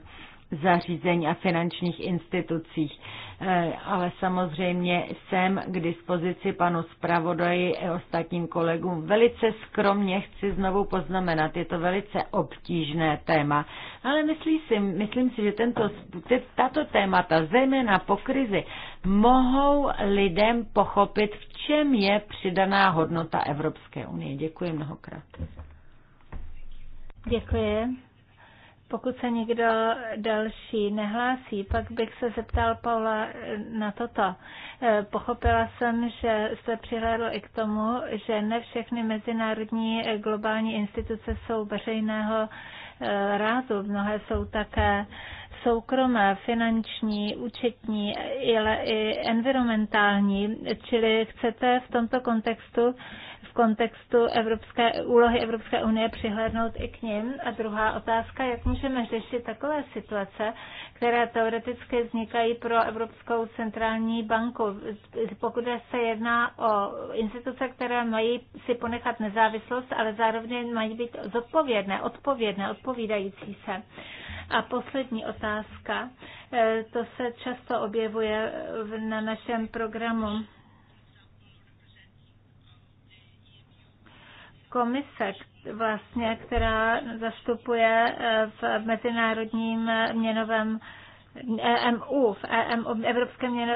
Speaker 2: zařízení a finančních institucích Eh, ale samozřejmě jsem k dispozici panu zpravodaji i ostatním kolegům. Velice skromně chci znovu poznamenat, je to velice obtížné téma, ale myslím si, myslím si že tento, tato témata, zejména po krizi, mohou lidem pochopit, v čem je přidaná hodnota Evropské unie. Děkuji mnohokrát.
Speaker 1: Děkuji. Pokud se někdo další nehlásí, pak bych se zeptal Paula na toto. E, pochopila jsem, že se přihlédl i k tomu, že ne všechny mezinárodní e, globální instituce jsou veřejného e, rázu. Mnohé jsou také soukromé, finanční, účetní, ale i environmentální. Čili chcete v tomto kontextu v kontextu Evropské, úlohy Evropské unie přihlédnout i k ním. A druhá otázka, jak můžeme řešit takové situace, které teoreticky vznikají pro Evropskou centrální banku, pokud se jedná o instituce, které mají si ponechat nezávislost, ale zároveň mají být zodpovědné, odpovědné, odpovídající se. A poslední otázka, eh, to se často objevuje na našem programu komise vlastně, která zastupuje eh, v Mezinárodním měnovém EMU, v e Evropské, měno,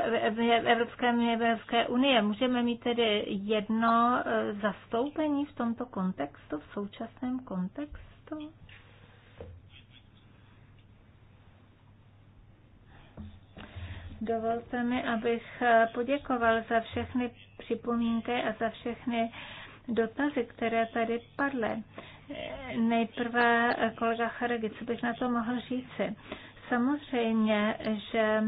Speaker 1: Evropské měnové unie. Můžeme mít tedy jedno eh, zastoupení v tomto kontextu, v současném kontextu? Dovolte mi, abych eh, poděkoval za všechny připomínky a za všechny dotazy, které tady padly. Nejprve kolega Charegi, co bych na to mohl říci? Samozřejmě, že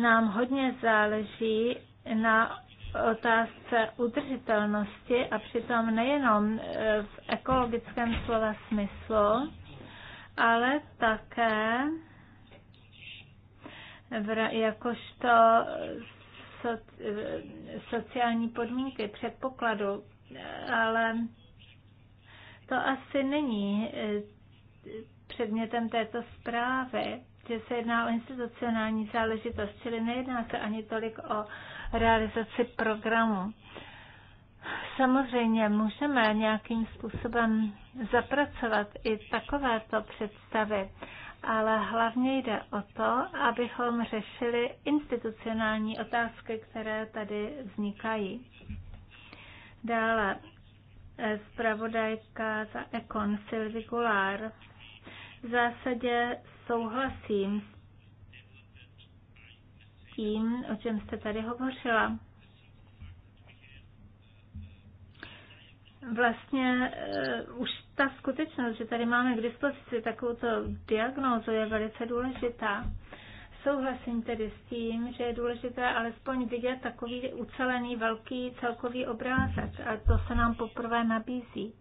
Speaker 1: nám hodně záleží na otázce udržitelnosti a přitom nejenom eh, v ekologickém slova smyslu, ale také v, jakožto sociální podmínky, předpokladu, ale to asi není eh, předmětem této zprávy, že se jedná o institucionální záležitost, čili nejedná se ani tolik o realizaci programu. Samozřejmě můžeme nějakým způsobem zapracovat i takovéto představy, ale hlavně jde o to, abychom řešili institucionální otázky, které tady vznikají. Dále eh, zpravodajka za Econ Sylvie Goulart. V zásadě souhlasím s tím, o čem jste tady hovořila. vlastně uh, už ta skutečnost, že tady máme k dispozici takovouto diagnózu, je velice důležitá. Souhlasím tedy s tím, že je důležité alespoň vidět takový ucelený velký celkový obrázek a to se nám poprvé nabízí.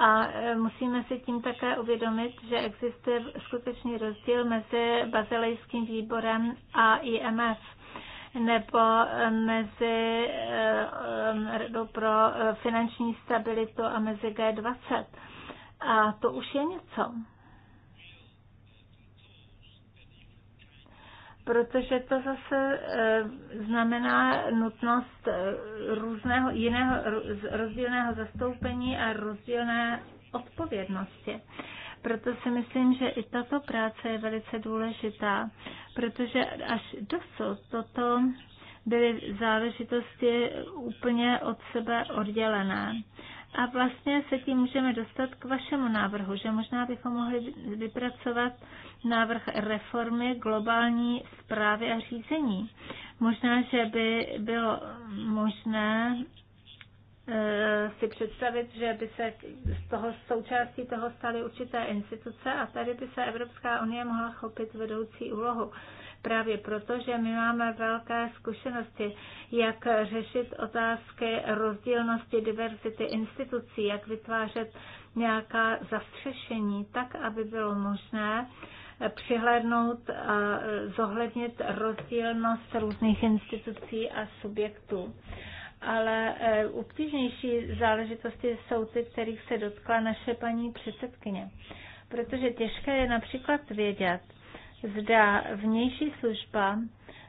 Speaker 1: A eh, musíme si tím také uvědomit, že existuje skutečný rozdíl mezi bazilejským výborem a IMF nebo mezi Radou eh, eh, pro finanční stabilitu a mezi G20. A to už je něco. protože to zase eh, znamená nutnost různého jiného rozdílného zastoupení a rozdílné odpovědnosti. Proto si myslím, že i tato práce je velice důležitá, protože až dosud toto byly záležitosti úplně od sebe oddělené. A vlastně se tím můžeme dostat k vašemu návrhu, že možná bychom mohli vypracovat návrh reformy globální zprávy a řízení. Možná, že by bylo možné Eh, si představit, že by se z toho součástí toho staly určité instituce a tady by se Evropská unie mohla chopit vedoucí úlohu. Právě proto, že my máme velké zkušenosti, jak řešit otázky rozdílnosti, diverzity institucí, jak vytvářet nějaká zastřešení, tak, aby bylo možné eh, přihlédnout a eh, zohlednit rozdílnost různých institucí a subjektů ale e, obtížnější záležitosti jsou ty, kterých se dotkla naše paní předsedkyně. Protože těžké je například vědět, zda vnější služba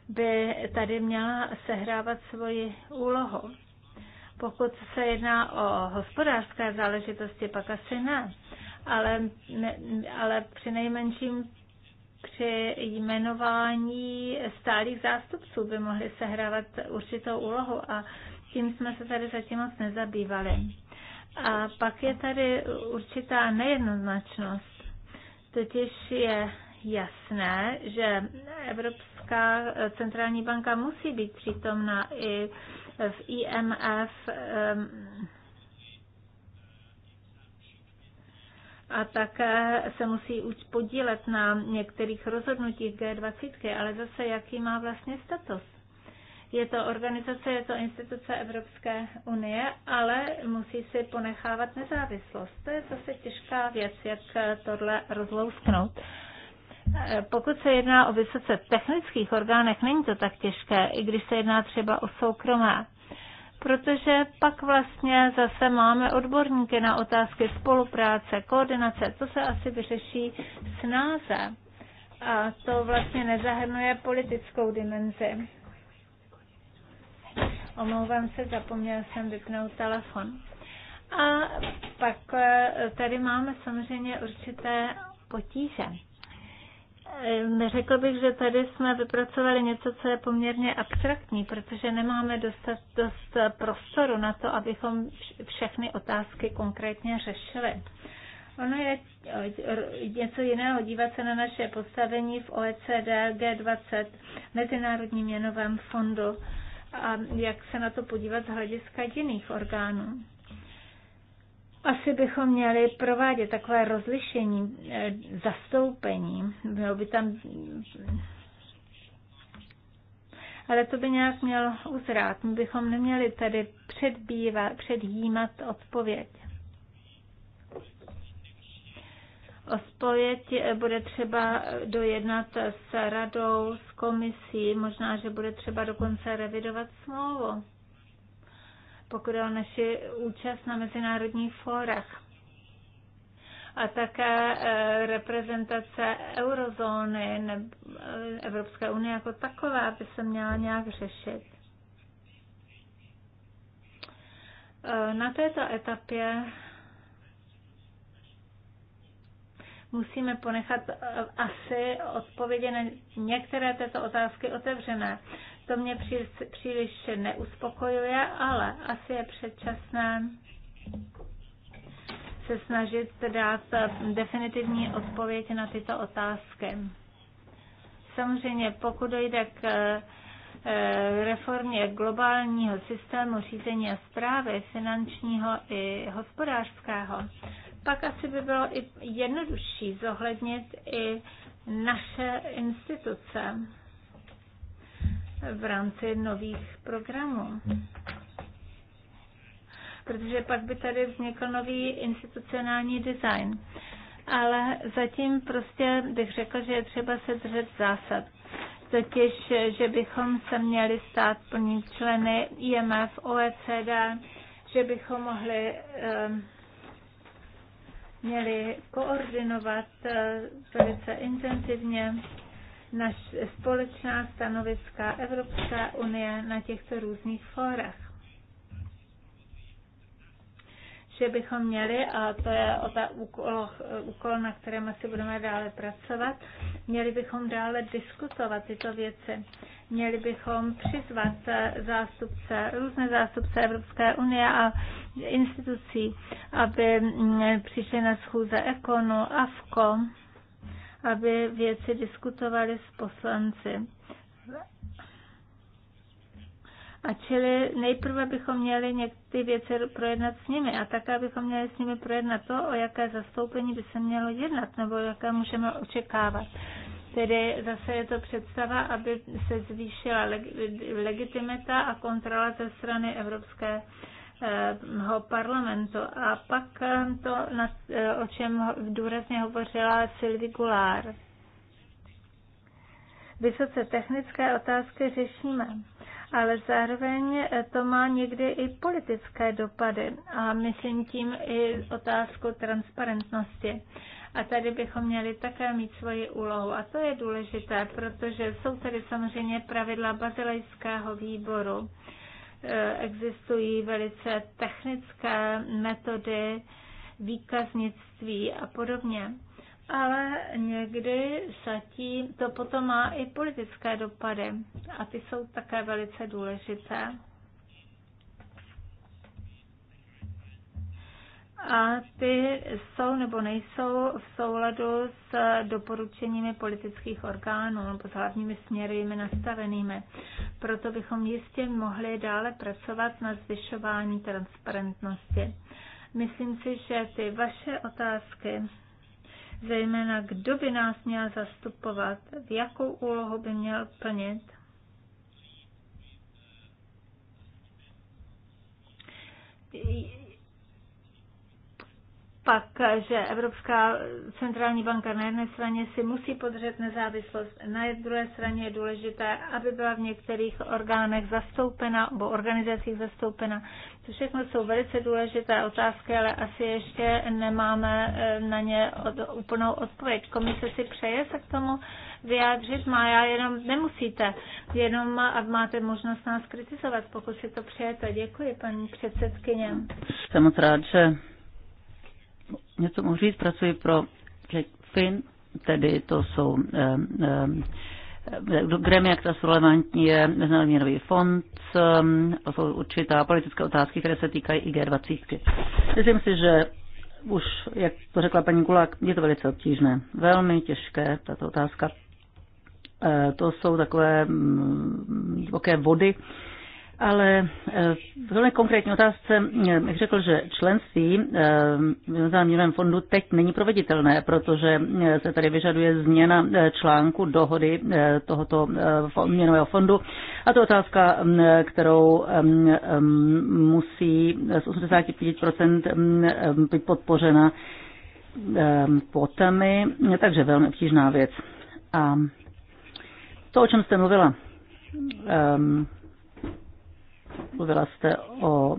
Speaker 1: by tady měla sehrávat svoji úlohu. Pokud se jedná o hospodářské záležitosti, pak asi ne, ale, ale při nejmenším při jmenování stálých zástupců by mohly sehrávat určitou úlohu a tím jsme se tady zatím moc nezabývali. A pak je tady určitá nejednoznačnost. Totiž je jasné, že Evropská centrální banka musí být přítomna i v IMF a také se musí podílet na některých rozhodnutích G20, ale zase jaký má vlastně status. Je to organizace, je to instituce Evropské unie, ale musí si ponechávat nezávislost. To je zase těžká věc, jak tohle rozlousknout. Pokud se jedná o vysoce technických orgánech, není to tak těžké, i když se jedná třeba o soukromé protože pak vlastně zase máme odborníky na otázky spolupráce, koordinace, to se asi vyřeší snáze. A to vlastně nezahrnuje politickou dimenzi. Omlouvám se, zapomněla jsem vypnout telefon. A pak eh, tady máme samozřejmě určité potíže. Ehm, řekl bych, že tady jsme vypracovali něco, co je poměrně abstraktní, protože nemáme dostat dost eh, prostoru na to, abychom všechny otázky konkrétně řešili. Ono je eh, něco jiného dívat se na naše postavení v OECD G20, Mezinárodním měnovém fondu a jak se na to podívat z hlediska jiných orgánů. Asi bychom měli provádět takové rozlišení, eh, zastoupení. Mělo by tam ale to by nějak měl uzrát. My bychom neměli tady předbývat, předjímat odpověď. Odpověď eh, bude třeba dojednat s radou, s komisí, možná, že bude třeba dokonce revidovat smlouvu, pokud je o naši účast na mezinárodních fórech. A také eh, reprezentace eurozóny, ne, eh, Evropské unie jako taková by se měla nějak řešit. Na této etapě musíme ponechat eh, asi odpovědi na některé této otázky otevřené. To mě příliš neuspokojuje, ale asi je předčasné se snažit dát eh, definitivní odpověď na tyto otázky. Samozřejmě, pokud dojde k eh, reformě globálního systému řízení a zprávy finančního i hospodářského, pak asi by bylo i jednodušší zohlednit i naše instituce v rámci nových programů. Protože pak by tady vznikl nový institucionální design. Ale zatím prostě bych řekl, že je třeba se držet zásad totiž, že bychom se měli stát plní členy IMF, OECD, že bychom mohli ehm, měli koordinovat eh, velice intenzivně naš společná stanoviska Evropská unie na těchto různých fórech. Že bychom měli, a to je o ta úkol, úkol, na kterém asi budeme dále pracovat, měli bychom dále diskutovat tyto věci. Měli bychom přizvat eh, zástupce, různé zástupce Evropské unie a institucí, aby mm, přišli na schůze Ekonu, AFKO, aby věci diskutovali s poslanci. A čili nejprve bychom měli ty věci projednat s nimi a také bychom měli s nimi projednat to, o jaké zastoupení by se mělo jednat nebo jaké můžeme očekávat. Tedy zase je to představa, aby se zvýšila legitimita a kontrola ze strany Evropské parlamentu. A pak to, o čem důrazně hovořila Sylvie Goulart. Vysoce technické otázky řešíme, ale zároveň to má někdy i politické dopady a myslím tím i otázku transparentnosti. A tady bychom měli také mít svoji úlohu. A to je důležité, protože jsou tady samozřejmě pravidla bazilejského výboru. E, existují velice technické metody výkaznictví a podobně. Ale někdy tím to potom má i politické dopady a ty jsou také velice důležité. a ty jsou nebo nejsou v souladu s doporučeními politických orgánů nebo s hlavními směry jimi nastavenými. Proto bychom jistě mohli dále pracovat na zvyšování transparentnosti. Myslím si, že ty vaše otázky, zejména kdo by nás měl zastupovat, v jakou úlohu by měl plnit, naopak, že Evropská centrální banka na jedné straně si musí podřet nezávislost, na druhé straně je důležité, aby byla v některých orgánech zastoupena nebo organizacích zastoupena. To všechno jsou velice důležité otázky, ale asi ještě nemáme eh, na ně od, úplnou odpověď. Komise si přeje se k tomu vyjádřit, má já jenom nemusíte, jenom a máte možnost nás kritizovat, pokud si to přejete. Děkuji, paní předsedkyně.
Speaker 3: Jsem moc rád, že něco mohu říct, pracuji pro FIN, tedy to jsou um, gremia, která jsou relevantní, je Mezinárodní měnový fond, to eh, jsou určitá politické otázky, které se týkají i 20 Myslím si, že už, jak to řekla paní Gulák, je to velice obtížné, velmi těžké, tato otázka. To jsou takové divoké mm, vody, ale eh, v velmi konkrétní otázce eh, bych řekl, že členství eh, v měnovém fondu teď není proveditelné, protože se tady vyžaduje změna článku dohody tohoto měnového fondu. A to otázka, mm, kterou mm, mm, musí z 85% být podpořena potami, takže velmi obtížná věc. A to, o čem jste mluvila, Mluvila jste o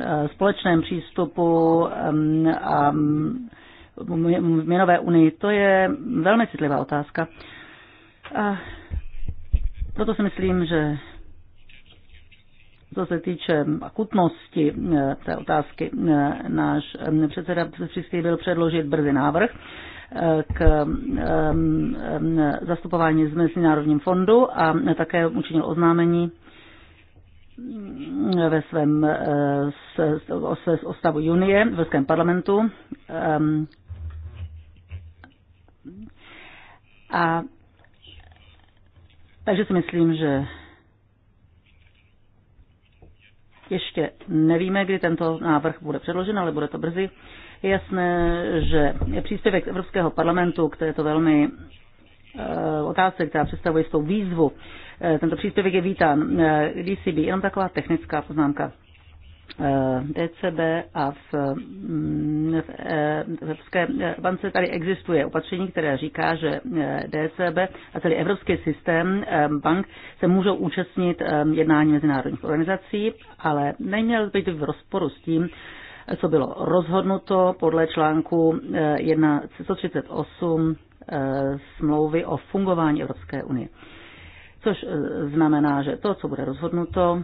Speaker 3: e, společném přístupu a měnové unii. To je velmi citlivá otázka. A proto si myslím, že co se týče akutnosti e, té otázky, e, náš předseda byl předložit brzy návrh k zastupování z Mezinárodním fondu a také učinil oznámení ve svém eh, o stavu Unie v Ruském parlamentu. Ehm, a takže si myslím, že ještě nevíme, kdy tento návrh bude předložen, ale bude to brzy. Je jasné, že příspěvek Evropského parlamentu je to velmi eh, otázce, která představuje jistou výzvu, Eh, tento příspěvek je vítán. Eh, DCB, jenom taková technická poznámka. Eh, DCB a v, mm, v Evropské bance tady existuje opatření, které říká, že DCB a celý evropský systém bank se můžou účastnit jednání mezinárodních organizací, ale neměl být v rozporu s tím, co bylo rozhodnuto podle článku 138 smlouvy o fungování Evropské unie což eh, znamená, že to, co bude rozhodnuto,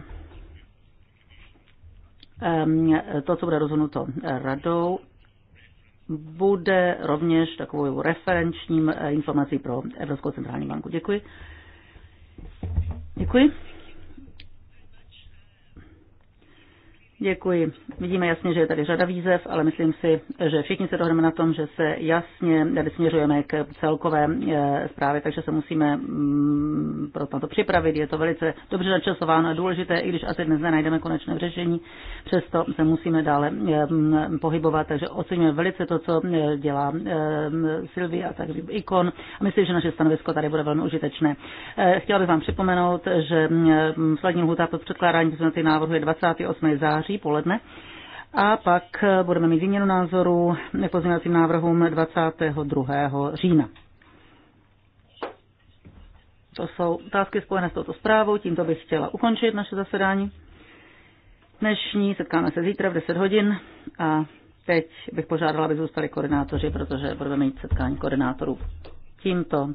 Speaker 3: to, co bude rozhodnuto radou, bude rovněž takovou referenčním eh, informací pro Evropskou centrální banku. Děkuji. Děkuji. Děkuji. Vidíme jasně, že je tady řada výzev, ale myslím si, že všichni se dohodneme na tom, že se jasně tady směřujeme k celkové eh, zprávě, takže se musíme mm, pro to připravit. Je to velice dobře načasováno a důležité, i když asi dnes nenajdeme konečné řešení, přesto se musíme dále eh, mm, pohybovat, takže oceňujeme velice to, co eh, dělá Silvia a tak ikon. A myslím, že naše stanovisko tady bude velmi užitečné. Chtěla bych vám připomenout, že mm, poslední lhůta pod předkládání návrhu je 28. září poledne. A pak eh, budeme mít výměnu názorů k pozměňovacím návrhům 22. října. To jsou otázky spojené s touto zprávou. Tímto bych chtěla ukončit naše zasedání. Dnešní setkáme se zítra v 10 hodin a teď bych požádala, aby zůstali koordinátoři, protože budeme mít setkání koordinátorů. Tímto